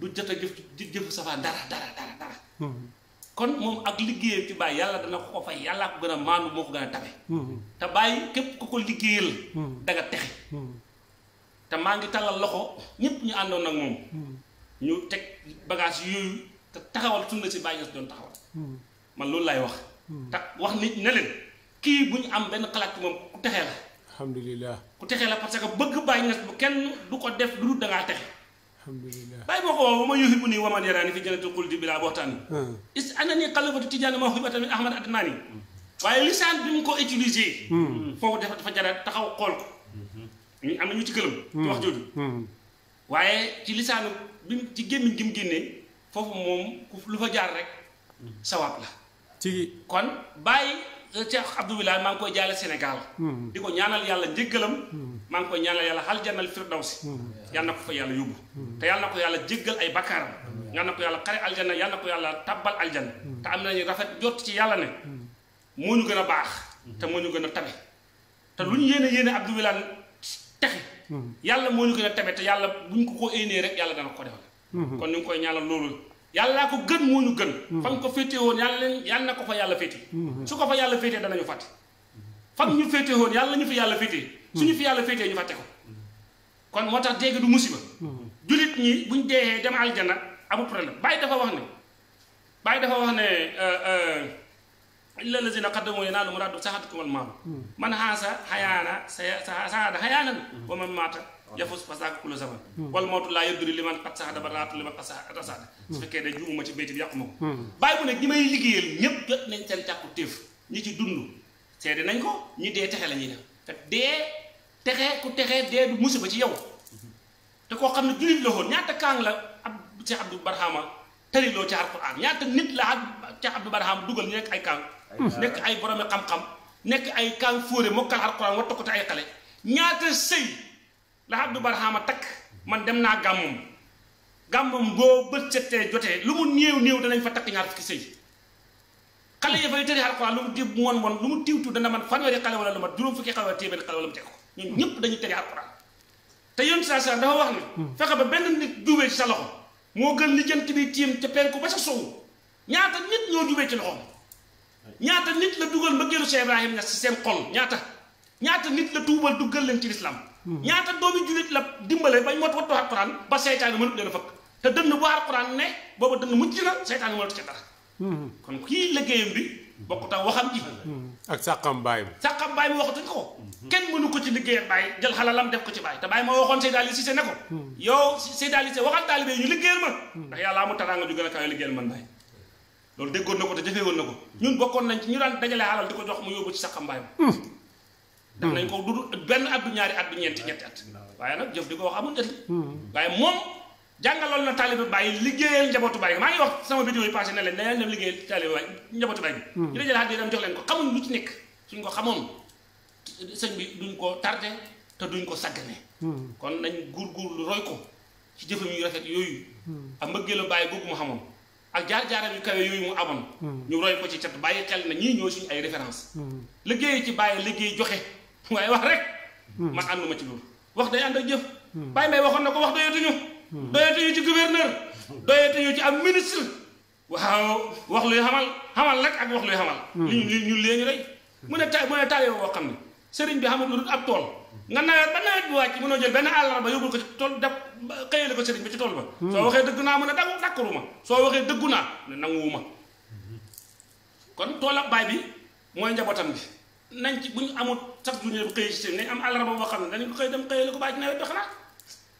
du jot a jëf jëfu safaan dara dara dara kon moom ak liggéeyam ci bàyyi yàlla dana ko ko fay yàlla ko gën a maandu moo ko gën a tabe te bàyyi képp ku ko liggéeyal da texe te maa ngi tàllal loxo ñëpp ñu àndoon ak moom hmm. ñu teg bagage yooyu te taxawal sunna si bàyyi doon taxawal hmm. man loolu laay wax hmm. te wax nit ne leen kii bu ñu am benn xalaat moom ku texee la alhamdulilah ku texe la parce que bëgg bàyyi nas bu kenn du ko def lu dul dangaa texe bàyyi boo ko woo ba ma yuhibu nii waman yaraani fi janatul xuldi bi laa waxtaan is ana ni xalifatu tijaani ma xiba tamit ahmad adnaani waaye lisaan bi mu ko utilisé foofu dafa dafa jara taxaw xool ko ñu am na ñu ci gëlëm. Hmm. ci wax jooju. Hmm. waaye ci lisaanu bi ci gémmiñ gi mu génnee foofu moom ku lu fa jaar rek sawaab la. kon bàyyi euh, Cheikh Abdou Bilal maa ngi koy jaale Sénégal. Hmm. di ko ñaanal yàlla njëggalam. maa ngi koy ñaanal yàlla xal jannal firdawsi. yal na ko fa yàlla yóbbu. te yal na ko yàlla jéggal ay bakkaaram. yal ko yàlla xare aljanna yàlla na ko yàlla tabbal aljanna. te am nañu rafet jot ci yàlla ne. moo ñu gën a baax. te moo ñu gën a tabe te lu ñu yéene texe hmm. yàlla moo ñu ko a tabe te yàlla buñ ko ko éenee rek yàlla dana ko defal hmm. kon ñu ngi koy ñaanal loolu yàllaa ko gën moo ñu gën hmm. fam ko féete woon yàlla yàlla na ko fa yàlla féete su ko fa yàlla féetee danañu fàtte fam ñu féete woon yàlla ñu fi yàlla féetee suñu fi yàlla féetee ñu fàtte ko kon moo tax dégg du musiba julit ñi buñ deexee dem aljana amul problème bàyyi dafa wax ne bàyyi dafa wax ne euh, euh, illa allazina qaddamu yanaalu muraadu saxatukum al maam man xaasa xayaana saxaada xayaanan wa man maata yafus fasaaka kula zaman wal mawtu laa yudri liman qad saxada baraatu liman qad saxada su fekkee de juumuma ci béyti bi yàqu ma ko bàyyi bu ne ñi may liggéeyal ñépp jot nañ seen càkku téef ci dund seede nañ ko ñi dee texe la te dee texe ku texe dee du musiba ci yow te koo xam ne julit la woon ñaata kaang la ab Cheikh Abdou Barhama tëriloo ci alquran ñaata nit la ak Cheikh Abdou Barhama dugal ñu nekk ay kaang nekk ay boromi xam-xam nekk ay kan fóore mokkal alxuraan wa tokkate ay xale ñaata sëy la Abdou Barhama takk man dem naa gàmmam gàmmam boo bët settee jotee lu mu néew néew danañ fa takk ñaar fukki sëy xale ya fay tëri alxuraan lu mu di mon mon lu mu tiwtu dana man fanweeri xale wala lu mat juróom fukki xale wala téeméeri xale wala mu teg ko ñun ñëpp dañuy tëri alxuraan te yoon saa saa dafa wax ni hmm. fexe ba benn nit jubee ci sa loxo moo gën li jant bi tiim ca penku ba sa sowu ñaata nit ñoo jubee ci loxoom ñaata nit la dugal mbëggeelu Cheikh Ibrahim na si seen xol ñaata ñaata nit la tuubal duggal leen ci lislaam hmm. ñaata doomi jullit la dimbale bañ mot wattu alquran ba seytaane mënut leen a fëkk te dënn bu alquran ne booba dënn mucc na seytaane mënut ci dara hmm. kon kii liggéeyam bi bokkut ak waxam ji hmm. ak sàqam baay bi sàqam baay bi waxatuñ ko kenn mënu ko ci liggéeyam baay jël xalalam def ko ci baay te baay moo waxoon Seydi Aliou Cissé ne ko yow Seydi Aliou Cissé waxal taalibe ñu liggéeyal ma a kawe liggéeyal man loolu déggoon na ko te jëfewoon na ko ñun bokkoon nañ ci ñu daan dajale alal di ko jox mu yóbbu ci saqambaay ma hmm. def hmm. nañ ko du benn at du ñaari at du ñeenti ñetti at hmm. waaye nag jëf di ko wax amul njëriñ waaye moom jàngaloon na taalibe bàyyi liggéeyal njabootu bàyyi maa ngi wax sama vidéo yi leen dañu dem liggéeyal taalibe bàyyi njabootu bàyyi ñu dajale at yi dem jox leen ko xamuñ lu ci nekk suñ ko xamoon sëñ bi duñ ko tardé te duñ ko saggane kon nañ góorgóorlu roy ko ci jëfam yu rafet yooyu am mbëggeelu bàyyi googu mu xamoon ak jaar-jaaram yu kawe yooyu mu amoon. ñu roy ko ci cat bàyyi xel na ñii ñoo suñu ay référence liggéey ci bàyyi liggéey joxe waaye wax rek. man ma ci loolu wax day ànd ak jëf. bàyyi may waxoon na ko wax doyatuñu. doyatuñu ci gouverneur. doyatuñu ci am ministre. waaw wax luy xamal xamal rek ak wax luy xamal. li hmm. ñu li ñu lee ñu rey. mu ne ta mu ne taayoo boo xam ne sëriñ bi xamul lu dul ab tool. nga nawet ba nawet bi wàcc mënoo jël benn àllarba yóbbul ko ci tool def xëyale ko sëriñ bi ci tool ba hmm. soo waxee dëgg naa mën a dangu dakkaruma soo waxee dëggu naa ne nanguwuma kon toolam baay bi mooy njabootam bi nañ ci bu ñu amul sax duñu bu xëy si nañ am boo xam ne dañu ko xëy dem xëyale ko bàyyi ci nawet bi xanaa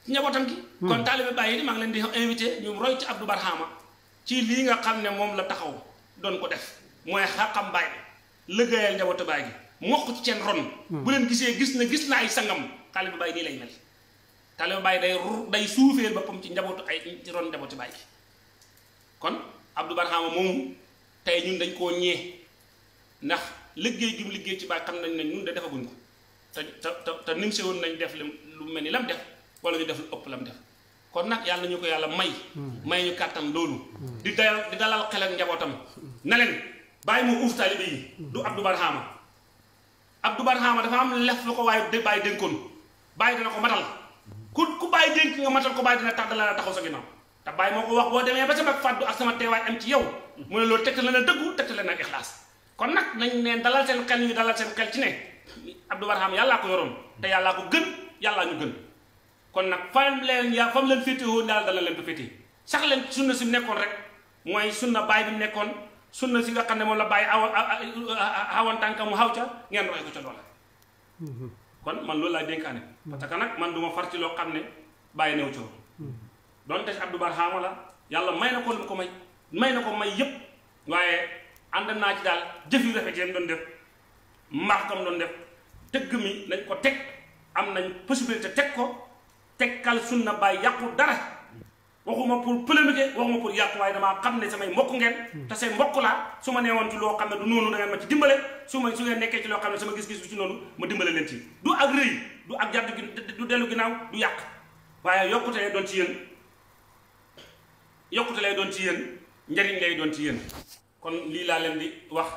ci njabootam gi hmm. kon taalibe bàyyi di maa ngi leen di invité ñu roy ci Abdou Barhama ci lii nga xam ne moom la taxaw doon ko def mooy xaqam baay bi liggéeyal njabootu baay gi mokk ci seen ron hmm. bu leen gisee gis na gis na ay sangam taalibe Baay nii lay mel taalibe Baay day day suufeel boppam ci njabootu ay ron njabootu Baay kon Abdou Barhama moomu tey ñun dañ koo ñee ndax liggéey gi liggéey ci Baay xam nañ de defaguñ ko te te woon nañ def lu mel ni lam def wala ñu def ëpp lam kon nag yàlla ñu ko yàlla may hmm. kàttan loolu hmm. di dalal njabootam na leen bàyyi mu uuf taalibe yi du Abdou Barhama Abdou Barhama dafa am lef lu ko waaye bàyyi dénkoon bàyyi dana ko matal ku ku bàyyi dénk nga matal ko bàyyi dina tax dala taxaw sa ginnaaw te bàyyi moo ko wax boo demee ba sama fàddu ak sama teewaay am ci yow mu ne loolu tegtal na dëggu tegtal na ixlaas kon nag nañ ne dalal seen xel ñu dalal seen xel ci ne Abdou Barham yàllaa ko yoroon te yàllaa ko gën yàllaa ñu gën kon nag fam leen yaa fam leen féete woon daal dana leen ko féete sax leen si nekkoon rek mooy sunna baay bi nekkoon sunna si nga xam ne moom la bàyyi awa awoon tànka mu xaw ca ngeen roy ko ca loola kon man loolu laay dénkaane parce que nag man du ma far ci loo xam ne bàyyi new coow doon te Abdou Barhama la yàlla may na ko lu ko may may na ko may yépp waaye ànd naa ci daal jëf yu rafet yi doon def mbaax kam doon def tëgg mi nañ ko teg am nañ possibilité teg ko kal tegkal sunna bàyyi yàqu dara waxuma pour polémique waxuma pour yàq waaye damaa xam ne samay mbokk ngeen hmm. te say mbokk laa su ma neewoon ci loo xam ne du noonu da ngeen ma ci dimbale su ma su ngeen nekkee ci loo xam ne sama gis-gis bu ci noonu ma dimbale leen ci du ak rëy du ak jàdd du dellu ginnaaw du yàq waaye yokkute lay doon ci yéen yokkute lay doon ci yéen njariñ lay doon ci yéen kon lii laa leen di wax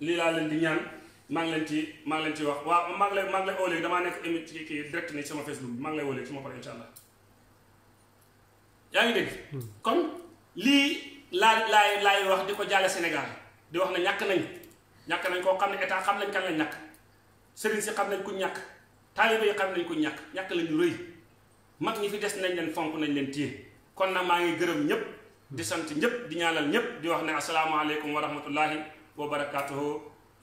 lii laa leen di ñaan maa ngi leen ci maa ngi leen ci wax waa maa ngi lay maa ngi lay oo léegi damaa nekk émi ci kii direct ni ma paree yaa ngi dégg kon lii laay laay laay wax di ko jàlle Sénégal di wax na ñàkk nañ ñàkk nañ koo xam ne état xam nañ kan lañ ñàkk sëriñ si xam nañ ku ñàkk taalibe yi xam nañ ku ñàkk ñàkk lañu rëy mag ñi fi des nañ leen fonk nañ leen téye kon na maa ngi gërëm ñëpp di sant ñëpp di ñaanal ñëpp di wax ne asalaamaaleykum wa rahmatullahi wa barakaatuhu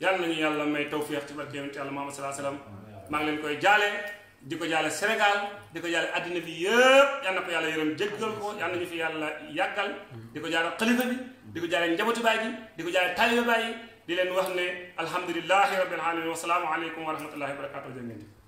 yàlla nañu yàlla may tawfiix ci barke yonent yàlla Muhammad salaa salaam maa ngi leen koy jaale di ko jàlle Sénégal di ko jàlle àddina bi yëpp yal na ko yàlla yërëm jéggal ko yal na ñu fi yàlla yàggal di ko jàlle xalifa bi di ko jàlle njabootu baay di ko jàlle taaliba baay di leen wax ne alhamdulilahi rabbil alamin wa salaamu aleykum wa rahmatullahi wa